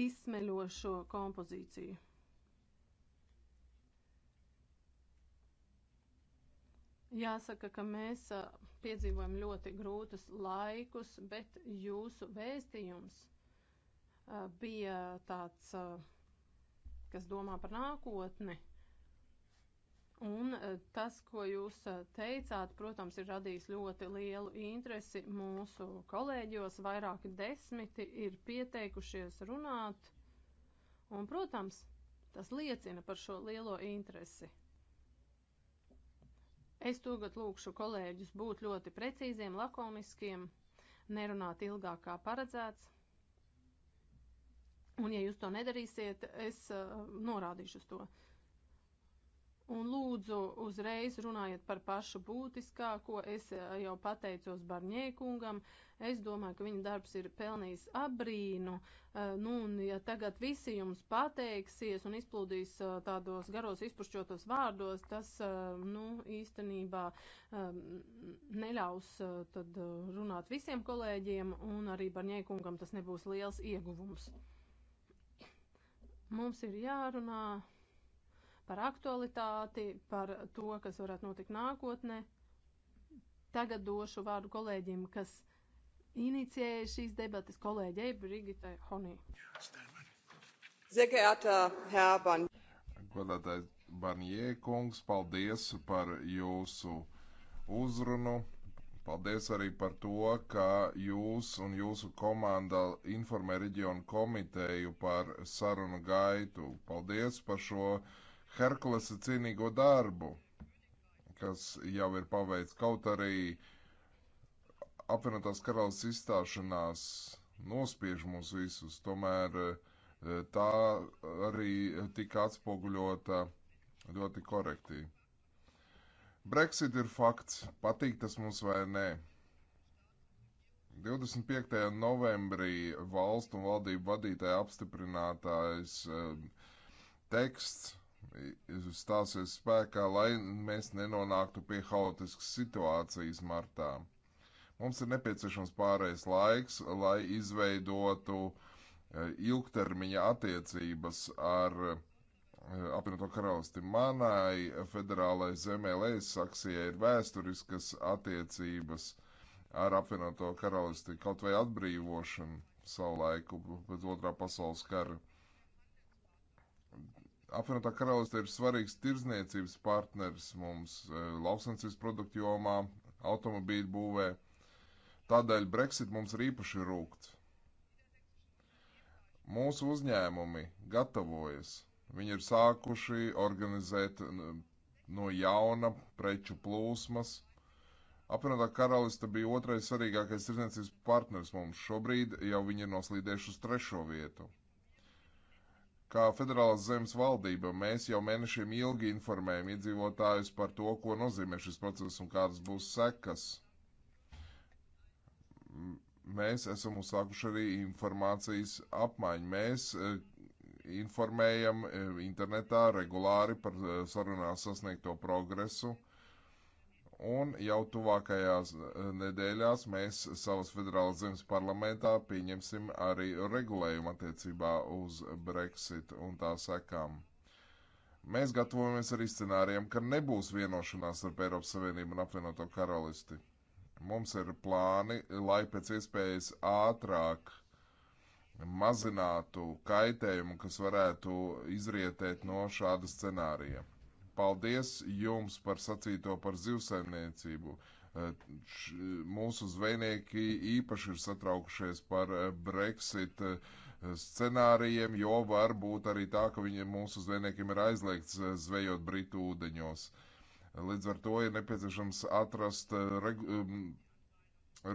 izsmeļošo kompozīciju. Jāsaka, ka mēs piedzīvojam ļoti grūtus laikus, bet jūsu vēstījums bija tāds, kas domā par nākotni. Un tas, ko jūs teicāt, protams, ir radījis ļoti lielu interesi mūsu kolēģos. Vairāki desmiti ir pieteikušies runāt. Un, protams, tas liecina par šo lielo interesi. Es tagad lūkšu kolēģus būt ļoti precīziem, lakoniskiem, nerunāt ilgāk kā paredzēts. Un, ja jūs to nedarīsiet, es uh, norādīšu uz to. Un lūdzu, uzreiz runājiet par pašu būtiskāko. Es eh, jau pateicos Barņēkungam. Es domāju, ka viņa darbs ir pelnījis abrīnu. Eh, nu, un ja tagad visi jums pateiksies un izplūdīs eh, tādos garos izpušķotos vārdos, tas, nu, īstenībā neļaus tad runāt visiem kolēģiem, un arī Barņēkungam tas nebūs liels ieguvums. Mums ir jārunā par aktualitāti, par to, kas varētu notikt nākotnē. Tagad došu vārdu kolēģim, kas inicijēja šīs debatas, kolēģei Brigitai Honī. Godātais Barnie kungs, paldies par jūsu uzrunu. Paldies arī par to, ka jūs un jūsu komanda informē reģionu komiteju par sarunu gaitu. Paldies par šo uh, Herkulesa cienīgo darbu, kas jau ir paveikts, kaut arī apvienotās karalas izstāšanās nospiež mūs visus, tomēr eh, tā arī tika atspoguļota ļoti korekti. Brexit ir fakts, patīk tas mums vai nē. 25. novembrī valstu un valdību vadītāja apstiprinātājs eh, teksts stāsies spēkā, lai mēs nenonāktu pie haotiskas situācijas martā. Mums ir nepieciešams pārējais laiks, lai izveidotu eh, ilgtermiņa attiecības ar eh, apvienoto karalisti. Manai federālai zemē Leisaksijai ir vēsturiskas attiecības ar apvienoto karalisti, kaut vai atbrīvošanu savulaiku pēc otrā pasaules kara. Apvienotā karaliste ir svarīgs tirdzniecības partners mums e, lauksaimniecības produktu jomā, automobīļu būvē. Tādēļ Brexit mums ir īpaši rūkts. Mūsu uzņēmumi gatavojas. Viņi ir sākuši organizēt no jauna preču plūsmas. Apvienotā karaliste bija otrais svarīgākais tirdzniecības partners mums. Šobrīd jau viņi ir noslīdējuši uz trešo vietu. Kā federālās zemes valdība mēs jau mēnešiem ilgi informējam iedzīvotājus par to, ko nozīmē šis process un kādas būs sekas. Mēs esam uzsākuši arī informācijas apmaiņu. Mēs eh, informējam eh, internetā regulāri par eh, sarunās sasniegto progresu un jau tuvākajās eh, nedēļās mēs savas federālas zemes parlamentā pieņemsim arī regulējumu attiecībā uz Brexit un tā sekām. Mēs gatavojamies arī scenārijam, ka nebūs vienošanās ar Eiropas Savienību un apvienoto karalisti. Mums ir plāni, lai pēc iespējas ātrāk mazinātu kaitējumu, kas varētu izrietēt no šāda scenārija Paldies jums par sacīto par zivsaimniecību. Eh, mūsu zvejnieki īpaši ir satraukušies par eh, Brexit eh, scenārijiem, jo var būt arī tā, ka viņiem mūsu zvejniekiem ir aizliegts zvejot Britu ūdeņos. Līdz ar to ir nepieciešams atrast regu, mm,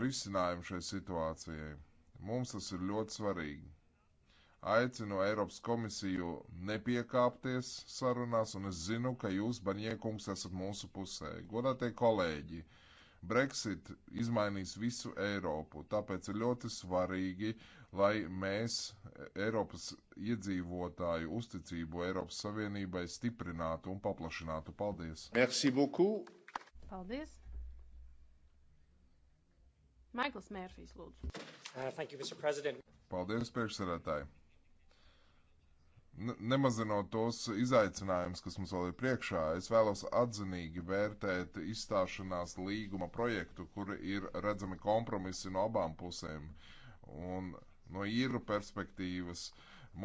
risinājumu šai situācijai. Mums tas ir ļoti svarīgi. Aicinu Eiropas komisiju nepiekāpties sarunās, un es zinu, ka jūs, Baņiekungs, esat mūsu pusē. Godātie kolēģi, Brexit izmainīs visu Eiropu, tāpēc ir ļoti svarīgi, lai mēs Eiropas iedzīvotāju uzticību Eiropas Savienībai stiprinātu un paplašinātu. Paldies! Merci beaucoup! Paldies! Maikls Mērfijs, lūdzu. Uh, thank you, Mr. President. Paldies, priekšsēdētāji! nemazinot tos izaicinājumus, kas mums vēl ir priekšā, es vēlos atzinīgi vērtēt izstāšanās līguma projektu, kur ir redzami kompromisi no abām pusēm. Un no īru perspektīvas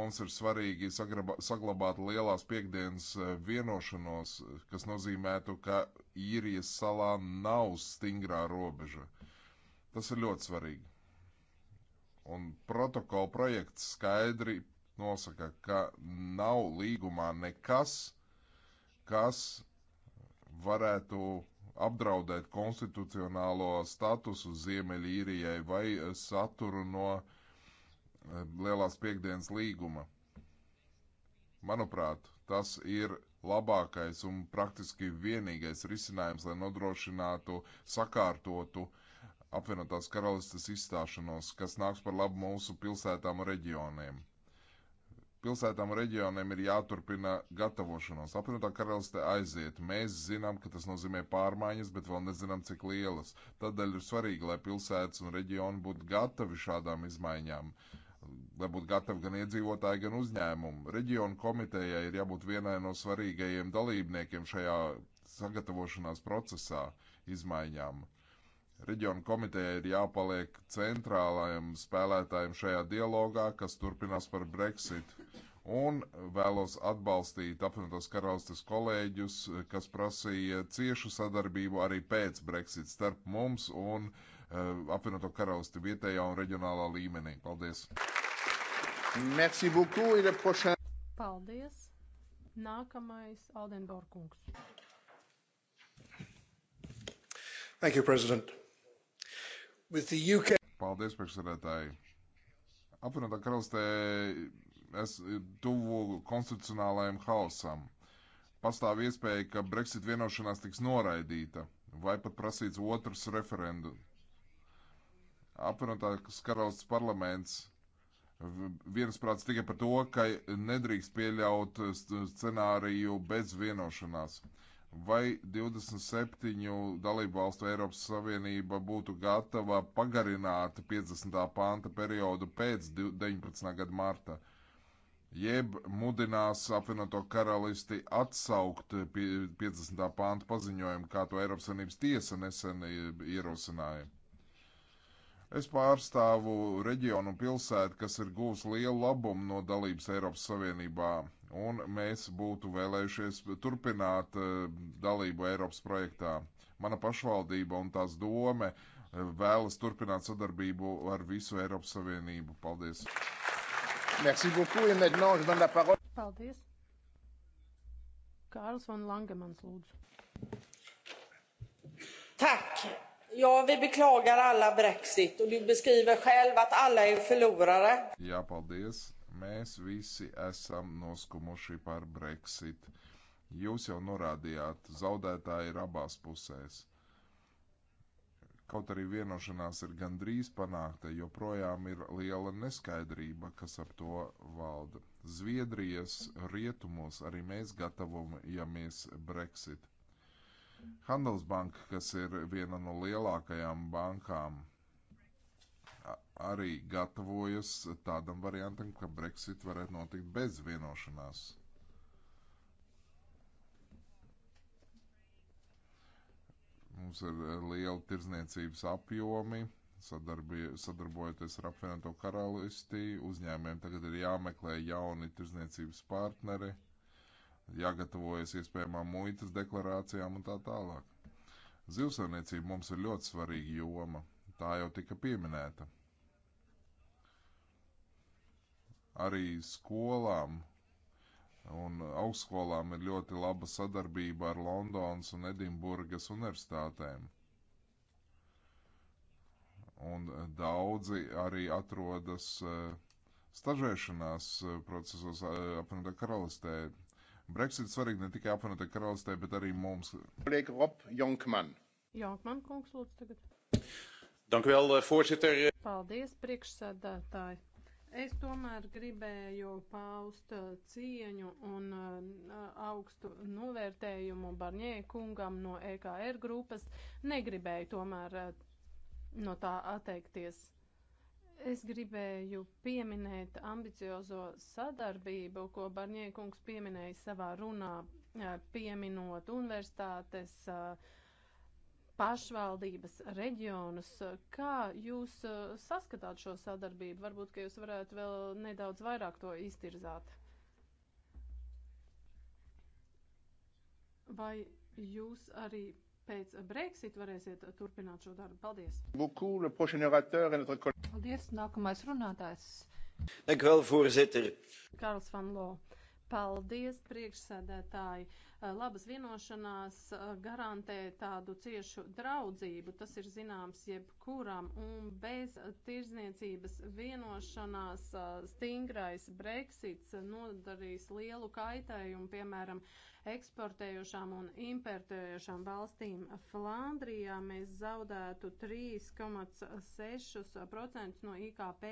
mums ir svarīgi sagraba, saglabāt lielās piekdienas e, vienošanos, kas nozīmētu, ka īrijas salā nav stingrā robeža. Tas ir ļoti svarīgi. Un protokola projekts skaidri nosaka, ka nav līgumā nekas, kas varētu apdraudēt konstitucionālo statusu Ziemeļīrijai vai saturu no eh, Lielās piekdienas līguma. Manuprāt, tas ir labākais un praktiski vienīgais risinājums, lai nodrošinātu sakārtotu apvienotās karalistas izstāšanos, kas nāks par labu mūsu pilsētām un reģioniem pilsētām un reģioniem ir jāturpina gatavošanos. Apvienotā karaliste aiziet. Mēs zinām, ka tas nozīmē pārmaiņas, bet vēl nezinām, cik lielas. Tādēļ ir svarīgi, lai pilsētas un reģioni būtu gatavi šādām izmaiņām. Lai būtu gatavi gan iedzīvotāji, gan uzņēmumi. Reģionu komitejai ir jābūt vienai no svarīgajiem dalībniekiem šajā sagatavošanās procesā izmaiņām. Uh, Reģionu komiteja ir jāpaliek centrālajam spēlētājam šajā dialogā, kas turpinās par Brexit. Un vēlos atbalstīt apvienotās karalistes kolēģus, kas prasīja ciešu sadarbību arī pēc Brexit starp mums un uh, apvienoto karalisti vietējā un reģionālā līmenī. Paldies! Merci beaucoup, il est prochain. Paldies! Nākamais Aldenborg kungs. Thank you, President. Paldies, priekšsēdētāji. Apvienotā karalistē es tuvu konstitucionālajam haosam. Pastāv iespēja, ka Brexit vienošanās tiks noraidīta vai pat prasīts otrs referendums. Apvienotās karalists parlaments viensprāts tikai par to, ka nedrīkst pieļaut scenāriju bez vienošanās. Uh, vai 27 dalību valstu Eiropas Savienība būtu gatava pagarināt 50. panta periodu pēc 19. gada marta, jeb mudinās apvienoto karalisti atsaukt 50. panta paziņojumu, kā to Eiropas Savienības tiesa nesen ierosināja. Es pārstāvu reģionu pilsētu, kas ir gūs lielu labumu no dalības Eiropas Savienībā, un mēs būtu vēlējušies turpināt eh, dalību Eiropas projektā. Mana pašvaldība un tās dome eh, vēlas turpināt sadarbību ar visu Eiropas Savienību. Paldies! Merci beaucoup, et maintenant je donne la parole. Paldies! Kārls un Langemans lūdzu. Tak! Jā, vi beklagar alla Brexit, un du beskriver själv att alla ir förlorare. Jā, paldies. Mēs visi esam noskumuši par Brexit. Jūs jau norādījāt, zaudētāji ir abās pusēs. Kaut arī vienošanās ir gandrīz panākta, joprojām ir liela neskaidrība, kas ap to valda. Zviedrijas rietumos arī mēs gatavojamies Brexit. Handelsbanka, kas ir viena no lielākajām bankām, arī gatavojas tādam variantam, ka Brexit varētu notikt bez vienošanās. Mums ir e, liela tirzniecības apjomi, sadarbojoties ar apvienoto karalisti. Uzņēmējiem tagad ir jāmeklē jauni tirzniecības partneri jāgatavojas iespējamām muitas deklarācijām un tā tālāk. Zivsaimniecība mums ir ļoti svarīga joma, tā jau tika pieminēta. Arī skolām un augstskolām ir ļoti laba sadarbība ar Londonas un Edinburgas universitātēm. Un daudzi arī atrodas eh, stažēšanās eh, procesos eh, apvienotā karalistē, Brexit svarīgi ne tikai apvienotai karalistē, bet arī mums. Kolēģi Rob Jonkman. Jonkman kungs lūdzu tagad. Dank vēl, eh, voorzitter. Paldies, priekšsēdētāji. Es tomēr gribēju paust eh, cieņu un eh, augstu novērtējumu Barņē kungam no EKR grupas. Negribēju tomēr no tā atteikties. Es gribēju pieminēt ambiciozo sadarbību, ko Barņēkungs pieminēja savā runā, pieminot universitātes, pašvaldības, reģionus. Kā jūs saskatāt šo sadarbību? Varbūt, ka jūs varētu vēl nedaudz vairāk to iztirzāt. Vai jūs arī pēc Brexit varēsiet turpināt šo darbu. Paldies! Paldies! Nākamais runātājs. Dank vēl, voorzitter. Karls van Lo. Paldies, priekšsēdētāji. Labas vienošanās eh, garantē tādu ciešu draudzību, tas ir zināms jebkuram, un bez tirzniecības vienošanās eh, stingrais Brexits nodarīs lielu kaitējumu, piemēram, uh, eksportējošām un importējošām valstīm. Flandrijā mēs zaudētu 3,6% no IKP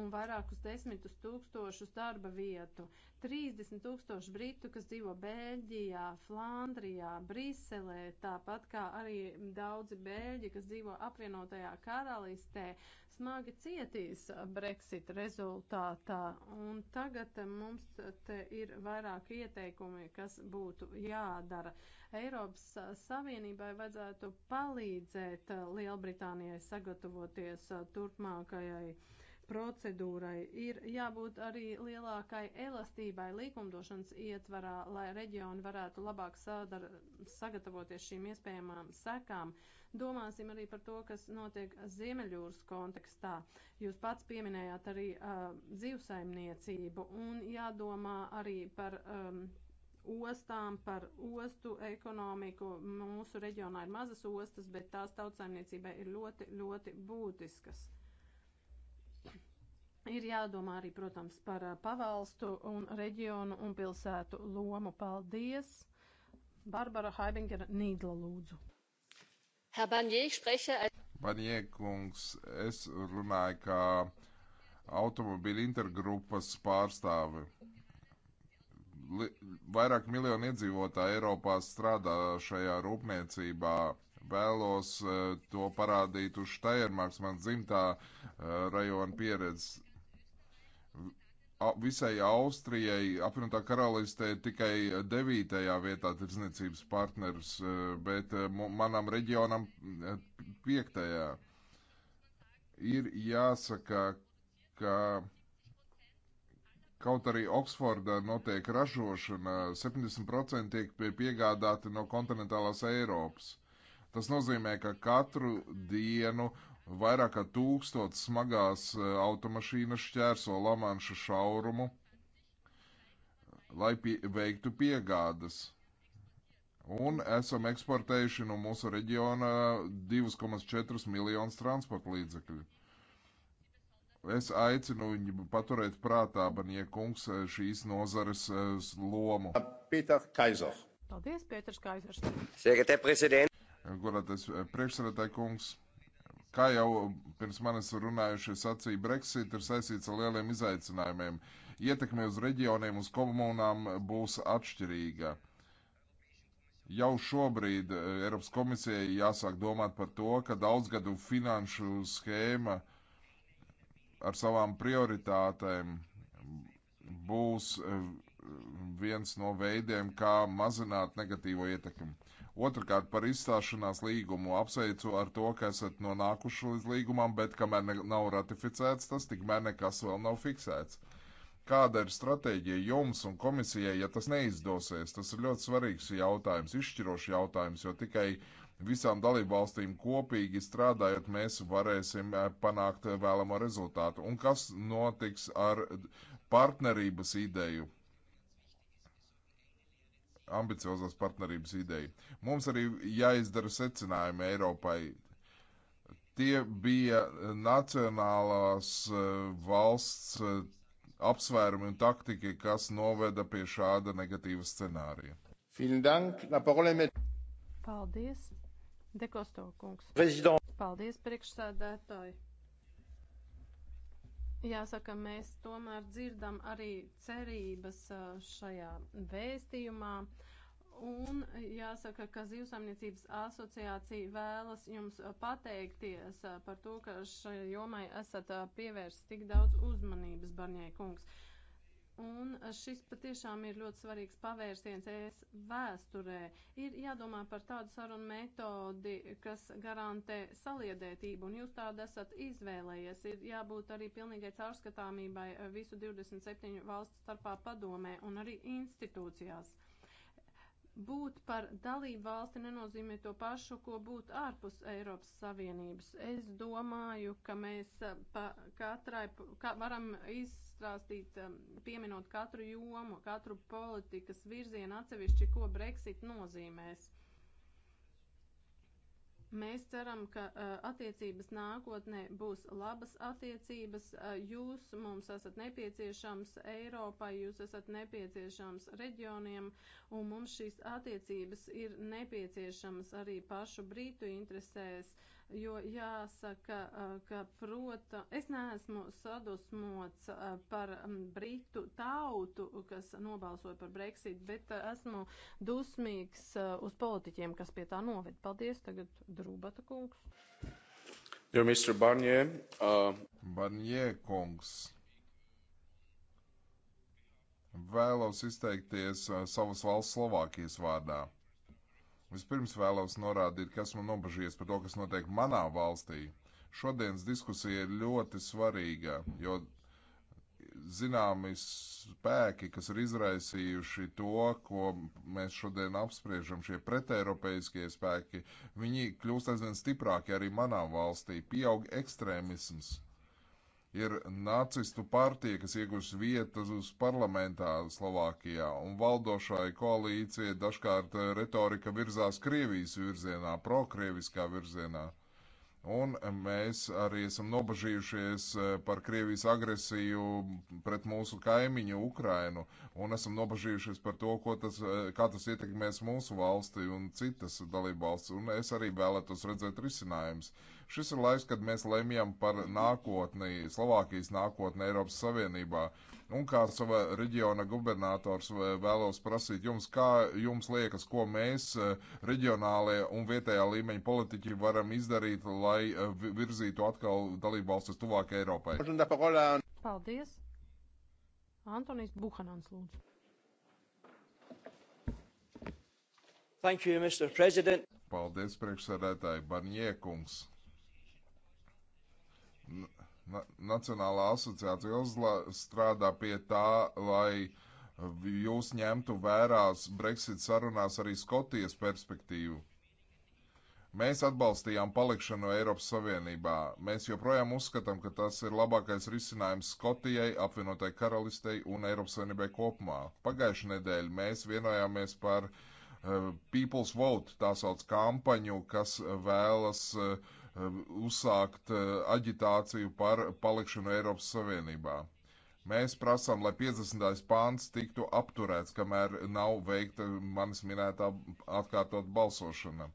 un vairākus desmitus tūkstošus darba vietu. 30 tūkstoši britu, kas dzīvo Bēļģijā, Flandrijā, Briselē, tāpat kā arī daudzi bēļģi, kas dzīvo apvienotajā karalistē, smagi cietīs Brexit rezultātā, un tagad mums te ir vairāk ieteikumi, kas būtu jādara. Eiropas Savienībai vajadzētu palīdzēt Lielbritānijai sagatavoties turpmākajai uh, procedūrai. Ir jābūt arī lielākai elastībai likumdošanas ietvarā, lai reģioni varētu labāk sadar, sagatavoties šīm iespējamām sekām. Domāsim arī par to, kas notiek Ziemeļjūras kontekstā. Jūs pats pieminējāt arī uh, dzīvsaimniecību un jādomā arī par um, ostām, par ostu ekonomiku. Mūsu reģionā ir mazas ostas, bet tās tautsaimniecībai ir ļoti, ļoti būtiskas. Ir jādomā arī, protams, par pavalstu un reģionu un pilsētu lomu. Paldies! Barbara Haibingera Nīdla lūdzu. Banjē, kungs, es runāju kā automobīļu intergrupas pārstāvi. Li vairāk miljonu iedzīvotāju Eiropā strādā šajā rūpniecībā vēlos uh, to parādīt uz Štajermāks, man dzimtā uh, rajona pieredzes visai Austrijai, apvienotā karalistē tikai devītajā vietā tirdzniecības partners, e, bet e, manam reģionam e, piektajā. Ir jāsaka, ka kaut arī Oksfordā notiek ražošana, 70% tiek pie piegādāti no kontinentālās Eiropas. Tas nozīmē, ka katru dienu Vairāk kā tūkstots smagās e, automašīnas šķērso Lamanšu šaurumu, lai pie, veiktu piegādas. Un esam eksportējuši no mūsu reģiona 2,4 miljonus transporta līdzekļu. Es aicinu viņu paturēt prātā, Banija kungs, e, šīs nozares e, lomu. Pēters Kaisers. Paldies, Pēters Kaisers. Godātais priekšsēdētāji kungs. Kā jau pirms manis runājušie sacīja, Brexit ir saistīts ar lieliem izaicinājumiem. Ietekme uz reģioniem, uz komunām būs atšķirīga. Jau šobrīd eh, Eiropas komisijai jāsāk domāt par to, ka daudzgadu finanšu schēma ar savām prioritātēm būs eh, viens no veidiem, kā mazināt negatīvo ietekmi. Otrakārt, par izstāšanās līgumu apsveicu ar to, ka esat nonākuši līdz līgumam, bet kamēr ne, nav ratificēts, tas tikmēr nekas vēl nav fiksēts. Kāda ir stratēģija jums un komisijai, ja tas neizdosies? Tas ir ļoti svarīgs jautājums, izšķirošs jautājums, jo tikai visām dalībvalstīm kopīgi strādājot, mēs varēsim eh, panākt vēlamo rezultātu. Un kas notiks ar partnerības ideju? ambiciozās partnerības ideju. Mums arī jāizdara secinājumi Eiropai. Tie bija nacionālās eh, valsts eh, apsvērumi un taktika, kas noveda pie šāda negatīva scenārija. Paldies, Dekosto kungs. Paldies, priekšsēdētāji. Jāsaka, mēs tomēr dzirdam arī cerības šajā vēstījumā. Un jāsaka, ka Zīvsaimniecības asociācija vēlas jums pateikties par to, ka šai jomai esat pievērst tik daudz uzmanības, Barņē kungs. Un šis patiešām ir ļoti svarīgs pavērsiens ES vēsturē. Ir jādomā par tādu sarunu metodi, kas garantē saliedētību, un jūs tādu esat izvēlējies. Ir jābūt arī pilnīgai caurskatāmībai visu 27 valstu starpā padomē un arī institūcijās. Uh, Būt par dalību valsti nenozīmē to pašu, ko būt ārpus Eiropas Savienības. Es domāju, ka mēs eh, pa katrai ka varam izstrāstīt, eh, pieminot katru jomu, katru politikas virzienu atsevišķi, ko Brexit nozīmēs. Mēs ceram, ka uh, attiecības nākotnē būs labas attiecības. Uh, jūs mums esat nepieciešams Eiropai, jūs esat nepieciešams reģioniem, un mums šīs attiecības ir nepieciešamas arī pašu Brītu interesēs. Uh, jo jāsaka, ka, prota, es neesmu sadusmots par Britu tautu, kas nobalsoja par Brexit, bet esmu dusmīgs uz politiķiem, kas pie tā noved. Paldies, tagad Drūbata kungs. Jo, Mr. Barnier. Uh... Barnier kungs. Vēlos izteikties savas valsts Slovākijas vārdā. Vispirms vēlos norādīt, ka esmu nobažījies par to, kas notiek manā valstī. Šodienas diskusija ir ļoti svarīga, jo zināmi spēki, kas ir izraisījuši to, ko mēs šodien apspriežam, šie pretēropeiskie spēki, viņi kļūst aizvien stiprāki arī manā valstī. Pieaug ekstrēmisms, ir nacistu partija, kas iegūst vietas uz parlamentā Slovākijā, un valdošai koalīcija dažkārt eh, retorika virzās Krievijas virzienā, prokrieviskā virzienā. Un eh, mēs arī esam nobažījušies eh, par Krievijas agresiju pret mūsu kaimiņu Ukrainu, un esam nobažījušies par to, tas, kā tas ietekmēs mūsu valsti un citas dalībvalsts, un es arī vēlētos redzēt risinājums. Uh, Šis ir laiks, kad mēs lemjam par nākotni, Slovākijas nākotni Eiropas Savienībā. Un kā sava reģiona gubernators vēlos prasīt jums, kā jums liekas, ko mēs e, reģionālajā un vietējā līmeņa politiķi varam izdarīt, lai e, virzītu atkal dalību valstis tuvāk Eiropai? Paldies! Antonijs Buhanans lūdzu. Thank you, Mr. President. Paldies, priekšsēdētāji Barņiekungs Nacionālā asociācija strādā pie tā, lai jūs ņemtu vērās Brexit sarunās arī Skotijas perspektīvu. Mēs atbalstījām palikšanu Eiropas Savienībā. Mēs joprojām uzskatām, ka tas ir labākais risinājums Skotijai, apvienotai karalistei un Eiropas Savienībai kopumā. Pagājušajā nedēļā mēs vienojāmies par uh, People's Vote, tā sauc kampaņu, kas eh, vēlas uh, Um, uzsākt uh, aģitāciju par palikšanu Eiropas Savienībā. Mēs prasām, lai 50. pāns tiktu apturēts, kamēr nav veikta manis minētā atkārtot balsošana.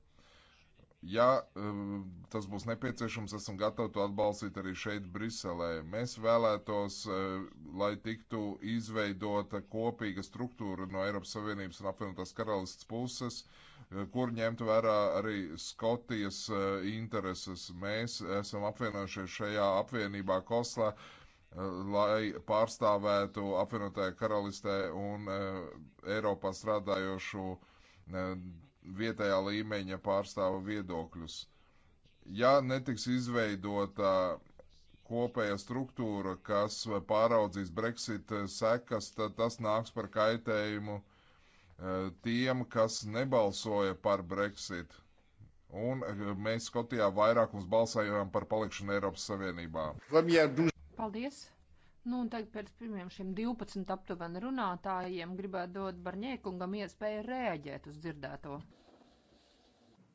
Ja um, tas būs nepieciešams, esam gatavi to atbalstīt arī šeit, Briselē. Mēs vēlētos, uh, lai tiktu izveidota kopīga struktūra no Eiropas Savienības un apvienotās karalists puses, uh, Eh, kur ņemt vērā arī Skotijas eh, intereses. Mēs esam apvienojušies šajā apvienībā Koslā, eh, lai pārstāvētu apvienotāju karalistē un Eiropā strādājošu vietējā līmeņa pārstāvu viedokļus. Ja netiks izveidota kopēja struktūra, kas pāraudzīs Brexit sekas, tad tas nāks par kaitējumu uh, E, tiem, kas nebalsoja par Brexit. Un e, mēs Skotijā vairākums balsājām par palikšanu Eiropas Savienībā. Paldies! Nu, un tagad pēc pirmiem šiem 12 aptuveni runātājiem gribētu dot Barņēkungam iespēju rēģēt uz dzirdēto.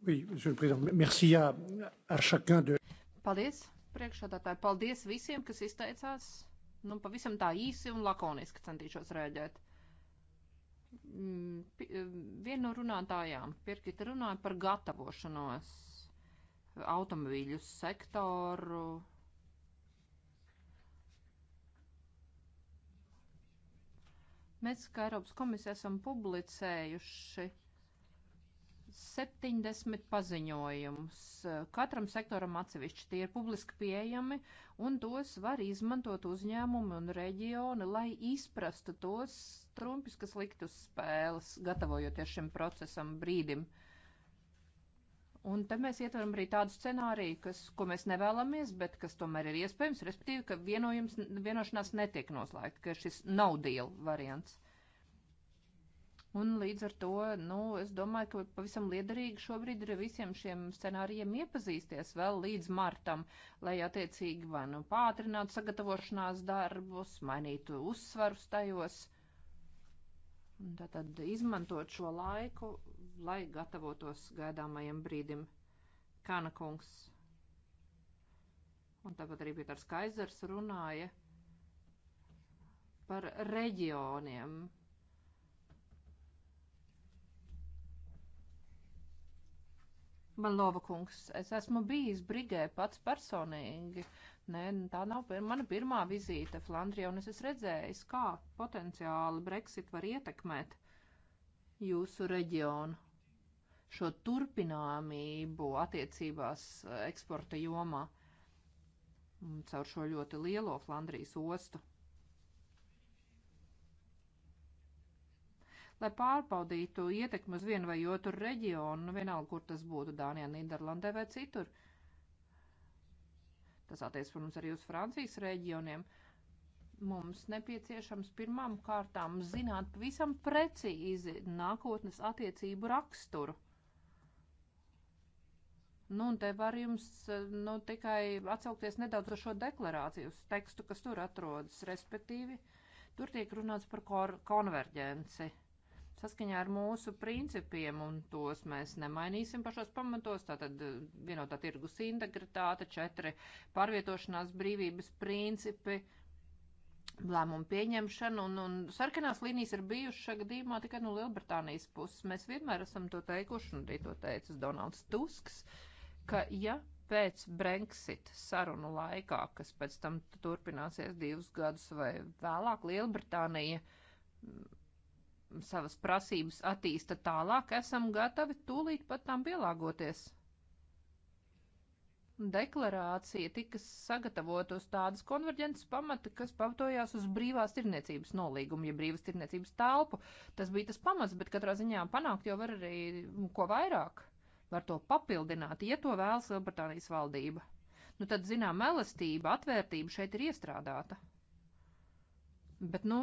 Oui, monsieur le président, merci à, à chacun de. Paldies, priekšādātāji, paldies visiem, kas izteicās. Nu, pavisam tā īsi un lakoniski centīšos rēģēt. Mm, mm, viena no runātājām, Pirkita, runāja par gatavošanos automobīļu sektoru. Mēs, kā Eiropas komisija, esam publicējuši 70 paziņojumus, katram sektoram atsevišķi. Tie ir publiski pieejami, un tos var izmantot uzņēmumi un reģioni, lai izprastu tos trumpus, kas likt uz spēles, gatavojoties šim procesam brīdim. Un te mēs ietveram arī tādu scenāriju, kas, ko mēs nevēlamies, bet kas tomēr ir iespējams, respektīvi, ka vienojums, vienošanās netiek noslēgta, ka šis nav deal variants. Uh, Un līdz ar to, nu, es domāju, ka pavisam liederīgi šobrīd ir visiem šiem scenārijiem iepazīties vēl līdz martam, lai attiecīgi vai nu pātrinātu sagatavošanās darbus, mainītu uzsvarus tajos. Tātad izmantot šo laiku, lai gatavotos gaidāmajam brīdim. Kāna kungs. Un tāpat arī Pēters Kaisers runāja par reģioniem, Balova kungs, es esmu bijis brigē pats personīgi. Nē, tā nav pir mana pirmā vizīte Flandrijā, un es esmu redzējis, kā potenciāli Brexit var ietekmēt jūsu reģionu, šo turpināmību attiecībās eh, eksporta jomā caur šo ļoti lielo Flandrijas ostu. lai pārbaudītu ietekmi uz vienu vai otru reģionu, nu vienalga, kur tas būtu Dānijā, Nīderlandē vai citur. Tas attiec, protams, arī uz Francijas reģioniem. Mums nepieciešams pirmām kārtām zināt pavisam precīzi nākotnes attiecību raksturu. Nu, un te var jums nu, tikai atsaukties nedaudz uz šo deklarāciju, uz tekstu, kas tur atrodas, respektīvi, tur tiek runāts par konverģenci saskaņā ar mūsu principiem, un tos mēs nemainīsim pašos pamatos. Tātad eh, vienotā tirgus integritāte, četri pārvietošanās brīvības principi, lēmumu pieņemšana, un, un sarkanās līnijas ir bijušas šajā gadījumā tikai no Lielbritānijas puses. Mēs vienmēr esam to teikuši, un arī to teicis Donalds Tusks, ka ja pēc Brexit sarunu laikā, kas pēc tam turpināsies divus gadus vai vēlāk, Lielbritānija savas prasības attīsta tālāk, esam gatavi tūlīt pat tām pielāgoties. Deklarācija tika sagatavot uz tādas konverģences pamata, kas pamatojās uz brīvās tirniecības nolīgumu, ja brīvas tirniecības telpu. Tas bija tas pamats, bet katrā ziņā panākt jau var arī ko vairāk. Var to papildināt, ja to vēlas Lielbritānijas valdība. Nu tad, zinām, elastība, atvērtība šeit ir iestrādāta. Bet, nu,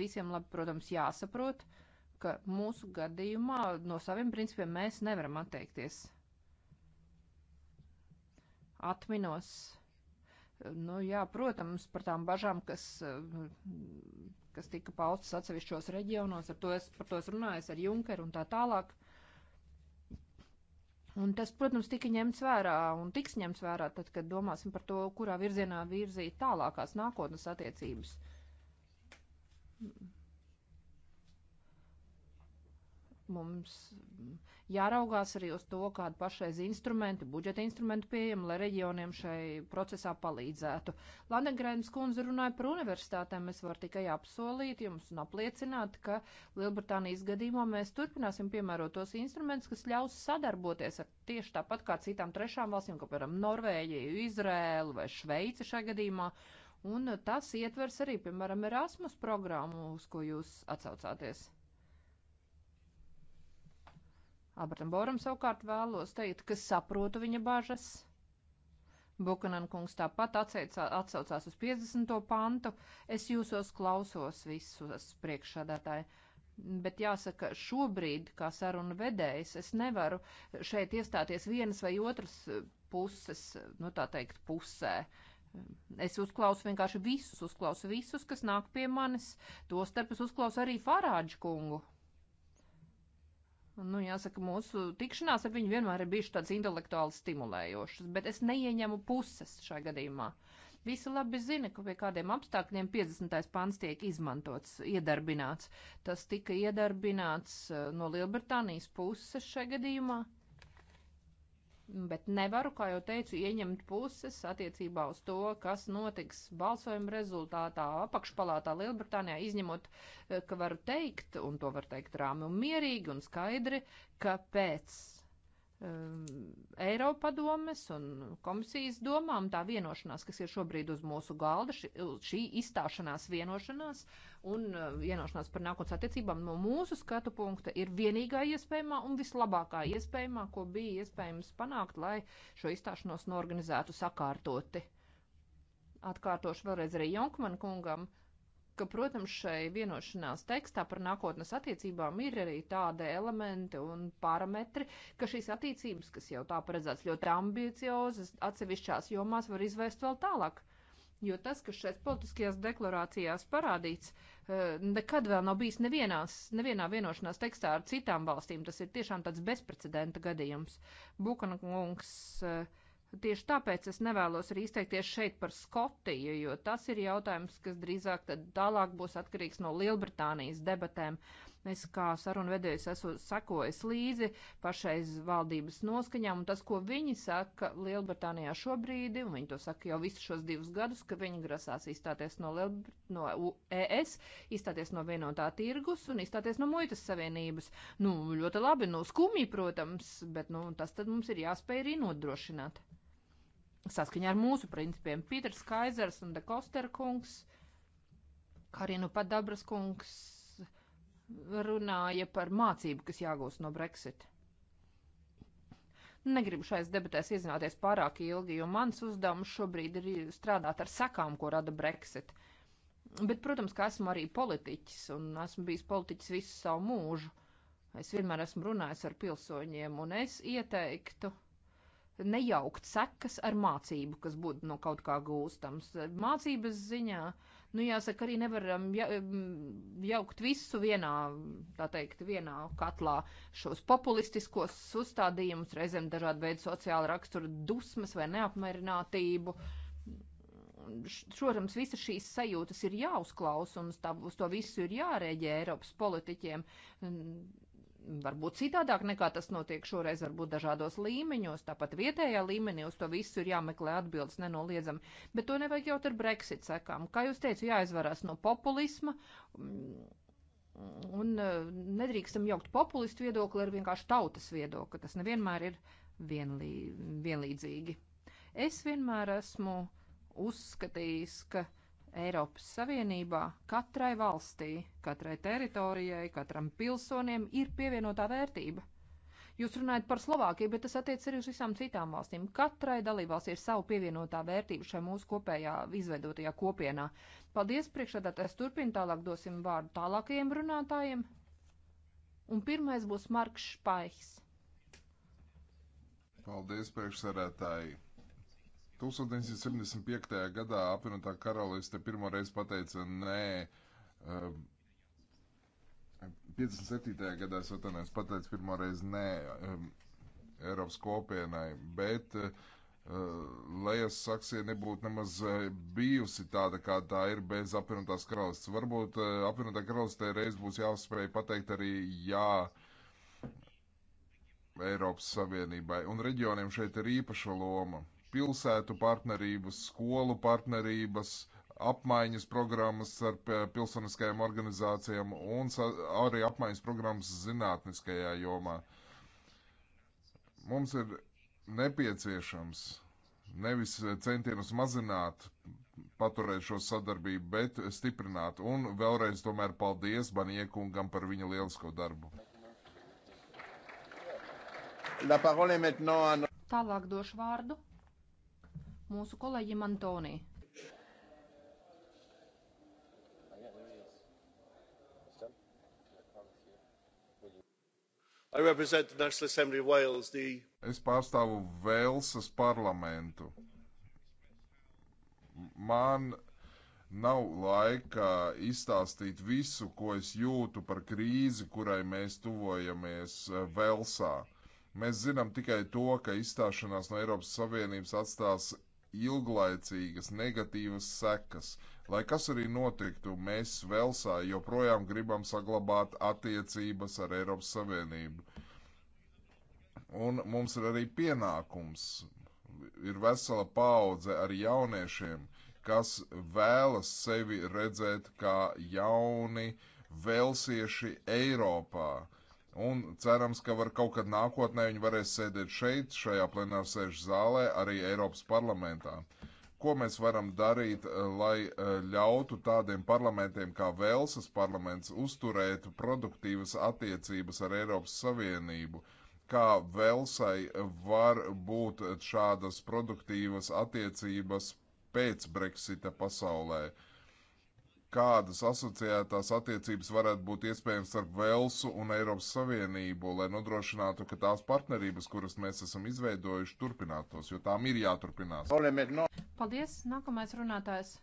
visiem labi, protams, jāsaprot, ka mūsu gadījumā no saviem principiem mēs nevaram atteikties. Atminos, nu, jā, protams, par tām bažām, kas, kas tika paustas atsevišķos reģionos, ar to es, par to es runāju ar Junkeru un tā tālāk. Un tas, protams, tika ņemts vērā un tiks ņemts vērā tad, kad domāsim par to, kurā virzienā virzīt tālākās nākotnes attiecības. Uh, Mums jāraugās arī uz to, kādu pašreiz instrumentu, budžeta instrumentu pieejam, lai reģioniem šai procesā palīdzētu. Lanegrēnas kundze runāja par universitātēm. Es varu tikai apsolīt jums un apliecināt, ka Lielbritānijas gadījumā mēs turpināsim piemērot tos instrumentus, kas ļaus sadarboties ar tieši tāpat kā citām trešām valstīm, kā piemēram Norvēģiju, Izrēlu vai Šveici šajā gadījumā. Uh, un tas ietvers arī, piemēram, Erasmus programmu, uz ko jūs atsaucāties. Albertam Boram savukārt vēlos teikt, ka saprotu viņa bažas. Bukanan kungs tāpat atseicā, atsaucās uz 50. pantu. Es jūsos klausos visus priekšādātāji. Bet jāsaka, šobrīd, kā saruna vedējs, es nevaru šeit iestāties vienas vai otras puses, nu tā teikt, pusē. Uh, Es uzklausu vienkārši visus, uzklausu visus, kas nāk pie manis. Tostarp es uzklausu arī Farāģu kungu. Nu, jāsaka, mūsu tikšanās ar viņu vienmēr ir bijušas tādas intelektuāli stimulējošas, bet es neieņemu puses šajā gadījumā. Visi labi zina, ka pie kādiem apstākļiem 50. pants tiek izmantots, iedarbināts. Tas tika iedarbināts eh, no Lielbritānijas puses šajā gadījumā bet nevaru, kā jau teicu, ieņemt puses attiecībā uz to, kas notiks balsojuma rezultātā apakšpalātā Lielbritānijā, izņemot, eh, ka varu teikt, un to var teikt rāmi un mierīgi un skaidri, ka pēc Um, Eiropadomes un komisijas domām tā vienošanās, kas ir šobrīd uz mūsu galda, šī, šī izstāšanās vienošanās un uh, vienošanās par nākotnes attiecībām no mūsu skatu punkta ir vienīgā iespējamā un vislabākā iespējamā, ko bija iespējams panākt, lai šo izstāšanos norganizētu sakārtoti. Atkārtošu vēlreiz arī Jonkman kungam, uh, ka, protams, šai vienošanās tekstā par nākotnes attiecībām ir arī tāda elementi un parametri, ka šīs attiecības, kas jau tā paredzēts ļoti ambiciozas, atsevišķās jomās var izvērst vēl tālāk. Jo tas, kas šeit politiskajās deklarācijās parādīts, eh, nekad vēl nav bijis nevienās, nevienā vienošanās tekstā ar citām valstīm. Tas ir tiešām tāds bezprecedenta gadījums. Bukankungs. Uh, eh, Tieši tāpēc es nevēlos arī izteikties šeit par Skotiju, jo tas ir jautājums, kas drīzāk tad tālāk būs atkarīgs no Lielbritānijas debatēm. Uh, Es kā sarunvedējs esmu sakojis līdzi pašais valdības noskaņām, un tas, ko viņi saka Lielbritānijā šobrīd, un viņi to saka jau visus šos divus gadus, ka viņi grasās izstāties no, Lielbr no ES, izstāties no vienotā tirgus un izstāties no muitas savienības. Nu, ļoti labi, nu, skumji, protams, bet, nu, tas tad mums ir jāspēj arī nodrošināt. Saskaņā ar mūsu principiem Pīters Kaisers un De Koster kungs, kā arī nu pat Dabras kungs runāja par mācību, kas jāgūst no Brexit. Negribu šais debatēs iezināties pārāk ilgi, jo mans uzdevums šobrīd ir strādāt ar sekām, ko rada Brexit. Bet, protams, ka esmu arī politiķis, un esmu bijis politiķis visu savu mūžu. Es vienmēr esmu runājis ar pilsoņiem, un es ieteiktu nejaukt sekas ar mācību, kas būtu no kaut kā gūstams. Mācības ziņā uh, Nu, jāsaka, arī nevaram ja, jaukt visu vienā, tā teikt, vienā katlā šos populistiskos uzstādījumus, reizēm dažādu veidu sociāla rakstura dusmas vai neapmierinātību protams, visas šīs sajūtas ir jāuzklausa un uz to visu ir jārēģē Eiropas politiķiem varbūt citādāk nekā tas notiek šoreiz, varbūt dažādos līmeņos, tāpat vietējā līmenī uz to visu ir jāmeklē atbildes nenoliedzami, bet to nevajag jau ar Brexit sekām. Kā jūs teicu, jāizvarās no populisma. Un e, nedrīkstam jaukt populistu viedokli ar vienkārši tautas viedokli. Tas nevienmēr ir vienlī, vienlīdzīgi. Es vienmēr esmu uzskatījis, ka Eiropas Savienībā katrai valstī, katrai teritorijai, katram pilsonim ir pievienotā vērtība. Jūs runājat par Slovākiju, bet tas attiec arī uz visām citām valstīm. Katrai dalībvalstī ir savu pievienotā vērtība šai mūsu kopējā izveidotajā kopienā. Paldies priekšādātājs turpin, tālāk dosim vārdu tālākajiem runātājiem. Un pirmais būs Marks Špaihs. Paldies priekšsarētāji. 1975. gadā apvienotā karaliste pirmoreiz pateica nē. 57. Ehm, gadā es atvainojos, pateicu pirmoreiz nē ehm, Eiropas kopienai, bet eh, Lejas saksija nebūtu nemaz eh, bijusi tāda, kā tā ir bez apvienotās karalistes. Varbūt eh, apvienotā karalistē reiz būs jāspēj pateikt arī jā. Eiropas Savienībai un reģioniem šeit ir īpaša loma pilsētu partnerības, skolu partnerības, apmaiņas programmas ar pilsoniskajām organizācijām un arī apmaiņas programmas zinātniskajā jomā. Mums ir nepieciešams nevis centienus mazināt, paturēt šo sadarbību, bet stiprināt. Un vēlreiz tomēr paldies Baniekungam par viņa lielisko darbu. Tālāk došu vārdu mūsu kolēģim Antonī. Wales, the... Es pārstāvu Velsas parlamentu. Man nav laika izstāstīt visu, ko es jūtu par krīzi, kurai mēs tuvojamies eh, Velsā. Mēs zinām tikai to, ka izstāšanās no Eiropas Savienības atstās ilglaicīgas negatīvas sekas. Lai kas arī notiktu, mēs Velsā joprojām gribam saglabāt attiecības ar Eiropas Savienību. Un mums ir arī pienākums. Ir vesela paudze ar jauniešiem, kas vēlas sevi redzēt kā jauni velsieši Eiropā Un cerams, ka var kaut kad nākotnē viņi varēs sēdēt šeit, šajā plenārsēžu zālē, arī Eiropas parlamentā. Ko mēs varam darīt, eh, lai eh, ļautu tādiem parlamentiem kā Velsas parlaments uzturēt produktīvas attiecības ar Eiropas Savienību? Kā Velsai var būt šādas produktīvas attiecības pēc Brexita pasaulē? Uh, kādas asociētās attiecības varētu būt iespējams ar Velsu un Eiropas Savienību, lai nodrošinātu, ka tās partnerības, kuras mēs esam izveidojuši, turpinātos, jo tām ir jāturpinās. Paldies! Nākamais runātājs.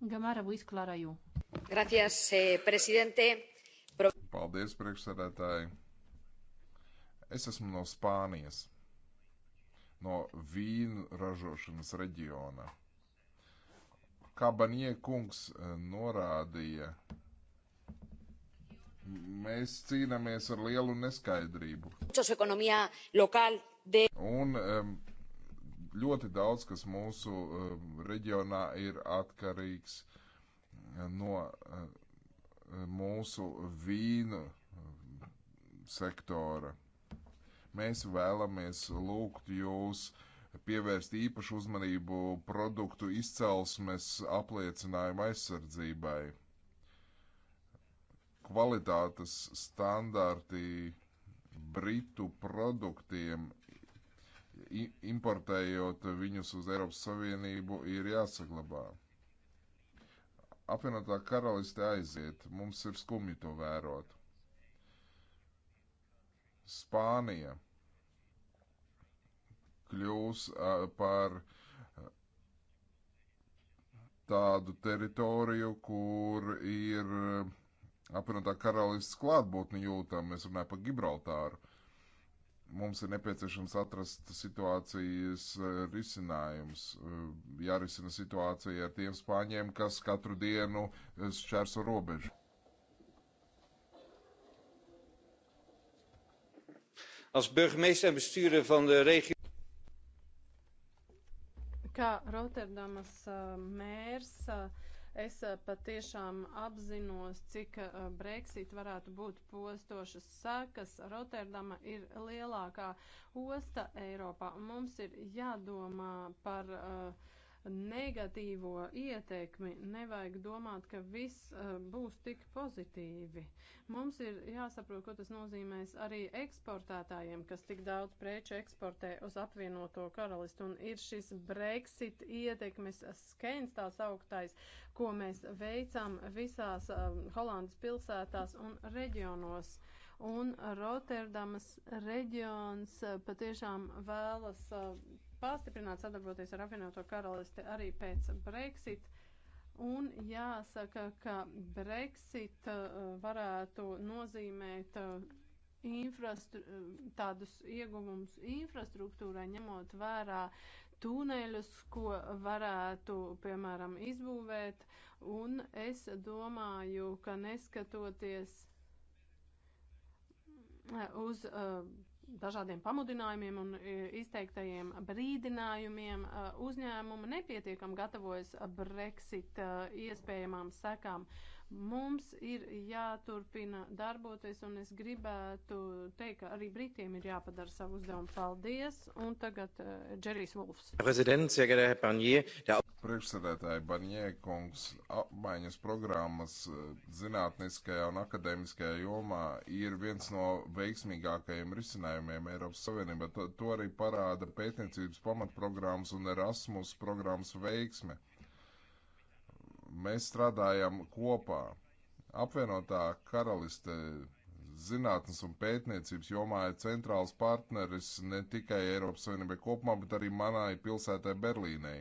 Gamara Vizklāraju. Gracias, eh, prezidente. Pro... Paldies, priekšsēdētāji. Es esmu no Spānijas, no vīnu ražošanas reģiona kā Banie kungs eh, norādīja, mēs cīnāmies ar lielu neskaidrību. Un ļoti daudz, kas mūsu reģionā ir atkarīgs eh, no eh, mūsu vīnu sektora. Mēs vēlamies lūgt jūs uh, pievērst īpašu uzmanību produktu izcelsmes apliecinājuma aizsardzībai. Kvalitātes standarti Britu produktiem importējot viņus uz Eiropas Savienību, ir jāsaglabā. Apvienotā karaliste aiziet, mums ir skumji to vērot. Spānija kļūs par tādu teritoriju, kur ir apvienotā karalists klātbūtni jūtama. Mēs runājam par Gibraltāru. Mums ir nepieciešams atrast situācijas risinājums. Jārisina situācija ar tiem spāņiem, kas katru dienu šķērso robežu. Als burgemeester en bestuurder van de regio Kā Rotterdamas uh, mērs, uh, es uh, patiešām apzinos, cik Brexit varētu būt postošas sekas. Rotterdama ir lielākā osta Eiropā. Mums ir jādomā par uh, negatīvo ietekmi, nevajag domāt, ka viss uh, būs tik pozitīvi. Mums ir jāsaprot, ko tas nozīmēs arī eksportētājiem, kas tik daudz preču eksportē uz apvienoto karalistu, un ir šis Brexit ietekmes skēns tās augtais, ko mēs veicam visās uh, Holandas pilsētās un reģionos un Rotterdamas reģions eh, patiešām vēlas pastiprināt sadarboties ar apvienoto karalisti arī pēc Brexit. Un jāsaka, ka Brexit uh, varētu nozīmēt uh, infrastru, uh, tādus ieguvumus infrastruktūrai, ņemot vērā tuneļus, ko varētu, piemēram, izbūvēt. Un es domāju, ka neskatoties uz uh, dažādiem pamudinājumiem un e, izteiktajiem brīdinājumiem e, uzņēmumi nepietiekam gatavojas Brexit e, iespējamām sekām. Uh, Mums ir jāturpina darboties, un es gribētu teikt, ka arī Britiem ir jāpadara savu uzdevumu. Paldies! Un tagad uh, Džerijs Vulfs. Priekšsēdētāji Barņē kungs apmaiņas programmas eh, zinātniskajā un akadēmiskajā jomā ir viens no veiksmīgākajiem risinājumiem Eiropas Savienībā. To, to arī parāda pētniecības pamatprogrammas un Erasmus programmas veiksme Mēs strādājam kopā. Apvienotā karaliste zinātnes un pētniecības jomā ir centrāls partneris ne tikai Eiropas Savienībai kopumā, bet arī manai pilsētai Berlīnei.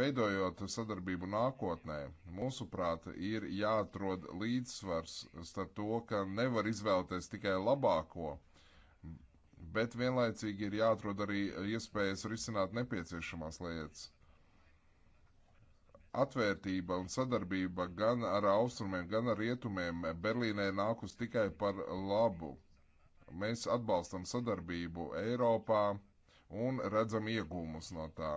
Veidojot sadarbību nākotnē, mūsuprāt, ir jāatrod līdzsvars starp to, ka nevar izvēlēties tikai labāko, bet vienlaicīgi ir jāatrod arī iespējas risināt nepieciešamās lietas atvērtība un sadarbība gan ar austrumiem, gan ar rietumiem Berlīnē nākus tikai par labu. Mēs atbalstam sadarbību Eiropā un redzam iegūmus no tā.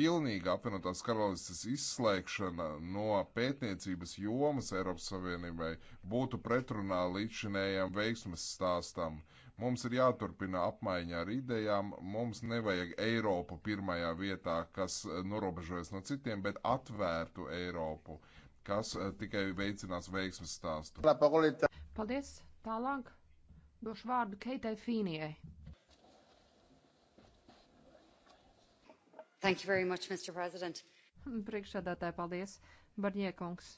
Pilnīga apvienotās karalistes izslēgšana no pētniecības jomas Eiropas Savienībai būtu pretrunā līdzinējām veiksmes stāstam, Mums ir jāturpina apmaiņa ar idejām. Mums nevajag Eiropu pirmajā vietā, kas eh, norobežojas no citiem, bet atvērtu Eiropu, kas eh, tikai veicinās veiksmes stāstu. Paldies! Tālāk došu vārdu Keitai Fīnijai. Thank you very much, Mr. President. Priekšsēdētāji, paldies, Barņiekungs.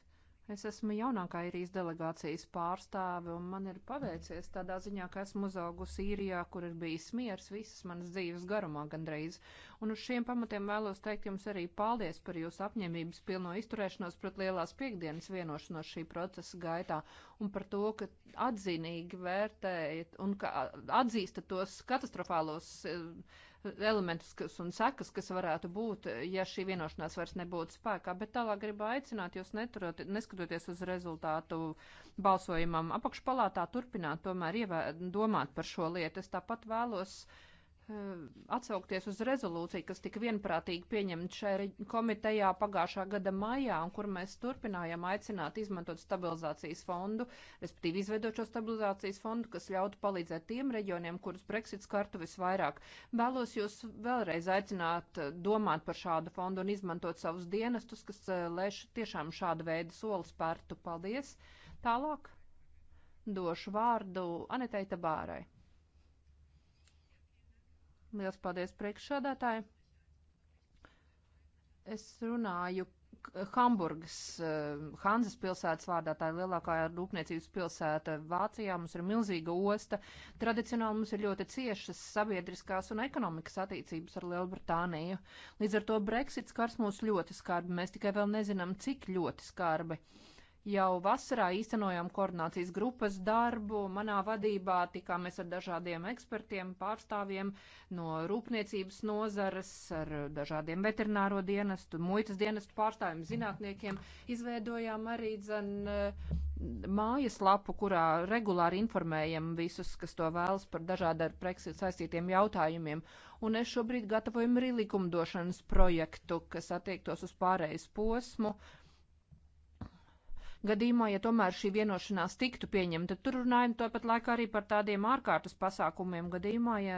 Es esmu jaunākā īrijas delegācijas pārstāve, un man ir paveicies tādā ziņā, ka esmu uzaugusi īrijā, kur ir bijis miers visas manas dzīves garumā gandrīz. Un uz šiem pamatiem vēlos teikt jums arī paldies par jūsu apņēmības pilno izturēšanos pret lielās piekdienas vienošanos šī procesa gaitā, un par to, ka atzinīgi vērtējat un ka atzīstat tos katastrofālos. Uh, elementus kas, un sekas, kas varētu būt, ja šī vienošanās vairs nebūtu spēkā. Bet tālāk gribu aicināt jūs neturot, neskatoties uz rezultātu balsojumam apakšpalātā, turpināt tomēr ievē, domāt par šo lietu. Es tāpat vēlos uh, Eh, atsaukties uz rezolūciju, kas tika vienprātīgi pieņemta šajā komitejā pagājušā gada maijā, un kur mēs turpinājām aicināt izmantot stabilizācijas fondu, respektīvi izveidot šo stabilizācijas fondu, kas ļautu palīdzēt tiem reģioniem, kurus Brexit skartu visvairāk. Vēlos jūs vēlreiz aicināt eh, domāt par šādu fondu un izmantot savus dienestus, kas eh, lēš tiešām šādu veidu solis pērtu. Paldies! Tālāk došu vārdu Anetei Tabārai. Liels paldies priekšsādātāji. Es runāju Hamburgas, eh, Hanzas pilsētas vārdā, tā ir lielākā rūpniecības pilsēta Vācijā, mums ir milzīga osta, tradicionāli mums ir ļoti ciešas sabiedriskās un ekonomikas attiecības ar Lielbritāniju. Līdz ar to Brexits kars mūs ļoti skarbi, mēs tikai vēl nezinām, cik ļoti skarbi. Uh, Jau vasarā īstenojām koordinācijas grupas darbu. Manā vadībā tikāmies ar dažādiem ekspertiem, pārstāvjiem no rūpniecības nozares, ar dažādiem veterināro dienestu, muitas dienestu pārstāvjiem, zinātniekiem. Izveidojām arī dzen, eh, mājas lapu, kurā regulāri informējam visus, kas to vēlas par dažādu ar Brexit saistītiem jautājumiem. Un es šobrīd gatavojam arī likumdošanas projektu, kas attiektos uz pārējais posmu Gadījumā, ja tomēr šī vienošanās tiktu pieņemta, tur runājam tāpat laikā arī par tādiem ārkārtas pasākumiem. Gadījumā, ja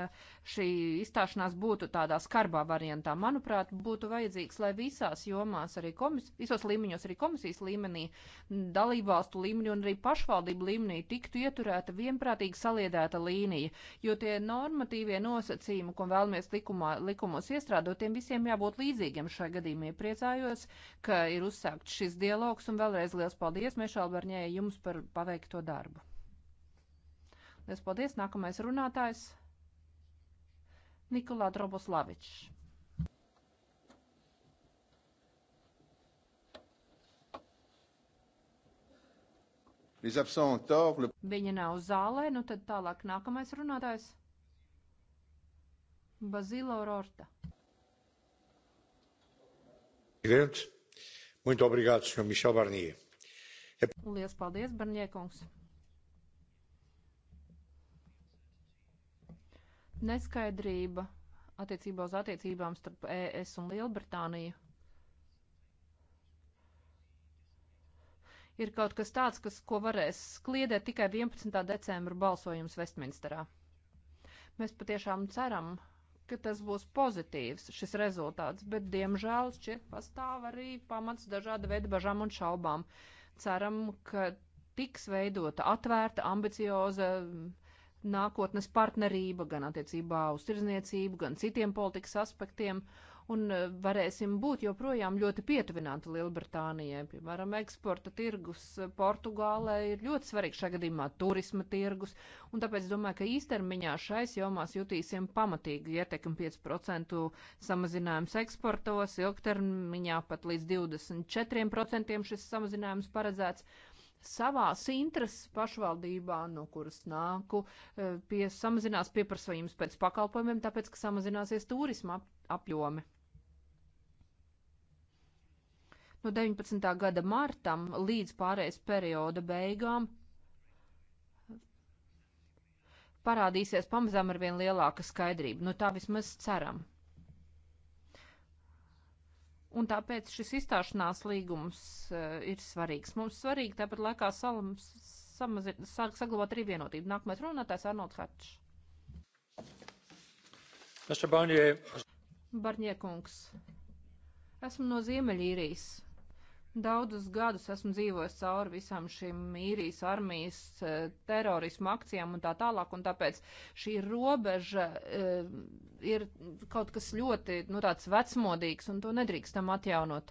šī izstāšanās būtu tādā skarbā variantā, manuprāt, būtu vajadzīgs, lai visās jomās, arī komis, visos līmeņos, arī komisijas līmenī, dalībvalstu līmenī un arī pašvaldību līmenī tiktu ieturēta vienprātīgi saliedēta līnija, jo tie normatīvie nosacījumi, ko vēlamies likumā, likumos iestrādot, tiem visiem jābūt līdzīgiem šai gadījumā. Priecājos, ka ir uzsākts šis dialogs un vēlreiz liels paldies paldies, Mišela Barņē, jums par paveikto darbu. Liels paldies, nākamais runātājs Nikolā Droboslavičs. Viņa nav zālē, nu tad tālāk nākamais runātājs - Bazilo Rorta. Muito obrigado, Sr. Michel Barnier. Lielas paldies, Barņiekungs! Neskaidrība attiecībā uz attiecībām starp ES un Lielbritāniju ir kaut kas tāds, kas, ko varēs kliedēt tikai 11. decembra balsojums Vestminsterā. Mēs patiešām ceram, ka tas būs pozitīvs šis rezultāts, bet diemžēl šķiet pastāv arī pamats dažāda veida bažām un šaubām. Uh, Ceram, ka tiks veidota atvērta, ambicioza mm, nākotnes partnerība gan attiecībā uz tirzniecību, gan citiem politikas aspektiem, un e, varēsim būt joprojām ļoti pietuvināti Lielbritānijai. Piemēram, eksporta tirgus e, Portugālē ir ļoti svarīgs šajā gadījumā turisma tirgus, un tāpēc domāju, ka īstermiņā šais jomās jutīsim pamatīgi ietekmi 5% samazinājums eksportos, ilgtermiņā pat līdz 24% šis samazinājums paredzēts savās intereses pašvaldībā, no kuras nāku, e, pie, samazinās pieprasījums pēc pakalpojumiem, tāpēc, ka samazināsies turisma apjomi. No 19. gada martam līdz pārējais perioda beigām parādīsies pamazām ar vien lielāka skaidrība. Nu, tā vismaz ceram. Un tāpēc šis izstāšanās līgums uh, ir svarīgs. Mums svarīgi tāpat laikā salams, samazir, sāk saglabāt arī vienotību. Nākamais runātājs Arnolds Hačs. Barņiekungs, esmu no Ziemeļīrijas Daudzus gadus esmu dzīvojis cauri visām šīm īrijas armijas e, terorismu akcijām un tā tālāk, un tāpēc šī robeža e, ir kaut kas ļoti, nu, tāds vecmodīgs, un to nedrīkstam atjaunot.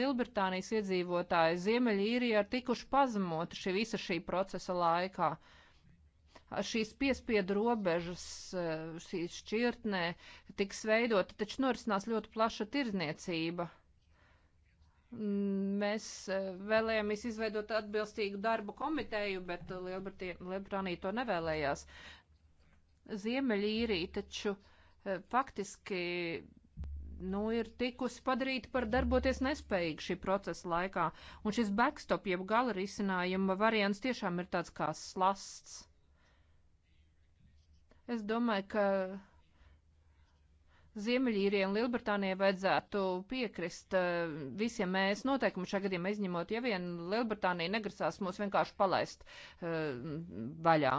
Lielbritānijas iedzīvotāji Ziemeļīrijā ir tikuši pazemoti šī visa šī procesa laikā šīs piespiedu robežas, e, šīs šķirtnē tiks veidota, taču norisinās ļoti plaša tirzniecība. Mēs e, vēlējāmies izveidot atbilstīgu darbu komiteju, bet Lielbritānija to nevēlējās. Ziemeļīrija taču e, faktiski nu, ir tikusi padarīta par darboties nespējīgu šī procesa laikā, un šis backstop jeb gala risinājuma variants tiešām ir tāds kā slasts. Es domāju, ka Ziemeļīrijai un Lielbritānijai vajadzētu piekrist uh, visiem mēs noteikumiem šajā gadījumā izņemot, ja vien Lielbritānija negrasās mūs vienkārši palaist uh, vaļā.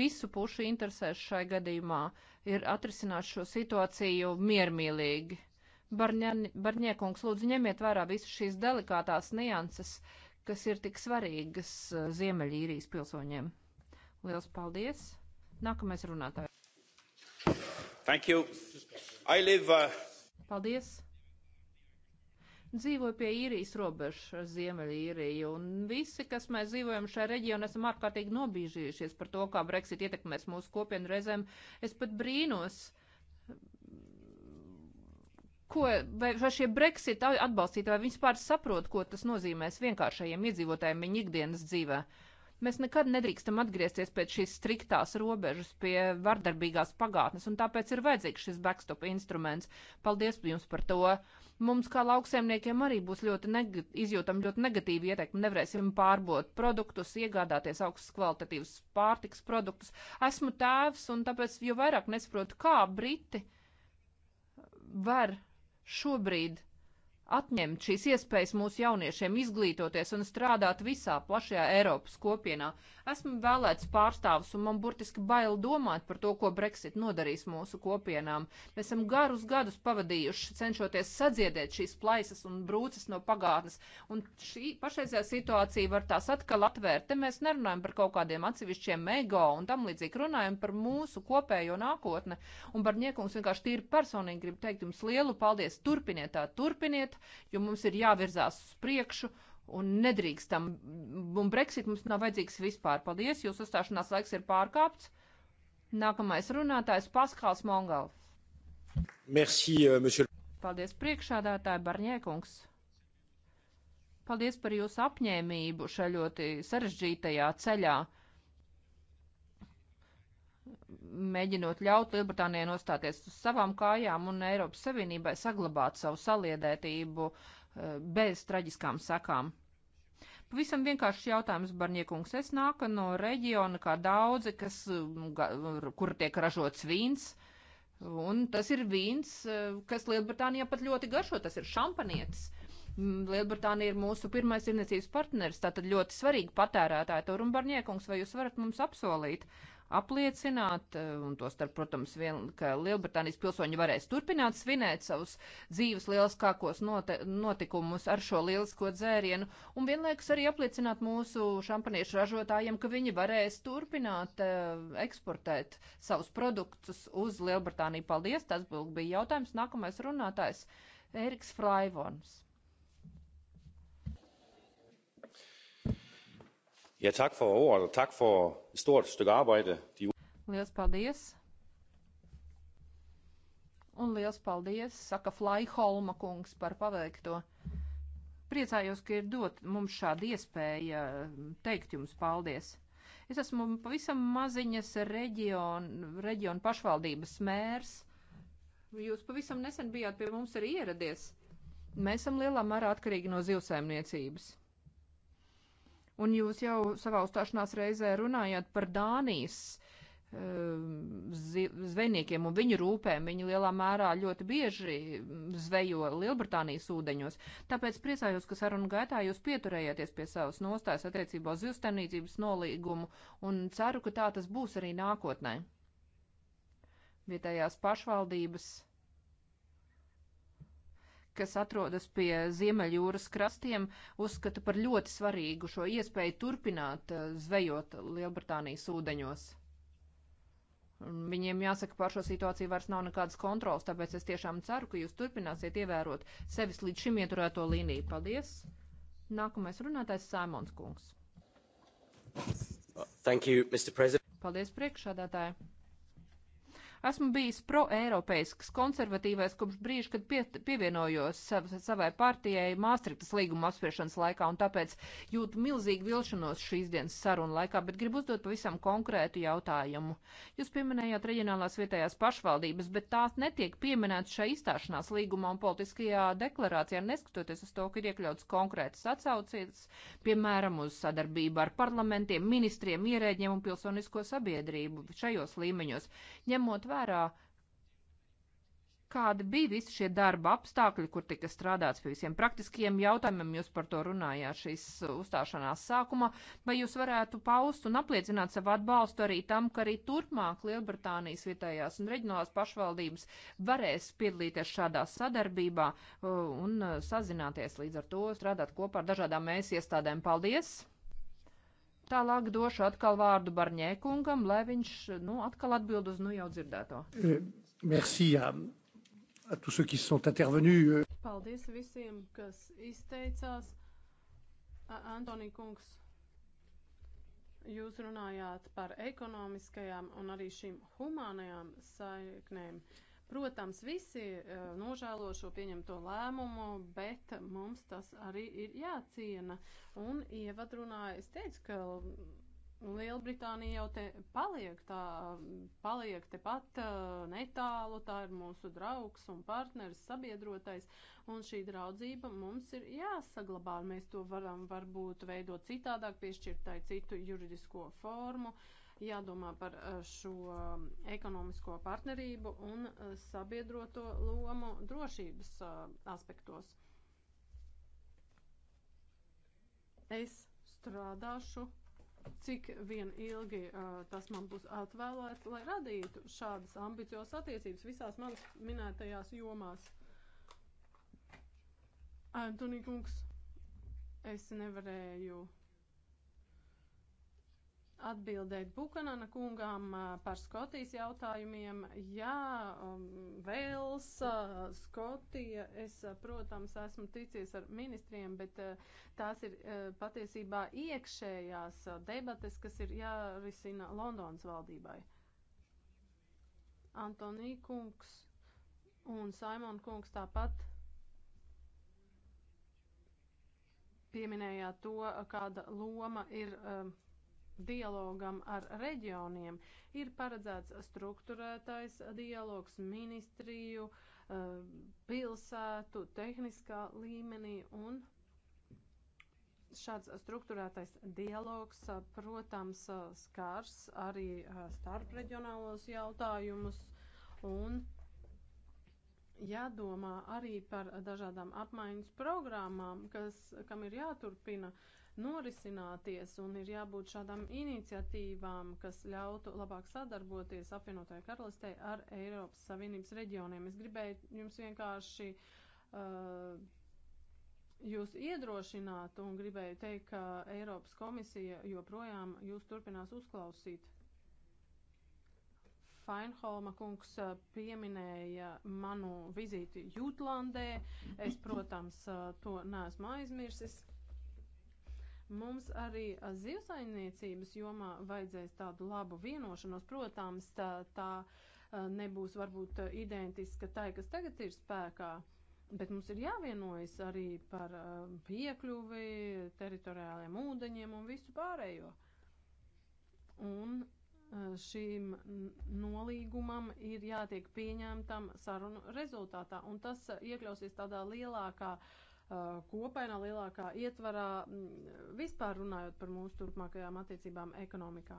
Visu pušu interesēs šai gadījumā ir atrisināt šo situāciju miermīlīgi. Barņiekungs, lūdzu, ņemiet vērā visas šīs delikātās nianses, kas ir tik svarīgas eh, Ziemeļīrijas pilsoņiem. Liels paldies! Nākamais runātājs. Thank you. I live. Uh... Paldies. Dzīvoju pie īrijas robežas, Ziemeļīriju, un visi, kas mēs dzīvojam šajā reģionā, esam ārkārtīgi nobīžījušies par to, kā Brexit ietekmēs mūsu kopienu reizēm. Es pat brīnos, ko, vai, vai šie Brexit atbalstītāji vispār saprot, ko tas nozīmēs vienkāršajiem iedzīvotājiem viņa ikdienas dzīvē. Uh, Mēs nekad nedrīkstam atgriezties pēc šīs striktās robežas, pie vardarbīgās pagātnes, un tāpēc ir vajadzīgs šis backstop instruments. Paldies jums par to! Mums, kā lauksaimniekiem, arī būs ļoti negat, izjūtam ļoti negatīvi ieteikumi. Nevarēsim pārbot produktus, iegādāties augstas kvalitatīvas pārtiks produktus. Esmu tēvs, un tāpēc jau vairāk nesaprotu, kā Briti var šobrīd atņemt šīs iespējas mūsu jauniešiem izglītoties un strādāt visā plašajā Eiropas kopienā. Esmu vēlēts pārstāvs un man burtiski bail domāt par to, ko Brexit nodarīs mūsu kopienām. Mēs esam garus gadus pavadījuši cenšoties sadziedēt šīs plaisas un brūces no pagātnes, un šī pašreizējā situācija var tās atkal atvērt. Te mēs nerunājam par kaut kādiem atsevišķiem ego un tam līdzīgi runājam par mūsu kopējo nākotne, un par niekums vienkārši tīri personīgi gribu teikt jums lielu paldies. Turpiniet tā, turpiniet lieta, jo mums ir jāvirzās uz priekšu un nedrīkstam. Un Brexit mums nav vajadzīgs vispār. Paldies, jūsu uzstāšanās laiks ir pārkāpts. Nākamais runātājs Paskāls Mongals. Merci, euh, monsieur. Paldies priekšādātāji Barņēkungs. Paldies par jūsu apņēmību šajā ļoti sarežģītajā ceļā mēģinot ļaut Lielbritānijai nostāties uz savām kājām un Eiropas Savienībai saglabāt savu saliedētību eh, bez traģiskām sakām. Pavisam vienkāršs jautājums, Barņiekungs. Es nāku no reģiona, kā daudzi, kas, mm, kur tiek ražots vīns, un tas ir vīns, eh, kas Lielbritānijā pat ļoti garšo, tas ir šampanietis. Mm, Lielbritānija ir mūsu pirmais tirniecības partners, tātad ļoti svarīgi patērētāji tur un barņiekungs, vai jūs varat mums apsolīt, apliecināt, eh, un to starp, protams, vien, ka Lielbritānijas pilsoņi varēs turpināt svinēt savus dzīves lieliskākos notikumus ar šo lielisko dzērienu, un vienlaikus arī apliecināt mūsu šampaniešu ražotājiem, ka viņi varēs turpināt eh, eksportēt savus produktus uz Lielbritāniju. Paldies, tas bija jautājums. Nākamais runātājs Eriks Fraivons. Ja, tak for ordet, og tak for et stort stykke arbejde. De... Liels paldies! Un liels paldies, saka Flaiholma kungs par paveikto. Priecājos, ka ir dot mums šāda iespēja teikt jums paldies. Es esmu pavisam maziņas reģiona, reģiona pašvaldības mērs. Jūs pavisam nesen bijāt pie mums arī ieradies. Mēs esam lielā mērā atkarīgi no zivsēmniecības. Un jūs jau savā uzstāšanās reizē runājāt par Dānijas ehm, zvejniekiem un viņu rūpēm. Viņi lielā mērā ļoti bieži zvejo Lielbritānijas ūdeņos. Tāpēc priecājos, ka sarunu gaitā jūs pieturējāties pie savas nostājas attiecībā uz zivstenīcības nolīgumu un ceru, ka tā tas būs arī nākotnē. Vietējās pašvaldības kas atrodas pie Ziemeļjūras krastiem, uzskata par ļoti svarīgu šo iespēju turpināt eh, zvejot Lielbritānijas ūdeņos. Viņiem jāsaka, par šo situāciju vairs nav nekādas kontrolas, tāpēc es tiešām ceru, ka jūs turpināsiet ievērot sevis līdz šim ieturēto līniju. Paldies! Nākamais runātājs Sēmons Kungs. Thank you, Mr. President. Paldies priekšādātāji! Esmu bijis pro-eiropeisks, konservatīvais kopš brīža, kad pie, pievienojos sav, savai partijai Māstriktas līguma apspriešanas laikā, un tāpēc jūtu milzīgu vilšanos šīs dienas sarunu laikā, bet gribu uzdot pavisam konkrētu jautājumu. Jūs pieminējāt reģionālās vietējās pašvaldības, bet tās netiek pieminētas šajā izstāšanās līgumā un politiskajā deklarācijā, neskatoties uz to, ka ir iekļauts konkrētas atsaucības, piemēram, uz sadarbību ar parlamentiem, ministriem, ierēģiem un pilsonisko sabiedrību šajos līmeņos. Ņemot vērā vērā, kādi bija visi šie darba apstākļi, kur tika strādāts pie visiem praktiskiem jautājumiem, jūs par to runājāt šīs uzstāšanās sākumā, vai jūs varētu paust un apliecināt savu atbalstu arī tam, ka arī turpmāk Lielbritānijas vietējās un reģionālās pašvaldības varēs piedalīties šādā sadarbībā uh, un uh, sazināties līdz ar to, strādāt kopā ar dažādām mēs iestādēm. Paldies! Tālāk došu atkal vārdu Barņēkungam, lai viņš, nu, atkal atbild uz nu jau dzirdēto. Eh, merci à, à tous ceux qui sont intervenus. Paldies visiem, kas izteicās. Antoni Kungs, jūs runājāt par ekonomiskajām un arī šīm humānajām saiknēm. Uh, Protams, visi eh, nožēlo šo pieņemto lēmumu, bet mums tas arī ir jāciena. Un ievadrunā es teicu, ka Lielbritānija jau te paliek, tā paliek tepat eh, netālu, tā ir mūsu draugs un partneris, sabiedrotais, un šī draudzība mums ir jāsaglabā. Mēs to varam varbūt veidot citādāk, piešķirt tai citu juridisko formu. Uh, jādomā par eh, šo eh, ekonomisko partnerību un eh, sabiedroto lomu drošības aspektos. Es strādāšu, cik vien ilgi tas man būs atvēlēts, lai radītu šādas ambiciozas attiecības visās manas minētajās jomās. Antoni Kungs, es nevarēju atbildēt Bukanana kungām par Skotijas jautājumiem. Jā, um, Vēls, Skotija, es, protams, esmu ticies ar ministriem, bet tās ir patiesībā iekšējās debates, kas ir jārisina Londonas valdībai. Antonī kungs un Saimon kungs tāpat. Pieminējāt to, kāda loma ir uh, dialogam ar reģioniem. Ir paredzēts struktūrētais dialogs ministriju, eh, pilsētu, tehniskā līmenī un šāds struktūrētais dialogs, eh, protams, eh, skars arī starpreģionālos jautājumus un jādomā arī par dažādām apmaiņas programmām, kas, kam ir jāturpina uh, norisināties, un ir jābūt šādām iniciatīvām, kas ļautu labāk sadarboties apvienotāju karalistē ar Eiropas Savienības reģioniem. Es gribēju jums vienkārši uh, jūs iedrošināt un gribēju teikt, ka Eiropas komisija joprojām jūs turpinās uzklausīt. Feinholma kungs uh, pieminēja manu vizīti Jūtlandē. Es, protams, uh, to neesmu aizmirsis. Mums arī zivsainiecības jomā vajadzēs tādu labu vienošanos, protams, tā, tā nebūs varbūt identiska tai, kas tagad ir spēkā. Bet mums ir jāvienojas arī par piekļuvi teritoriāliem ūdeņiem un visu pārējo. Un šīm nolīgumam ir jātiek pieņemtam sarunu rezultātā, un tas iekļausies tādā lielākā uh, Uh, kopainā lielākā ietvarā mm, vispār runājot par mūsu turpmākajām attiecībām ekonomikā.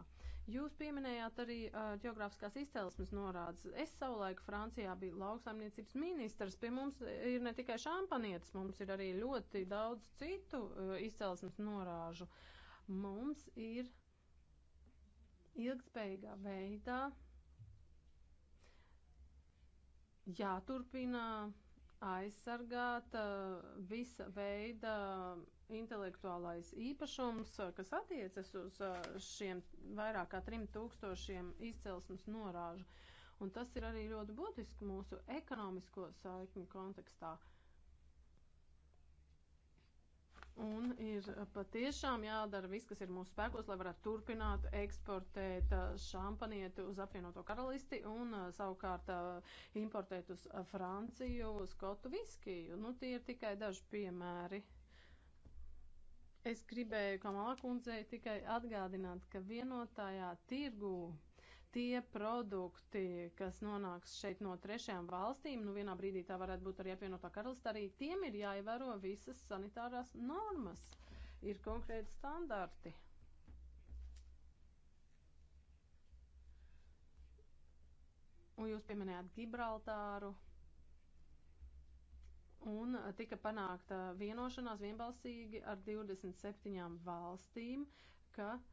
Jūs pieminējāt arī ģeogrāfiskās uh, izcelsmes norādes. Es savulaik Francijā biju lauksaimniecības ministrs. Pie mums ir ne tikai šampanietis, mums ir arī ļoti daudz citu uh, izcelsmes norāžu. Mums ir ilgspējīgā veidā jāturpina aizsargāt eh, visa veida intelektuālais īpašums, eh, kas attiecas uz eh, šiem vairāk kā 3000 izcelsmes norāžu. Un tas ir arī ļoti būtiski mūsu ekonomisko saikņu kontekstā. Uh, Un ir patiešām jādara viss, kas ir mūsu spēkos, lai varētu turpināt eksportēt uh, šampanietu uz apvienoto karalisti un uh, savukārt uh, importēt uz Franciju skotu viskiju. Nu, tie ir tikai daži piemēri. Es gribēju Kamalā kundzei tikai atgādināt, ka vienotājā tirgū tie produkti, kas nonāks šeit no trešajām valstīm, nu vienā brīdī tā varētu būt arī apvienotā karalista, arī tiem ir jāievēro visas sanitārās normas. Ir konkrēti standarti. Un jūs pieminējāt Gibraltāru. Un tika panākta vienošanās vienbalsīgi ar 27 valstīm, ka uh,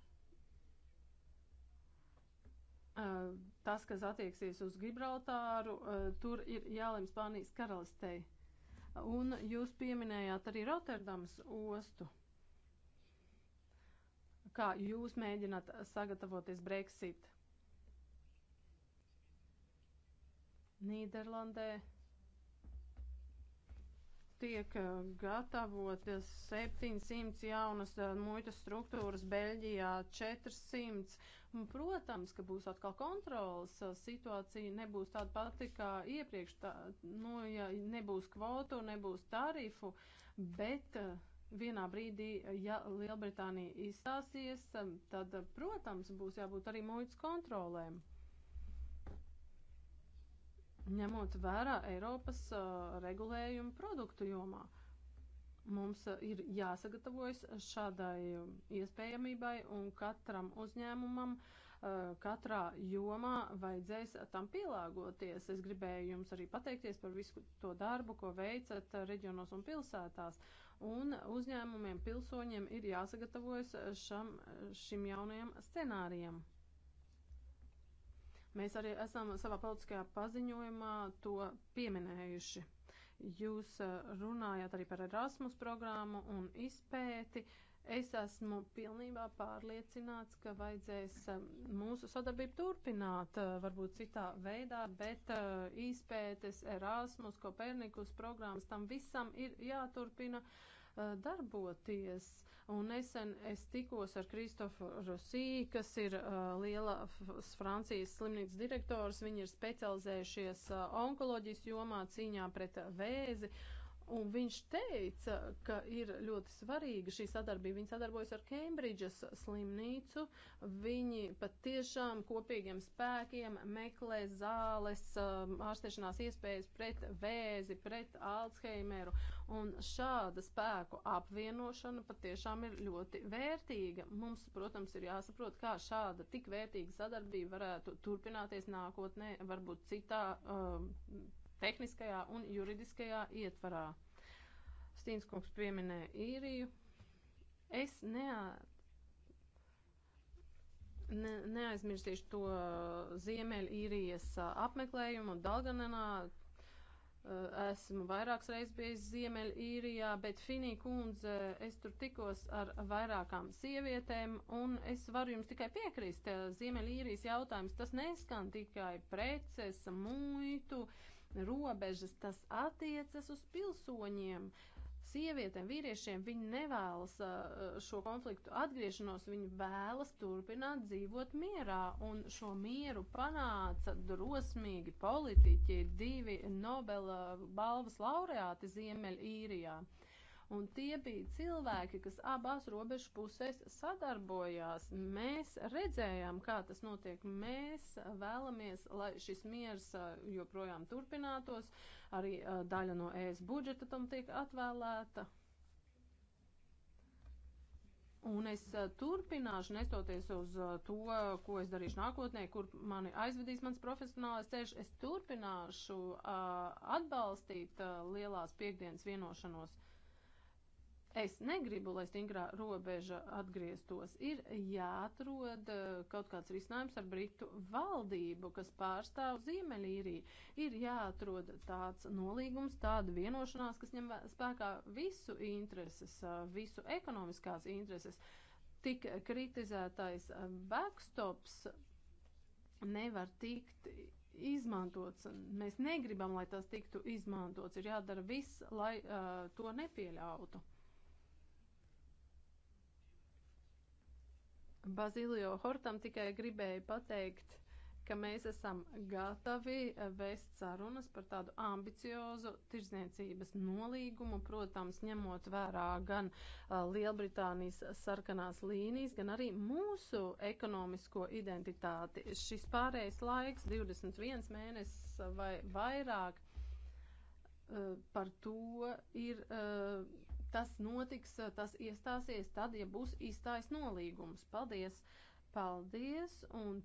Eh, tas, kas attieksies uz Gibraltāru, eh, tur ir jālem Spānijas karalistei. Un jūs pieminējāt arī Rotterdamas ostu. Kā jūs mēģināt sagatavoties Brexit? Nīderlandē tiek eh, gatavotas eh, 700 jaunas eh, muitas struktūras, Beļģijā 400. Protams, ka būs atkal kontrols, situācija nebūs tāda pati kā iepriekš, tā, nu, ja nebūs kvotu, nebūs tarifu, bet vienā brīdī, ja Lielbritānija izstāsies, tad, protams, būs jābūt arī muitas kontrolēm ņemot vērā Eiropas uh, regulējumu produktu jomā. Mums ir jāsagatavojas šādai iespējamībai un katram uzņēmumam uh, katrā jomā vajadzēs tam pielāgoties. Es gribēju jums arī pateikties par visu to darbu, ko veicat reģionos un pilsētās. Un uzņēmumiem, pilsoņiem ir jāsagatavojas šam, šim jaunajam scenārijam. Mēs arī esam savā politiskajā paziņojumā to pieminējuši. Jūs eh, runājāt arī par Erasmus programmu un izpēti. Es esmu pilnībā pārliecināts, ka vajadzēs eh, mūsu sadarbību turpināt, eh, varbūt citā veidā, bet izpētes, Erasmus, Kopernikus programmas, tam visam ir jāturpina darboties. Un nesen es tikos ar Kristofu Rosī, kas ir uh, liela Francijas slimnīcas direktors. Viņi ir specializējušies uh, onkoloģijas jomā cīņā pret vēzi. Uh, Un viņš teica, ka ir ļoti svarīga šī sadarbība. Viņi sadarbojas ar Kembridžas slimnīcu. Viņi pat tiešām kopīgiem spēkiem meklē zāles, um, ārstēšanās iespējas pret vēzi, pret Alzheimeru. Un šāda spēku apvienošana patiešām ir ļoti vērtīga. Mums, protams, ir jāsaprot, kā šāda tik vērtīga sadarbība varētu turpināties nākotnē, varbūt citā. Uh, um, tehniskajā un juridiskajā ietvarā. Stīnskungs pieminēja īriju. Es neat, Ne, neaizmirsīšu to uh, Ziemeļīrijas uh, apmeklējumu Dalganenā. Uh, esmu vairākas reizes bijis Ziemeļīrijā, bet Finī kundze, es tur tikos ar vairākām sievietēm, un es varu jums tikai piekrist. Ziemeļīrijas jautājums tas neskan tikai preces, muitu. Uh, robežas, tas attiecas uz pilsoņiem. Sievietēm, vīriešiem viņi nevēlas uh, šo konfliktu atgriešanos, viņi vēlas turpināt dzīvot mierā, un šo mieru panāca drosmīgi politiķi, divi Nobela balvas laureāti Ziemeļīrijā. īrijā. Un tie bija cilvēki, kas abās robežu pusēs sadarbojās. Mēs redzējām, kā tas notiek. Mēs vēlamies, lai šis miers uh, joprojām turpinātos. Arī uh, daļa no ES budžeta tam tiek atvēlēta. Un es uh, turpināšu, nestoties uz to, ko es darīšu nākotnē, kur mani aizvedīs mans profesionālais ceļš, es turpināšu uh, atbalstīt uh, lielās piekdienas vienošanos. Es negribu, lai stingrā robeža atgrieztos. Ir jāatrod eh, kaut kāds risinājums ar Britu valdību, kas pārstāv Ziemeļīriju. Ir jāatrod tāds nolīgums, tāda vienošanās, kas ņem spēkā visu intereses, eh, visu ekonomiskās intereses. Tik kritizētais eh, backstops nevar tikt izmantots. Mēs negribam, lai tas tiktu izmantots. Ir jādara viss, lai uh, to nepieļautu. Bazilio Hortam tikai gribēju pateikt, ka mēs esam gatavi eh, vēst sarunas par tādu ambiciozu tirzniecības nolīgumu, protams, ņemot vērā gan eh, Lielbritānijas sarkanās līnijas, gan arī mūsu ekonomisko identitāti. Šis pārējais laiks, 21 mēnesis vai vairāk, eh, par to ir Tas notiks, tas iestāsies tad, ja būs īstais nolīgums. Paldies! Paldies! Un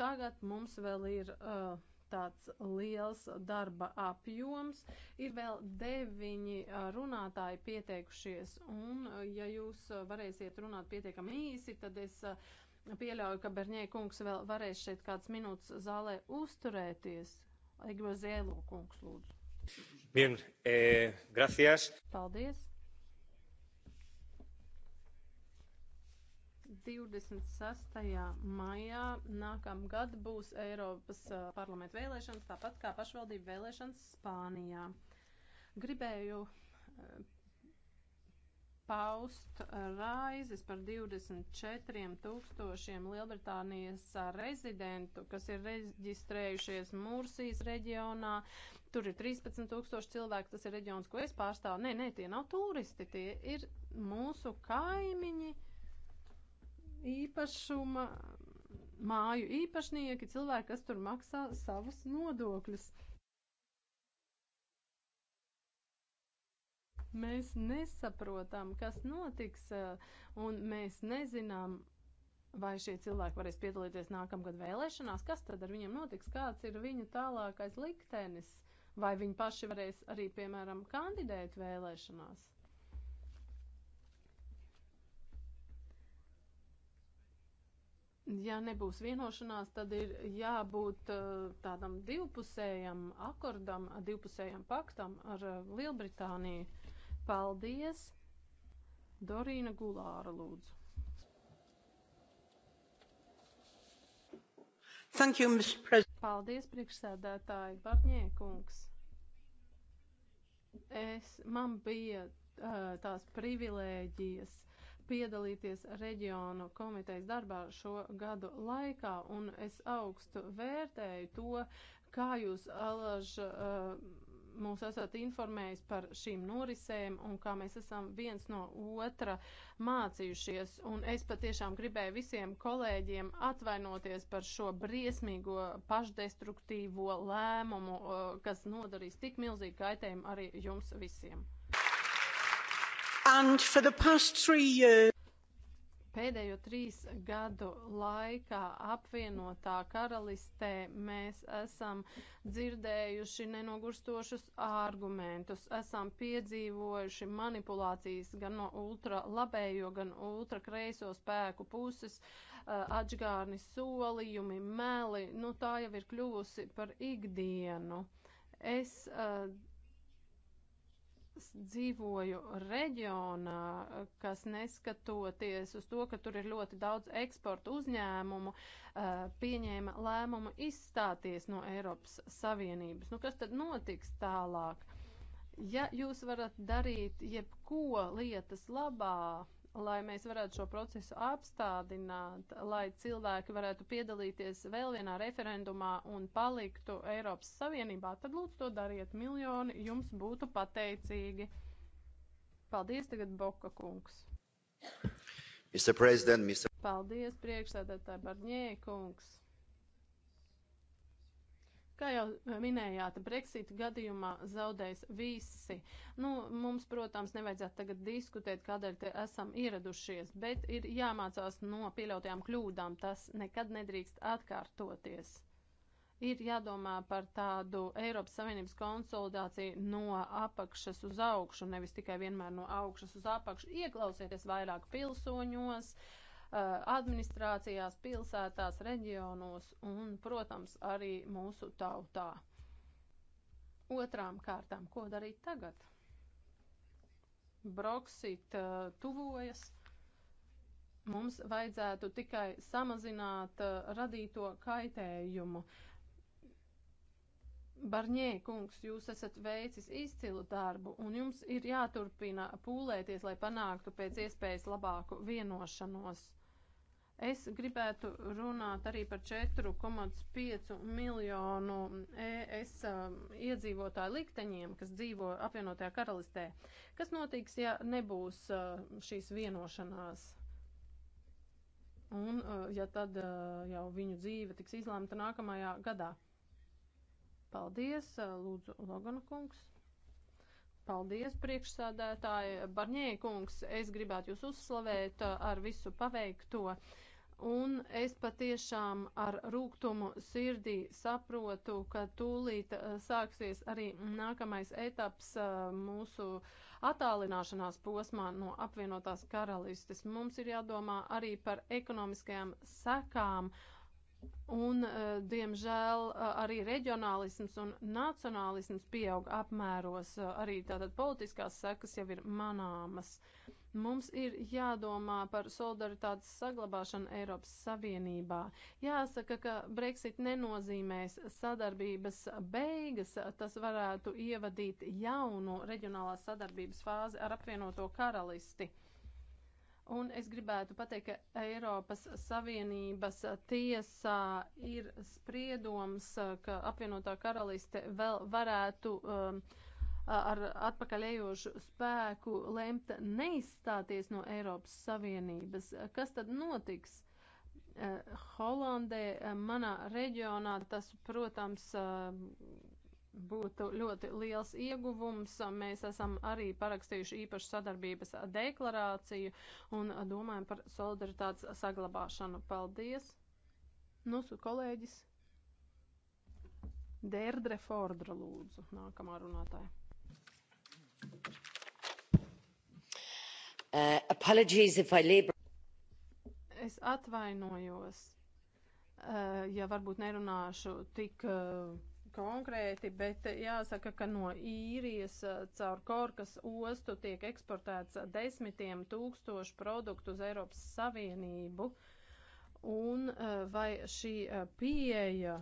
tagad mums vēl ir. Uh, tāds liels darba apjoms. Ir vēl deviņi runātāji pieteikušies, un ja jūs varēsiet runāt pietiekami īsi, tad es pieļauju, ka Berņē kungs vēl varēs šeit kāds minūtes zālē uzturēties. Egozēlo kungs lūdzu. Bien, eh, gracias. Paldies. 26. maijā nākamgad būs Eiropas parlamenta vēlēšanas, tāpat kā pašvaldību vēlēšanas Spānijā. Gribēju paust raizes par 24 tūkstošiem Lielbritānijas rezidentu, kas ir reģistrējušies Mursijas reģionā. Tur ir 13 tūkstoši cilvēku, tas ir reģions, ko es pārstāvu. Nē, nē, tie nav turisti, tie ir mūsu kaimiņi īpašuma, māju īpašnieki, cilvēki, kas tur maksā savus nodokļus. Mēs nesaprotam, kas notiks, eh, un mēs nezinām, vai šie cilvēki varēs piedalīties nākamgad vēlēšanās, kas tad ar viņiem notiks, kāds ir viņu tālākais liktenis, vai viņi paši varēs arī, piemēram, kandidēt vēlēšanās. ja nebūs vienošanās, tad ir jābūt uh, tādam divpusējam akordam, divpusējam paktam ar uh, Lielbritāniju. Paldies! Dorīna Gulāra lūdzu. Thank you, Mr. President. Paldies, priekšsēdētāji Barņiekungs. Es, man bija uh, tās privilēģijas piedalīties reģionu komitejas darbā šo gadu laikā, un es augstu vērtēju to, kā jūs alaž uh, mūs esat informējis par šīm norisēm un kā mēs esam viens no otra mācījušies. Un es patiešām gribēju visiem kolēģiem atvainoties par šo briesmīgo pašdestruktīvo lēmumu, uh, kas nodarīs tik milzīgu kaitējumu arī jums visiem. Years... Pēdējo trīs gadu laikā apvienotā karalistē mēs esam dzirdējuši nenogurstošus argumentus, esam piedzīvojuši manipulācijas gan no ultralabējo, gan ultrakreiso spēku puses, atžgārni solījumi, meli, nu tā jau ir kļuvusi par ikdienu. Es uh, dzīvoju reģionā, kas neskatoties uz to, ka tur ir ļoti daudz eksporta uzņēmumu, eh, pieņēma lēmumu izstāties no Eiropas Savienības. Nu, kas tad notiks tālāk? Ja jūs varat darīt jebko lietas labā, lai mēs varētu šo procesu apstādināt, lai cilvēki varētu piedalīties vēl vienā referendumā un paliktu Eiropas Savienībā, tad lūdzu to dariet. Miljoni jums būtu pateicīgi. Paldies tagad Boka kungs. Mr. President, Mr. Paldies priekšsēdētāji Barņē kungs. Kā jau minējāt, Brexit gadījumā zaudēs visi. Nu, mums, protams, nevajadzētu tagad diskutēt, kādēļ te esam ieradušies, bet ir jāmācās no pieļautajām kļūdām. Tas nekad nedrīkst atkārtoties. Ir jādomā par tādu Eiropas Savienības konsolidāciju no apakšas uz augšu, nevis tikai vienmēr no augšas uz apakšu. Ieklausieties vairāk pilsoņos, uh, Eh, administrācijās, pilsētās, reģionos un, protams, arī mūsu tautā. Otrām kārtām, ko darīt tagad? Brexit uh, eh, tuvojas. Mums vajadzētu tikai samazināt uh, radīto kaitējumu. Barņē, kungs, jūs esat veicis izcilu darbu, un jums ir jāturpina pūlēties, lai panāktu pēc iespējas labāku vienošanos. Es gribētu runāt arī par 4,5 miljonu ES um, iedzīvotāju likteņiem, kas dzīvo apvienotajā karalistē. Kas notiks, ja nebūs uh, šīs vienošanās? Un uh, ja tad uh, jau viņu dzīve tiks izlēmta nākamajā gadā. Paldies, lūdzu, Logana kungs. Paldies, priekšsādētāji. Barņē kungs, es gribētu jūs uzslavēt ar visu paveikto. Uh, Un es patiešām ar rūgtumu sirdī saprotu, ka tūlīt eh, sāksies arī nākamais etaps eh, mūsu attālināšanās posmā no apvienotās karalistes. Mums ir jādomā arī par ekonomiskajām sekām. Un, eh, diemžēl, arī reģionālisms un nacionālisms pieaug apmēros, arī tātad politiskās sekas jau ir manāmas. Uh, Mums ir jādomā par solidaritātes saglabāšanu Eiropas Savienībā. Jāsaka, ka Brexit nenozīmēs sadarbības beigas, tas varētu ievadīt jaunu reģionālās sadarbības fāzi ar apvienoto karalisti. Un es gribētu pateikt, ka Eiropas Savienības tiesā ir spriedoms, ka apvienotā karaliste vēl varētu uh, um, ar atpakaļējošu spēku lemt neizstāties no Eiropas Savienības. Kas tad notiks? Eh, Holandē, eh, manā reģionā, tas, protams, eh, būtu ļoti liels ieguvums. Mēs esam arī parakstījuši īpašu sadarbības deklarāciju un domājam par solidaritātes saglabāšanu. Paldies! Mūsu nu, kolēģis Dērdre Fordra lūdzu, nākamā runātāja. Uh, es atvainojos, uh, ja varbūt nerunāšu tik uh, konkrēti, bet jāsaka, ka no īrijas uh, caur Korkas ostu tiek eksportēts desmitiem tūkstošu produktu uz Eiropas Savienību. Un uh, vai šī uh, pieeja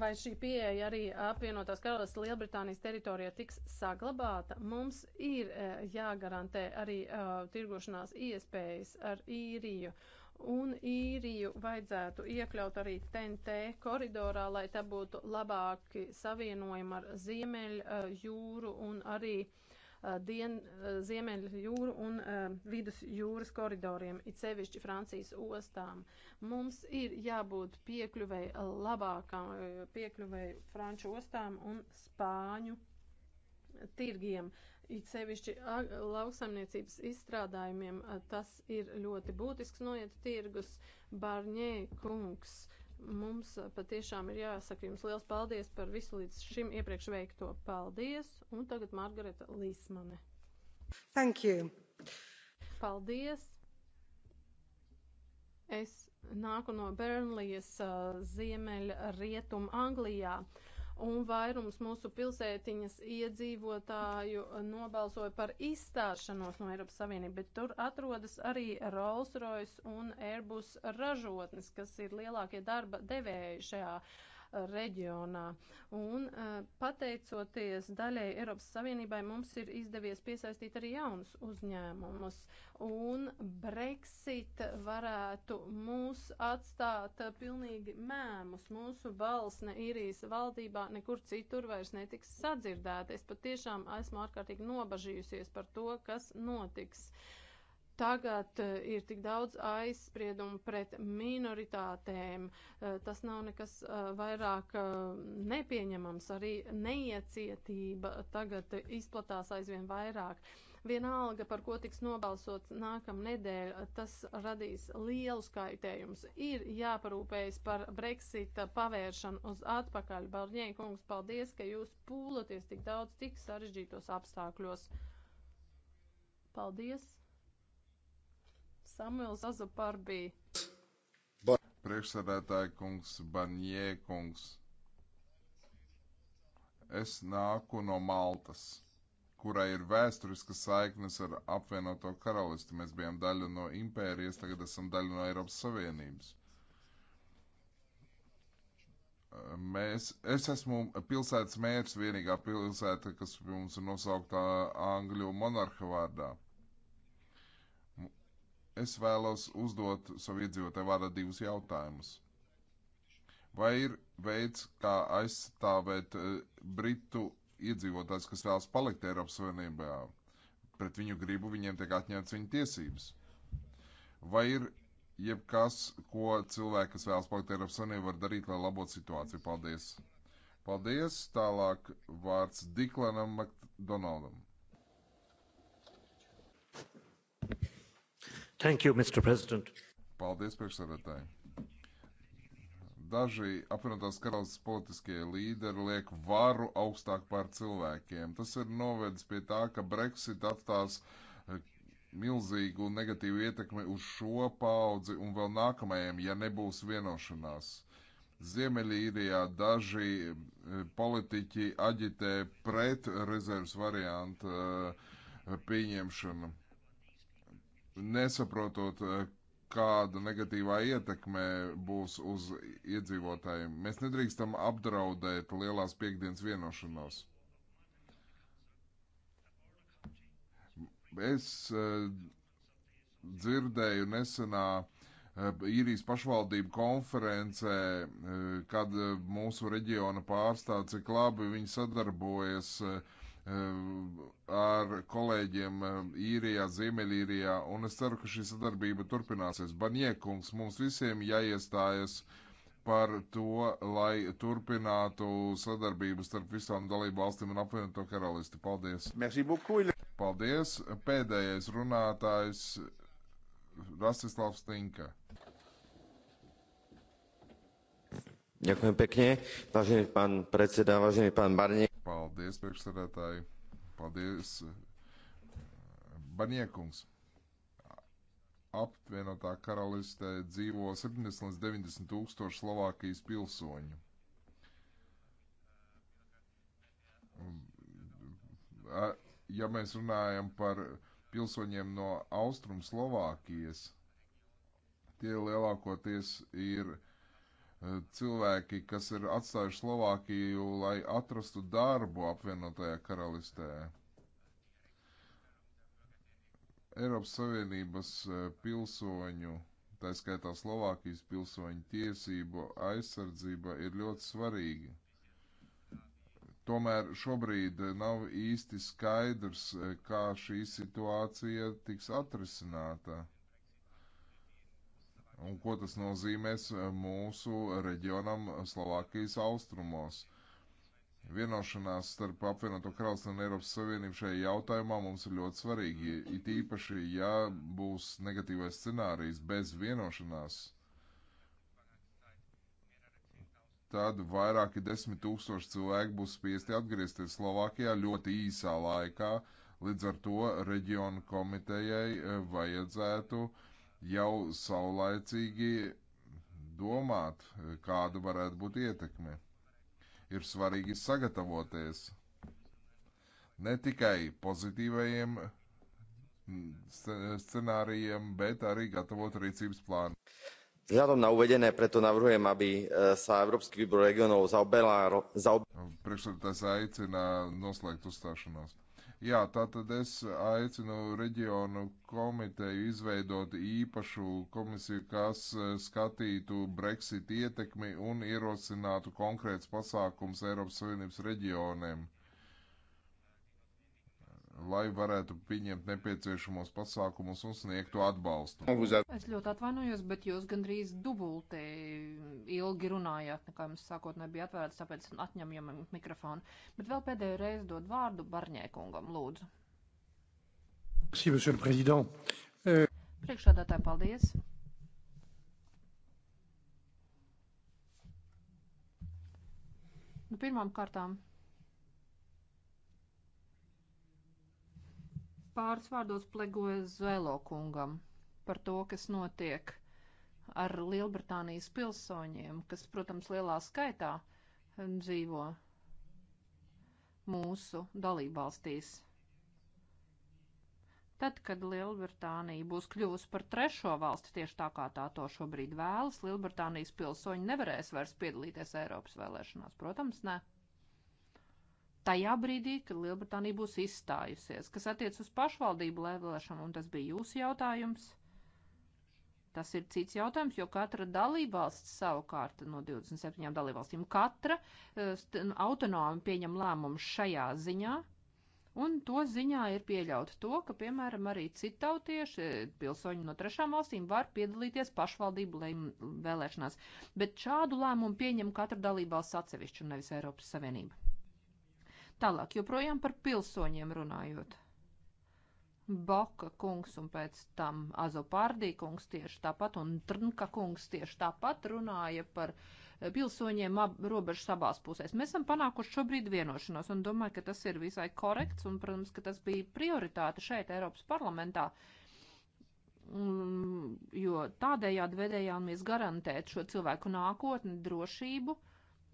Vai šī pieeja arī apvienotās karalistas Lielbritānijas teritorijā tiks saglabāta? Mums ir e, jāgarantē arī uh, tirgošanās iespējas ar īriju. Un īriju vajadzētu iekļaut arī TNT koridorā, lai tā būtu labāki savienojumi ar Ziemeļ uh, jūru un arī uh, Uh, dien, uh, Ziemeļu jūru un uh, Vidus jūras koridoriem, it sevišķi Francijas ostām. Mums ir jābūt piekļuvei labākam, piekļuvei Franču ostām un Spāņu tirgiem. It sevišķi lauksaimniecības izstrādājumiem tas ir ļoti būtisks noiet tirgus. Barņē kungs Mums patiešām ir jāsaka jums liels paldies par visu līdz šim iepriekš veikto. Paldies! Un tagad Margareta Līsmane. Thank you! Paldies! Es nāku no Bernlijas uh, ziemeļa rietuma Anglijā. Uh, un vairums mūsu pilsētiņas iedzīvotāju nobalsoja par izstāšanos no Eiropas Savienības, bet tur atrodas arī Rolls-Royce un Airbus ražotnes, kas ir lielākie darba devēji šajā uh, reģionā. Un e, pateicoties daļai Eiropas Savienībai, mums ir izdevies piesaistīt arī jaunus uzņēmumus. Un Brexit varētu mūs atstāt pilnīgi mēmus. Mūsu balss ne īrijas valdībā nekur citur vairs netiks sadzirdēta. Es patiešām esmu ārkārtīgi nobažījusies par to, kas notiks. Uh, Tagad eh, ir tik daudz aizspriedumu pret minoritātēm. Eh, tas nav nekas eh, vairāk nepieņemams. Arī neiecietība tagad izplatās aizvien vairāk. Vienalga, par ko tiks nobalsots nākamnedēļ, tas radīs lielu skaitējumus. Ir jāparūpējas par Brexita pavēršanu uz atpakaļ. Barņēja kungs, paldies, ka jūs pūlaties tik daudz tik sarežģītos apstākļos. Paldies! Samuels Azapar bija. Priekšsēdētāji kungs, Banjē kungs. Es nāku no Maltas, kurai ir vēsturiskas saiknes ar apvienoto karalisti. Mēs bijām daļa no impērijas, tagad esam daļa no Eiropas Savienības. Mēs, es esmu pilsētas mērs, vienīgā pilsēta, kas mums ir nosauktā Angļu monarha vārdā es vēlos uzdot savu iedzīvotāju vārdā divus jautājumus. Vai ir veids, kā aizstāvēt eh, britu iedzīvotājs, kas vēlas palikt Eiropas Savienībā, pret viņu gribu viņiem tiek atņemts viņa tiesības? Vai ir jebkas, ko cilvēki, kas vēlas palikt Eiropas Savienībā, var darīt, lai labotu situāciju? Paldies! Paldies! Tālāk vārds Diklanam McDonaldam. Thank you, Mr. President. Paldies, priekšsēdētāji. Daži apvienotās karalists politiskie līderi liek varu augstāk pār cilvēkiem. Tas ir novedis pie tā, ka Brexit atstās eh, milzīgu negatīvu ietekmi uz šo paudzi un vēl nākamajiem, ja nebūs vienošanās. Ziemeļīrijā daži eh, politiķi aģitē pret rezerves variantu eh, pieņemšanu nesaprotot, eh, kāda negatīvā ietekme būs uz iedzīvotājiem. Mēs nedrīkstam apdraudēt lielās piekdienas vienošanos. Es eh, dzirdēju nesenā eh, īrijas pašvaldību konferencē, kad mūsu reģiona pārstāv, cik labi viņi sadarbojas uh, ar kolēģiem īrijā, Ziemeļīrijā, un es ceru, ka šī sadarbība turpināsies. Baniekungs, mums visiem jāiestājas par to, lai turpinātu sadarbību starp visām dalību valstīm un apvienoto karalisti. Paldies! Paldies! Pēdējais runātājs Rastislavs Tinka. Ďakujem pekne, vážený pán predseda, vážený pán Barnie. Paldies, priekšsēdētāji. Paldies. Barniekungs. Apvienotā karalistē dzīvo 70 līdz 90 tūkstoši Slovākijas pilsoņu. ja mēs runājam par pilsoņiem no Austrum Slovākijas, tie lielākoties ir cilvēki, kas ir atstājuši Slovākiju, lai atrastu darbu apvienotajā karalistē. Eiropas Savienības e, pilsoņu, tā skaitā Slovākijas pilsoņu tiesību aizsardzība ir ļoti svarīga. Tomēr šobrīd nav īsti skaidrs, e, kā šī situācija tiks atrisināta un ko tas nozīmēs eh, mūsu reģionam Slovākijas austrumos. Vienošanās starp apvienoto karalistu un Eiropas Savienību šajā jautājumā mums ir ļoti svarīgi, it īpaši, ja būs negatīvais scenārijs bez vienošanās. Tad vairāki desmit tūkstoši cilvēki būs spiesti atgriezties Slovākijā ļoti īsā laikā. Līdz ar to reģionu komitejai eh, vajadzētu uh, jau saulaicīgi domāt, kāda varētu būt ietekme. Ir svarīgi sagatavoties ne tikai pozitīvajiem mm, scenáriiem, bet arī gatavot rīcības plānu. Vzhľadom na uvedené, preto navrhujem, aby e, sa Európsky výbor regionov zaoberá... Zaob... Priekšsēdētājs aicina noslēgt uzstāšanos. Jā, tātad es aicinu reģionu komiteju izveidot īpašu komisiju, kas e, skatītu Brexit ietekmi un ierosinātu konkrēts pasākums Eiropas Savienības reģioniem lai varētu pieņemt nepieciešamos pasākumus un sniegtu atbalstu. Es ļoti atvainojos, bet jūs gandrīz dubultē ilgi runājāt, nekā jums sākotnēji bija atvērts, tāpēc atņemjam mikrofonu. Bet vēl pēdējo reizi dod vārdu Barņēkungam, lūdzu. Euh, Priekšādātāji, paldies! Nu, pirmām kārtām pāris vārdos plegoja Zelo kungam par to, kas notiek ar Lielbritānijas pilsoņiem, kas, protams, lielā skaitā dzīvo mūsu dalībvalstīs. Tad, kad Lielbritānija būs kļuvusi par trešo valsti, tieši tā kā tā to šobrīd vēlas, Lielbritānijas pilsoņi nevarēs vairs piedalīties Eiropas vēlēšanās. Protams, ne tajā brīdī, kad Lielbritānija būs izstājusies. Kas attiec uz pašvaldību lēvēšanu, un tas bija jūsu jautājums, tas ir cits jautājums, jo katra dalībvalsts savukārt no 27 dalībvalstīm katra e, autonomi pieņem lēmumu šajā ziņā. Un to ziņā ir pieļaut to, ka, piemēram, arī citautieši e, pilsoņi no trešām valstīm var piedalīties pašvaldību vēlēšanās, bet šādu lēmumu pieņem katra dalībvalsts atsevišķi un nevis Eiropas Savienība. Tālāk, joprojām par pilsoņiem runājot. Boka kungs un pēc tam Azopārdī kungs tieši tāpat un Trnka kungs tieši tāpat runāja par eh, pilsoņiem ab, robežas abās pusēs. Mēs esam panākuši šobrīd vienošanos un domāju, ka tas ir visai korekts un, protams, ka tas bija prioritāte šeit Eiropas parlamentā, mm, jo tādējādi vedējāmies garantēt šo cilvēku nākotni, drošību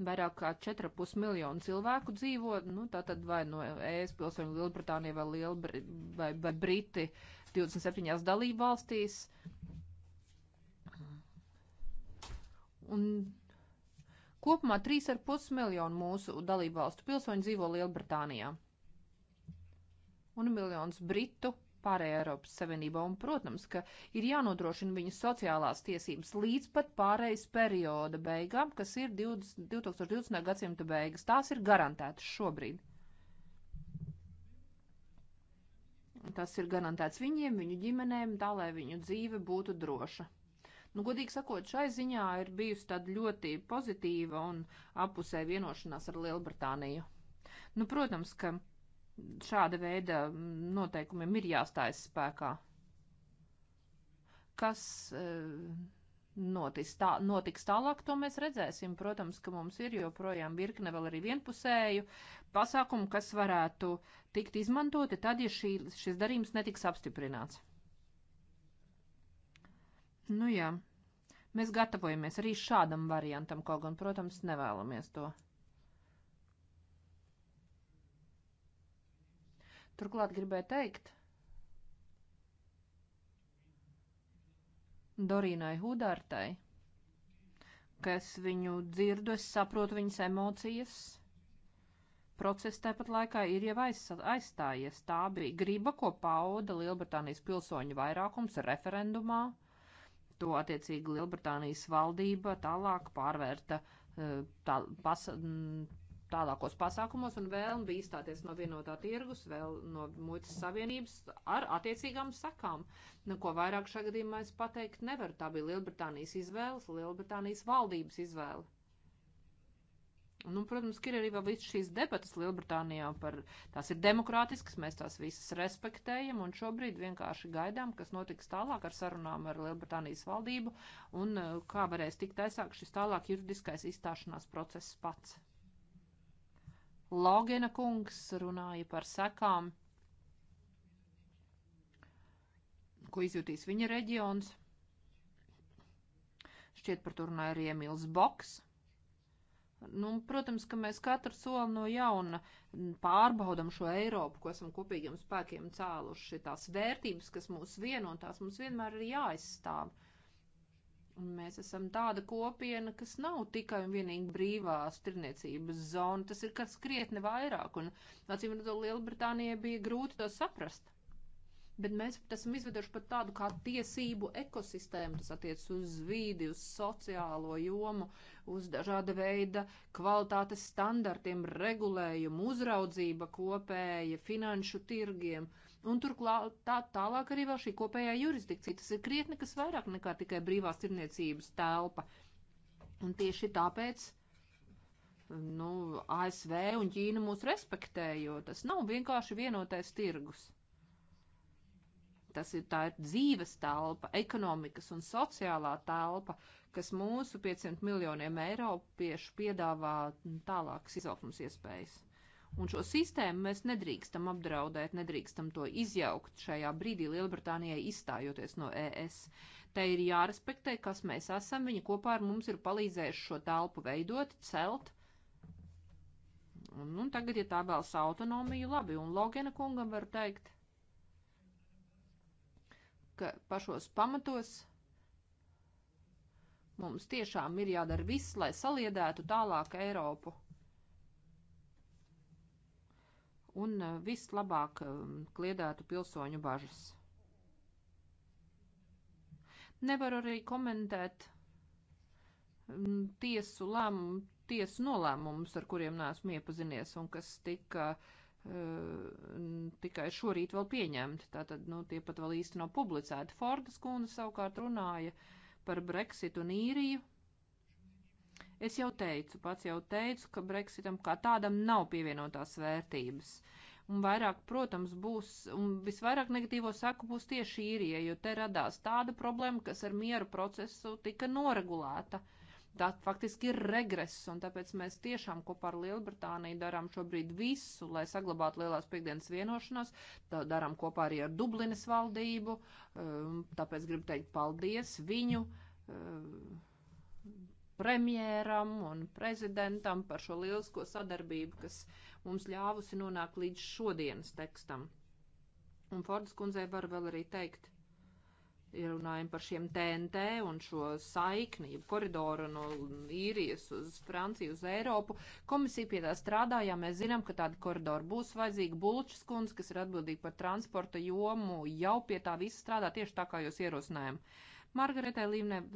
Vairāk kā 4,5 miljonu cilvēku dzīvo, nu, tātad vai no ES pilsoņu Lielbritānija vai, Lielbri vai, vai Briti 27 dalību valstīs. Un kopumā 3,5 miljonu mūsu dalību valstu pilsoņu dzīvo Lielbritānijā. Un miljons Britu pārējā Eiropas Savienībā, un, protams, ka ir jānodrošina viņu sociālās tiesības līdz pat pārējais perioda beigām, kas ir 20, 2020. gadsimta beigas. Tās ir garantētas šobrīd. Tas ir garantēts viņiem, viņu ģimenēm, tā lai viņu dzīve būtu droša. Nu, godīgi sakot, šai ziņā ir bijusi tāda ļoti pozitīva un apusē vienošanās ar Lielbritāniju. Nu, protams, ka šāda veida noteikumiem ir jāstājas spēkā. Kas e, notis, tā, notiks tālāk, to mēs redzēsim. Protams, ka mums ir joprojām virkne vēl arī vienpusēju pasākumu, kas varētu tikt izmantoti tad, ja šī, šis darījums netiks apstiprināts. Nu jā, mēs gatavojamies arī šādam variantam, kaut gan, protams, nevēlamies to. Turklāt gribēju teikt Dorīnai Hudartai, ka es viņu dzirdu, es saprotu viņas emocijas. Process tāpat laikā ir jau aiz, aizstājies. Tā bija griba, ko pauda Lielbritānijas pilsoņu vairākums referendumā. To attiecīgi Lielbritānijas valdība tālāk pārvērta eh, tā, pas, tālākos pasākumos un vēlmi bija izstāties no vienotā tirgus, vēl no muitas savienības ar attiecīgām sakām. Nu, ko vairāk šajā gadījumā es pateikt nevaru. Tā bija Lielbritānijas izvēles, Lielbritānijas valdības izvēle. Nu, protams, ir arī vēl visas šīs debatas Lielbritānijā par tās ir demokrātiskas, mēs tās visas respektējam un šobrīd vienkārši gaidām, kas notiks tālāk ar sarunām ar Lielbritānijas valdību un eh, kā varēs tikt aizsākt šis tālāk juridiskais izstāšanās process pats. Logena kungs runāja par sekām, ko izjutīs viņa reģions. Šķiet par to runāja arī Emīls Boks. Nu, protams, ka mēs katru soli no jauna pārbaudam šo Eiropu, ko esam kopīgiem spēkiem cēluši. Tās vērtības, kas mūs vieno, tās mums vienmēr ir jāizstāv. Uh, Un mēs esam tāda kopiena, kas nav tikai un vienīgi brīvās tirniecības zona, tas ir kas krietni vairāk, un acīm redzot, Lielbritānija bija grūti to saprast. Bet mēs esam izveduši pat tādu kā tiesību ekosistēmu, tas attiec uz vīdi, uz sociālo jomu, uz dažāda veida kvalitātes standartiem, regulējumu, uzraudzība kopēja, finanšu tirgiem. Uh, un turklāt tā, tālāk arī vēl šī kopējā jurisdikcija. Tas ir krietni kas vairāk nekā tikai brīvās tirniecības telpa. Un tieši tāpēc nu, ASV un Ķīna mūs respektē, jo tas nav vienkārši vienotais tirgus. Tas ir tā ir dzīves telpa, ekonomikas un sociālā telpa, kas mūsu 500 miljoniem eiropiešu piedāvā tālākas izaugsmas iespējas. Un šo sistēmu mēs nedrīkstam apdraudēt, nedrīkstam to izjaukt šajā brīdī Lielbritānijai izstājoties no ES. Te ir jārespektē, kas mēs esam, viņi kopā ar mums ir palīdzējuši šo telpu veidot, celt. Un, un nu, tagad, ja tā vēlas autonomiju, labi, un Logena kungam var teikt, ka pašos pamatos mums tiešām ir jādara viss, lai saliedētu tālāk Eiropu un uh, vislabāk um, kliedētu pilsoņu bažas. Nevaru arī komentēt um, tiesu lēmumu, tiesu nolēmumus, ar kuriem neesmu iepazinies un kas tika uh, tikai šorīt vēl pieņemti. Tātad, nu, tie pat vēl īsti nav publicēti. Fordas kundze savukārt runāja par Brexit un īriju. Es jau teicu, pats jau teicu, ka Brexitam kā tādam nav pievienotās vērtības. Un vairāk, protams, būs, un visvairāk negatīvo saku būs tieši īrija, jo te radās tāda problēma, kas ar mieru procesu tika noregulēta. Tā faktiski ir regress, un tāpēc mēs tiešām kopā ar Lielbritāniju darām šobrīd visu, lai saglabātu Lielās piekdienas vienošanos. Tā darām kopā arī ar Dublinas valdību, um, tāpēc gribu teikt paldies viņu um, premjēram un prezidentam par šo lielisko sadarbību, kas mums ļāvusi nonākt līdz šodienas tekstam. Un Fordas kundzei var vēl arī teikt, ja runājam par šiem TNT un šo saikni, ja koridoru no īrijas uz Franciju, uz Eiropu, komisija pie tā strādājā, mēs zinām, ka tādi koridori būs vajadzīgi. Bulčs kundze, kas ir atbildīga par transporta jomu, jau pie tā visa strādā tieši tā, kā jūs ierosinājām. Uh, Margaretai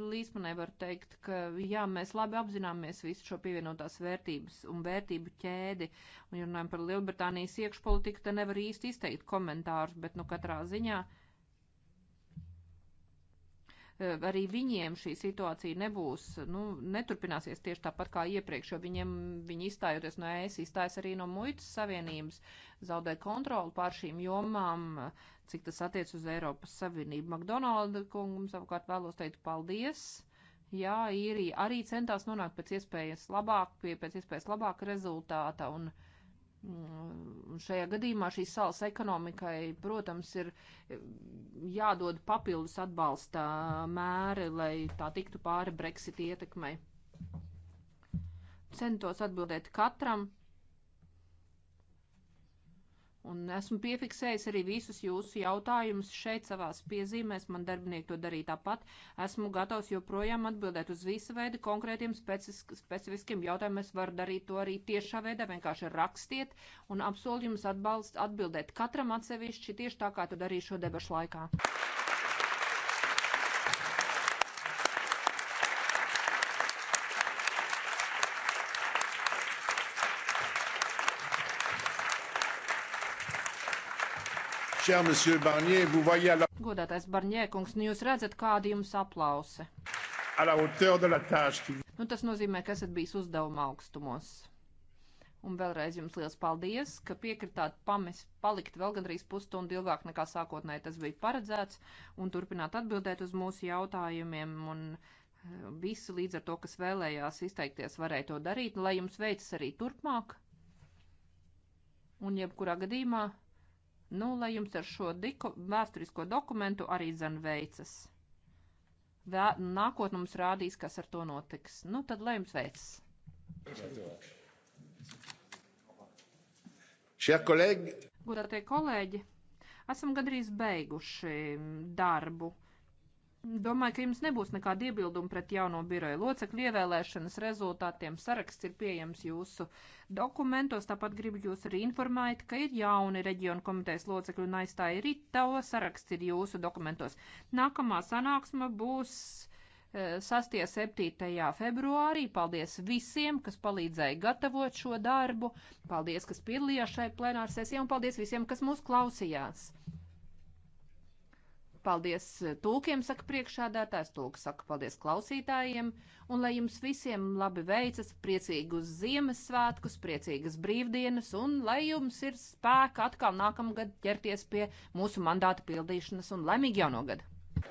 Līsmanai var teikt, ka jā, mēs labi apzināmies visu šo pievienotās vērtības un vērtību ķēdi, un, ja runājam par Lielbritānijas iekšpolitiku, te nevar īsti izteikt komentārus, bet, nu, katrā ziņā. Uh, Eh, arī viņiem šī situācija nebūs, nu, neturpināsies tieši tāpat kā iepriekš, jo viņiem, viņi izstājoties no ES, izstājas arī no muitas savienības, zaudē kontroli pār šīm jomām, cik tas attiec uz Eiropas Savienību. McDonalda kungam savukārt vēlos teikt paldies. Jā, īrija arī centās nonākt pēc iespējas labāk, pie pēc iespējas labāka rezultāta un uh, Mm, un šajā gadījumā šīs salas ekonomikai, protams, ir mm, jādod papildus atbalsta mēri, lai tā tiktu pāri Brexit ietekmei. Centos atbildēt katram Un esmu piefiksējis arī visus jūsu jautājumus šeit savās piezīmēs, man darbinieki to darīja tāpat. Esmu gatavs joprojām atbildēt uz visu veidu konkrētiem specifiskiem jautājumiem. Es varu darīt to arī tiešā veidā, vienkārši rakstiet un apsolu jums atbalst atbildēt katram atsevišķi tieši tā, kā to darīju šo debašu laikā. Cher monsieur Barnier, vous voyez à la... Godātais Barņē, kungs, nu jūs redzat, kāda jums aplause. À la hauteur de la tâche. Qui... Nu, tas nozīmē, ka esat bijis uzdevuma augstumos. Un vēlreiz jums liels paldies, ka piekritāt pamest, palikt vēl gandrīz pusstundu ilgāk nekā sākotnēji tas bija paredzēts un turpināt atbildēt uz mūsu jautājumiem. Un eh, visi līdz ar to, kas vēlējās izteikties, varēja to darīt. Lai jums veicas arī turpmāk. Un jebkurā gadījumā Nu, lai jums ar šo diku, vēsturisko dokumentu arī zan veicas. Vē, nākotnē mums rādīs, kas ar to notiks. Nu, tad lai jums veicas. Šie kolēģi. Godātie kolēģi, esam gandrīz beiguši darbu. Domāju, ka jums nebūs nekāda iebilduma pret jauno biroju locekļu ievēlēšanas rezultātiem. Saraksts ir pieejams jūsu dokumentos. Tāpat gribu jūs arī informēt, ka ir jauni reģionu komitejas locekļu un aizstāja Ritava. Saraksts ir jūsu dokumentos. Nākamā sanāksme būs 6. Eh, 7. februārī. Paldies visiem, kas palīdzēja gatavot šo darbu. Paldies, kas piedalījās šai plenārsēsijā un paldies visiem, kas mūs klausījās. Paldies eh, tūkiem, saka priekšādātājs, tūks saka paldies klausītājiem, un lai jums visiem labi veicas, priecīgus Ziemassvētkus, priecīgas brīvdienas, un lai jums ir spēka atkal nākamgad ķerties pie mūsu mandāta pildīšanas, un laimīgi jauno gadu!